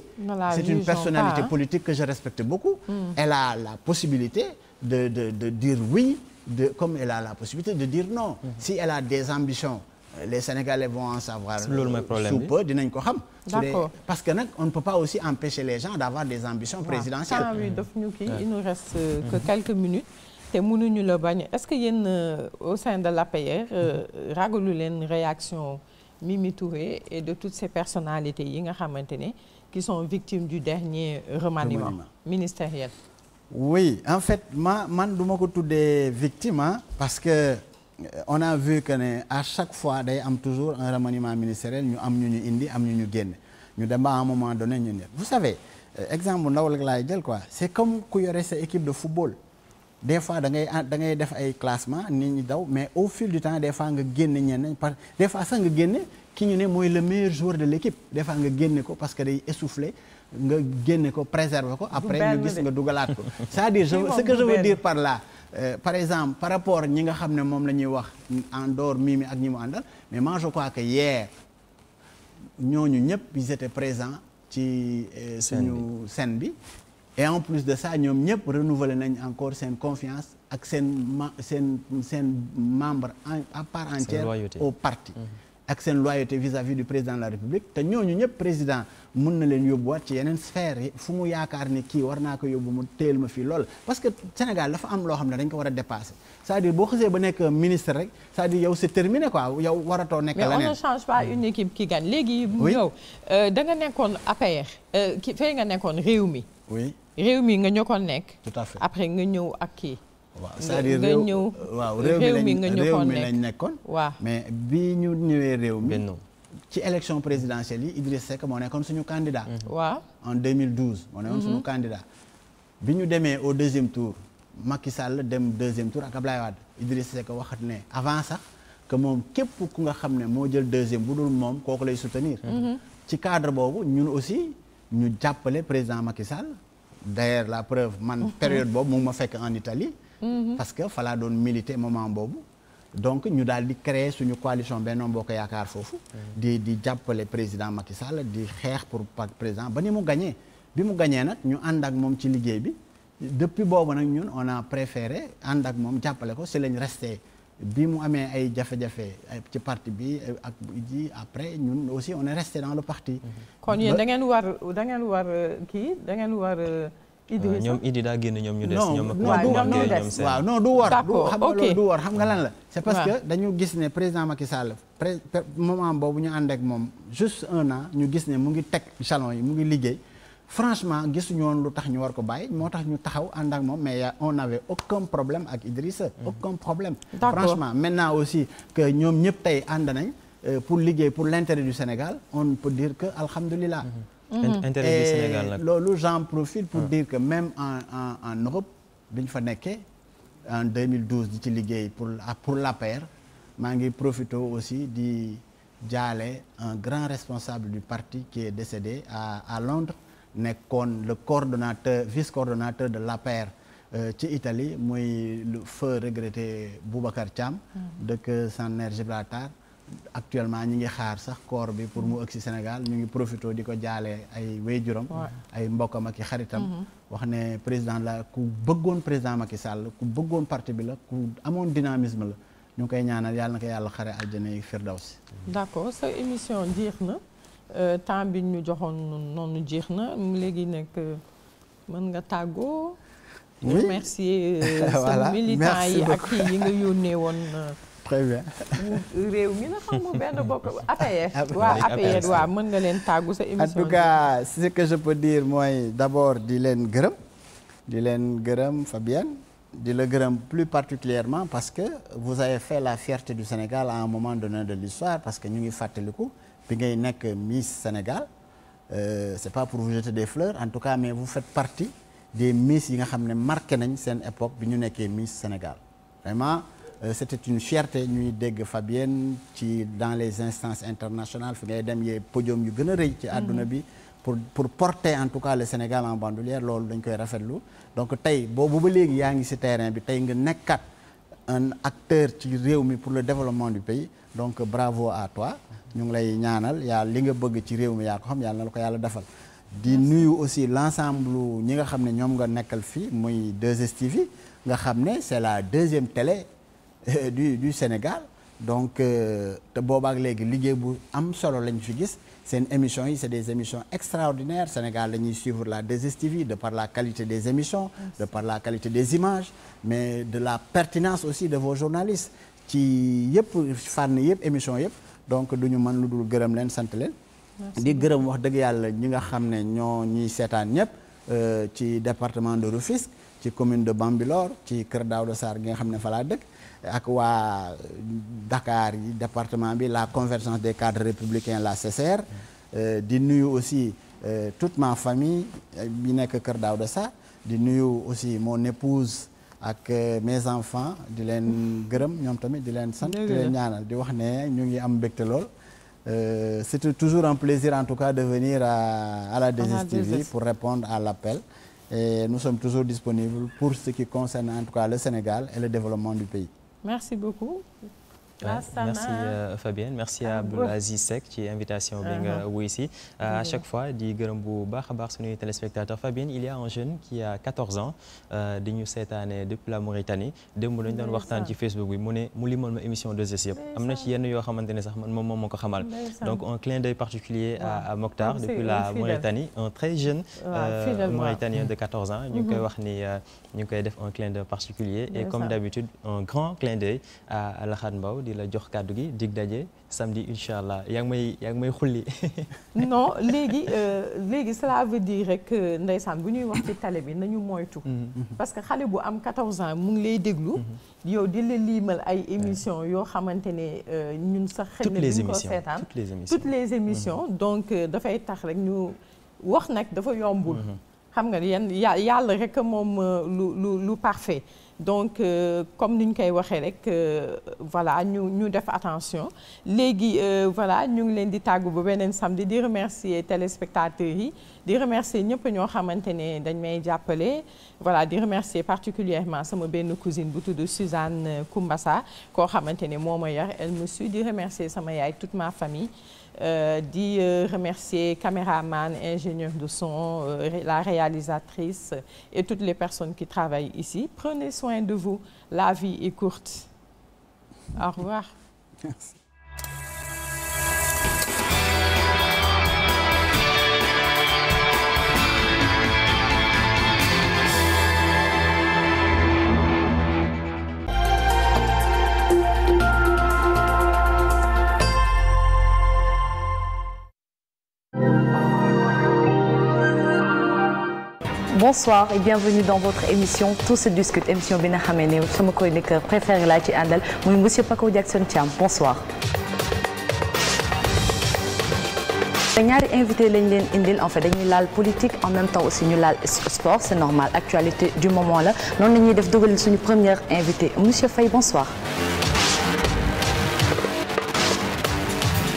c'est une personnalité politique que je respecte beaucoup mm. elle a la possibilité de de de dire oui comme elle a la possibilité de dire non mm. si elle a des ambitions euh, les Sénégalais vont en savoir sous peu ko xam parce que nag on ne peut pas aussi empêcher les gens d'avoir des ambitions présidentielles ah il nous reste euh, que mm-hmm. quelques minutes te mënuñu la bañ est-ce que yéen euh, au sein de la l'APR euh, ragalu leen réaction mi mi Touré et de tout ces personalités yi nga xamante ne qui sont victimes du dernier remaniement, remaniement. ministériel oui en fait ma man duma ko tuddee victime parce que euh, on a vu que ne à chaque fois day am toujours un remaniement ministériel ñu am ñu ñu indi am ñu ñu génn ñu dem ba à un ñu ne vous savez exemple ndaw la laay jël quoi c'est comme ku yore sa équipe de football des fois da ngay da ngay def ay classement ni ñu daw mais au fil du temps des nga génne ñeen parce par fois sax nga génne ki ñu ne mooy le meilleur joueur de l' équipe des nga génne ko parce que day essoufflé nga génne ko préserver ko après ñu gis nga dugalaat ko c'est-à-dire ce que je par là euh, par exemple par rapport ñi nga xam ne moom la ñuy wax en dehors Mimi ak ñi mu mais moi je crois que hier ñooñu ñëpp ils ci euh, suñu scène bi et en plus de ça ñoom ñëpp renouveler nañ encore seen confiance ak seen ma seen seen membre en à part entière au parti mhm. ak seen loyauté vis-à-vis du président de la république te ñooñu ñëpp président mun na leen yóbbuwaat ci yeneen sphère yi fu mu yaakaar ni kii war naa ko yóbbu mu téel ma fii lool parce que Sénégal dafa am loo xam ne dañ ko war a dépasser c'est-à-dire boo xasee ba nekk ministre rek c'est-à-dire yow c'est terminé quoi yow waratoo nekk leneen mais on ne change pas une équipe qui gagne léegi. oui yow euh, da nga nekkoon APR. Euh, ki fee nga nekkoon réew mi. réew mi nga ñëw ko nekk. tout à fait après nga ñëw ak kii. waaw cest à réew nga ñëw réew mi nga ñëw réew mi nekkoon. waaw mais bi ñu ñëwee réew mi. ci élection présidentielle yi Idriss Seck moo nekkoon suñu candidat. Mhm. waaw en 2012. moo nekkoon mhm. suñu candidat. bi ñu demee au deuxième tour Macky Sall dem deuxième tour ak Ablaye Wade Idriss waxat ne avant sax que moom képp ku nga xam ne moo jël deuxième bu dul moom kooku lay soutenir. Mhm. ci cadre boobu ñun aussi ñu jàppale président Macky Sall. d'ailleurs la preuve man mhm. période boobu mu ma fekk en Italie mhm. parce que falaa doon militer moment boobu donc ñu daal di créer suñu coalition Benno Bokk Yaakaar foofu mhm. di di jàppale président Macky Sall di xeex pour président ba ni mu gañee bi mu gañee nag ñu ànd ak moom ci liggéey bi depuis boobu nag ñun on a préféré ànd ak moom jàppale ko si lañ resté bi mu amee ay jafe-jafe ci parti bi eh, ak ji après ñun aussi on est resté dans le parti. Mm-hmm. kon yéen da ngeen war da ngeen war euh, kii da ngeen war. Euh, Idrissa ñoom Idi daa génn ñoom ñu des. ñoom ak ñoom ñoo des waaw non du war. xam nga du xam nga lan la. Mm-hmm. c'est parce que dañu gis ne président Macky Sall moment boobu ñu ànd ak moom juste un an ñu gis ne mu ngi teg chalon yi mu ngi liggéey. franchement gisuñu woon lu tax ñu war ko bàyyi moo tax ñu taxaw ànd ak moom mais on avait aucun problème ak Idrissa mm-hmm. aucun problème franchement maintenant aussi que ñoom ñëpp tey ànd nañ euh, pour liggéey pour l'intérêt du Sénégal on peut dire que alhamdulilah mm-hmm. mm-hmm. loolu j'en profite pour ah. dire que même en en en Europe bi ñu fa nekkee en 2012 di ci liggéey pour pour pair maa ngi profité aussi di jaale un grand responsable du parti ki est décédé à à Londres nekkoon le coordonnateur vice coordonnateur de la l'APR euh, ci Italie muy le feu regretté Boubacar Thiam. Mm-hmm. dëkk Centenaire Gibraltar actuellement ñi ngi xaar sax corps bi pour mu ëgg si Sénégal mu ngi profité di ko jaalee ay wéyjuram ay mbokkam ak i xaritam mm-hmm. wax ne président la ku bëggoon président Macky sàll ku bëggoon parti bi la ku amoon dynamisme la ñu ngi koy ñaanal yàlla na ko yàlla xare àjjana yi firdaws d'accord sa émission jeex na Euh, temps bi ñu joxoon noonu jeex na léegi nekk euh, mën nga tàggoo. oui remercier euh, voilà militants yi ak kii yi nga yónnee woon. très bien. réew mi na xam mu benn bopp APR. waaw APR waaw mën nga leen tàggu sa émission. en tout cas ce que je peux dire mooy d'abord di leen gërëm. di leen gërëm Fabienne. di la gërëm plus particulièrement parce que vous avez fait la fierté du Sénégal à un moment donné de l'histoire parce que ñu ngi fàttaliku. bi ngay nekk Miss Sénégal euh, c'est pas pour vous jeter des fleurs en tout cas mais vous faites partie des Miss yi nga xam ne marqué nañ seen époque bi ñu nekkee Miss Sénégal vraiment euh, c'était une fierté ñuy dégg Fabienne ci dans les instances internationales fi ngay dem yee podium yu gën a rëy ci adduna bi pour pour porter en tout cas le Sénégal en bandoulière loolu dañ koy rafetlu donc tey boobu ba léegi yaa ngi ci terrain bi tey nga nekkat un acteur ci réew mi pour le développement du pays donc bravo à toi ñu ngi lay ñaanal yaa li nga bëgg ci réew mi yaa ko xam yàlla na la ko yàlla defal di nuyu aussi l'ensemble ñi nga xam ne ñoom nga nekkal fii muy 2STV yi nga xam ne c'est la deuxième télé euh, du du Sénégal donc euh, te boobaak léegi liggéey bu am solo lañ fi gis seen émission yi c'est des émissions extraordinaires Sénégal dañuy suivre la 2STV de par la qualité des émissions de par la qualité des images mais de la pertinence aussi de vos journalistes ci yëpp fànn yëpp émissions yëpp donc du ñu man lu dul gërëm leen sant leen di gërëm wax dëgg yàlla ñi nga xam ne ñoo ñuy seetaan ñëpp euh, ci département de Rufisque ci commune de Bambilor ci Kër Daouda Sarr gi nga xam ne fa laa dëkk ak waa Dakar yi département bi la convergence des cadres républicains la CCR euh, di nuyu aussi euh, toute ma famille euh, bi nekk Kër Daouda sax di nuyu aussi mon épouse ak mes enfants di leen gërëm ñoom tamit di leen sant di leen ñaanal di wax ne ñu ngi am mbégte lool c'était toujours un plaisir en tout cas de venir à, à la 2 pour répondre à l'appel et nous sommes toujours disponibles pour ce qui concerne en tout cas le Sénégal et le développement du pays merci beaucoup. Lassana merci euh, Fabienne merci ah, à Abdoul Aziz Seck ci invitation bi nga wuy si. à chaque fois di gërëm bu baax a baax suñuy téléspectateurs Fabienne il y a un jeune qui a 14 ans euh, di ñu seetaane depuis la Mauritanie démb lañu doon waxtaan ci Facebook bi mu ne mu limal ma émission 2S am na ci yenn yoo xamante ne sax man moom moo ko xamal. donc un clin d'œil particulier à Mokhtar depuis la Mauritanie un très jeune. Euh, Mauritanien de 14 ans ñu ngi koy mm-hmm. wax ni. Euh, ñu koy def un clin d'œil particulier et comme d'habitude un grand clin d'œil à Laxaat Mbaw di la jox kàddu gi dig daje samedi incha allah yaa ngi may yaa ngi may xulli non léegi euh, léegi cela veut dire rek ndeysaan bu ñuy wax ci tale bi nañu moytu mm-hmm, mm-hmm. parce que xale bu am 14 ans mu ngi lay déglu mm-hmm. yow di la liimal ay émission yoo xamante ne euh, ñun sax xëy na duñ ko seetaan toutes les émissions toutes les émissions donc euh, dafay tax rek ñu wax nag dafa yombul xam nga yéen yàlla rek moom euh, lu lu lu parfait donc euh, comme ni ñu koy waxee rek euh, voilà ñu ñu def attention léegi euh, voilà ñu ngi leen di tàggu ba beneen samedi di remercier téléspectateurs yi di remercier ñëpp ñoo xamante ne dañ may jàppale voilà di remercier particulièrement sama benn cousine bu tudd Suzanne Koumbassa koo xamante ne moo ma yar elle me di remercier sama yaay toute ma famille Euh, di euh, remercier caméraman ingénieur de son euh, la réalisatrice et toutes les personnes qui travaillent ici prenez soin de vous la vie est courte revoir. bonsoir et bienvenue dans votre émission Tout se discute émission bi nga xamee ne sama chroniqueur préféré laa ci àndal muy monsieur Paco Jackson Thiam bonsoir. ñaari invité lañ leen indil en fait dañuy laal politique en même temps aussi ñu laal sport c'est normal actualité du moment la noonu la ñuy def dugal suñu première invité monsieur Faye bonsoir.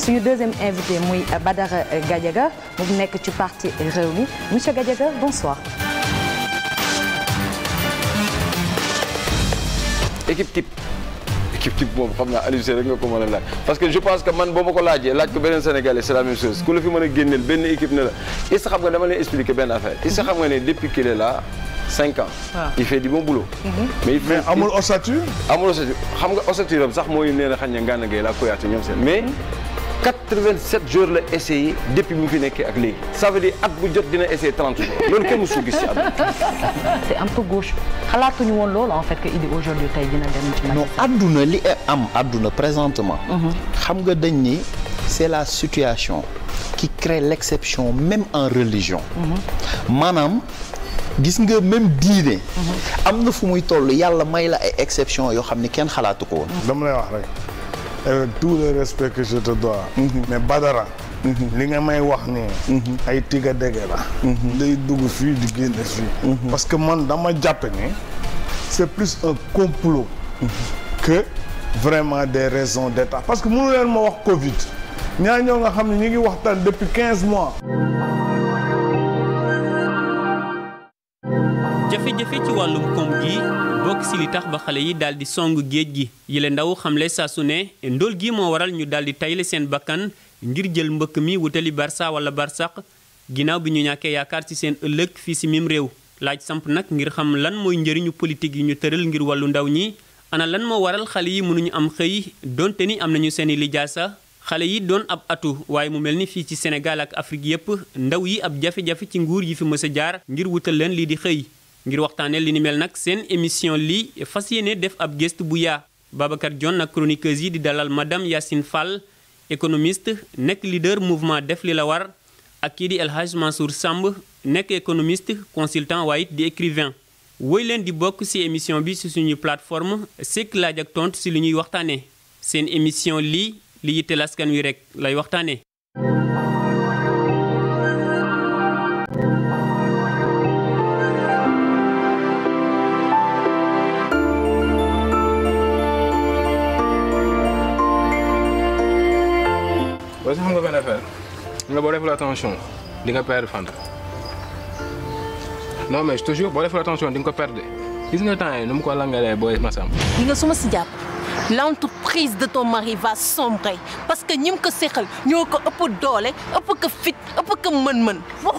suñu deuxième invité muy Badara Gadiaga mu nekk ci parti Rewmi monsieur Gadiaga bonsoir. équipe type équipe type boobu xam naa Aliou Cissé rek nga ko mën a laaj parce que je pense que man boo ma ko laajee laaj ko beneen sénégalais c' est la même chose ku la fi mën a génneel benn équipe ne la Issa xam nga dama lay expliquer benn affaire Issa xam nga ne depuis qu'il est là cinq ans ah. il fait du bon boulot mhm. mais amul ossature amul ossature xam nga ossature am sax mooy nee na xañ na Gana Gueye la Kouyate ñoom seen quatre-vingt-sept jours la essayé depuis mu fi nekkee ak léegi ça veut dire at bu jot dina essayé trente jours loolu kenn musul gis ci àdduna c'est un peu gauche xalaatuñu woon loolu en fait que Idy aujourd'hui tey dina dem ci non àdduna li e am adduna présentement mhm. xam nga dañ ni c'est la situation qui crée l'exception même en religion mhm. maanaam gis nga même diine mhm. am na fu muy toll yàlla may la ay exception yoo xam ne kenn xalaatu ko woon dama avec euh, tout le respect que je te dois. Mhm. Mhm. li nga may wax nii. Mhm. ay tiga dege la. day dugg fii parce que man dama jàpp ni plus un complot. que vraiment des raisons parce que mënu leen ma wax Covid ñaa ñoo nga xam ne ñu ngi wax waxtaan depuis quinze mois. jafe-jafe ci wàllum koom gi. bokk si li tax ba xale yi daal di song géej gi yile ndaw xamle saa su ne ndool gi moo waral ñu daal di tayle seen bakkan ngir jël mbëkk mi wutali barsa wala barsaq ginnaaw bi ñu ñàkkee yaakaar ci seen ëllëg fii si miim réew laaj samp nag ngir xam lan mooy njëriñu politique yi ñu tëral ngir wàllu ndaw ñi ana lan moo waral xale yi mënuñu am xëy donte ni am nañu seeni lijaasa xale yi doon ab atu waaye mu mel ni fii ci Sénégal ak Afrique yépp ndaw yi ab jafe ci nguur yi fi mës a jaar ngir wutal leen lii di xëy ngir waxtaanee li ni nag seen émission li fas yéene def ab gëstu bu yaa Babacar Dione na chroniqueuse yi di dalal madame Yacine Fall économiste nekk leader mouvement def li la war ak kii di El Hadj Mansour Samb nekk économiste consultant waay it di écrivain. woy leen di bokk ci émission bi ci suñu plateforme sekk laaj ak tontu ci li ñuy waxtaanee seen émission lii li yitteel askan wi rekk lay waxtaanee. parce que xam nga benn affaire nga boo deful attention di nga perdre Fanta non mais je boo deful attention di nga ko perdre gis nga temps yi nu mu ko langalee booy Massam. li nga su ma si jàpp l'entreprise de ton mari va sombrer parce que ñi mu ko seqal ñoo ko ëpp doole ëpp ko fit ëpp ko mën-mën.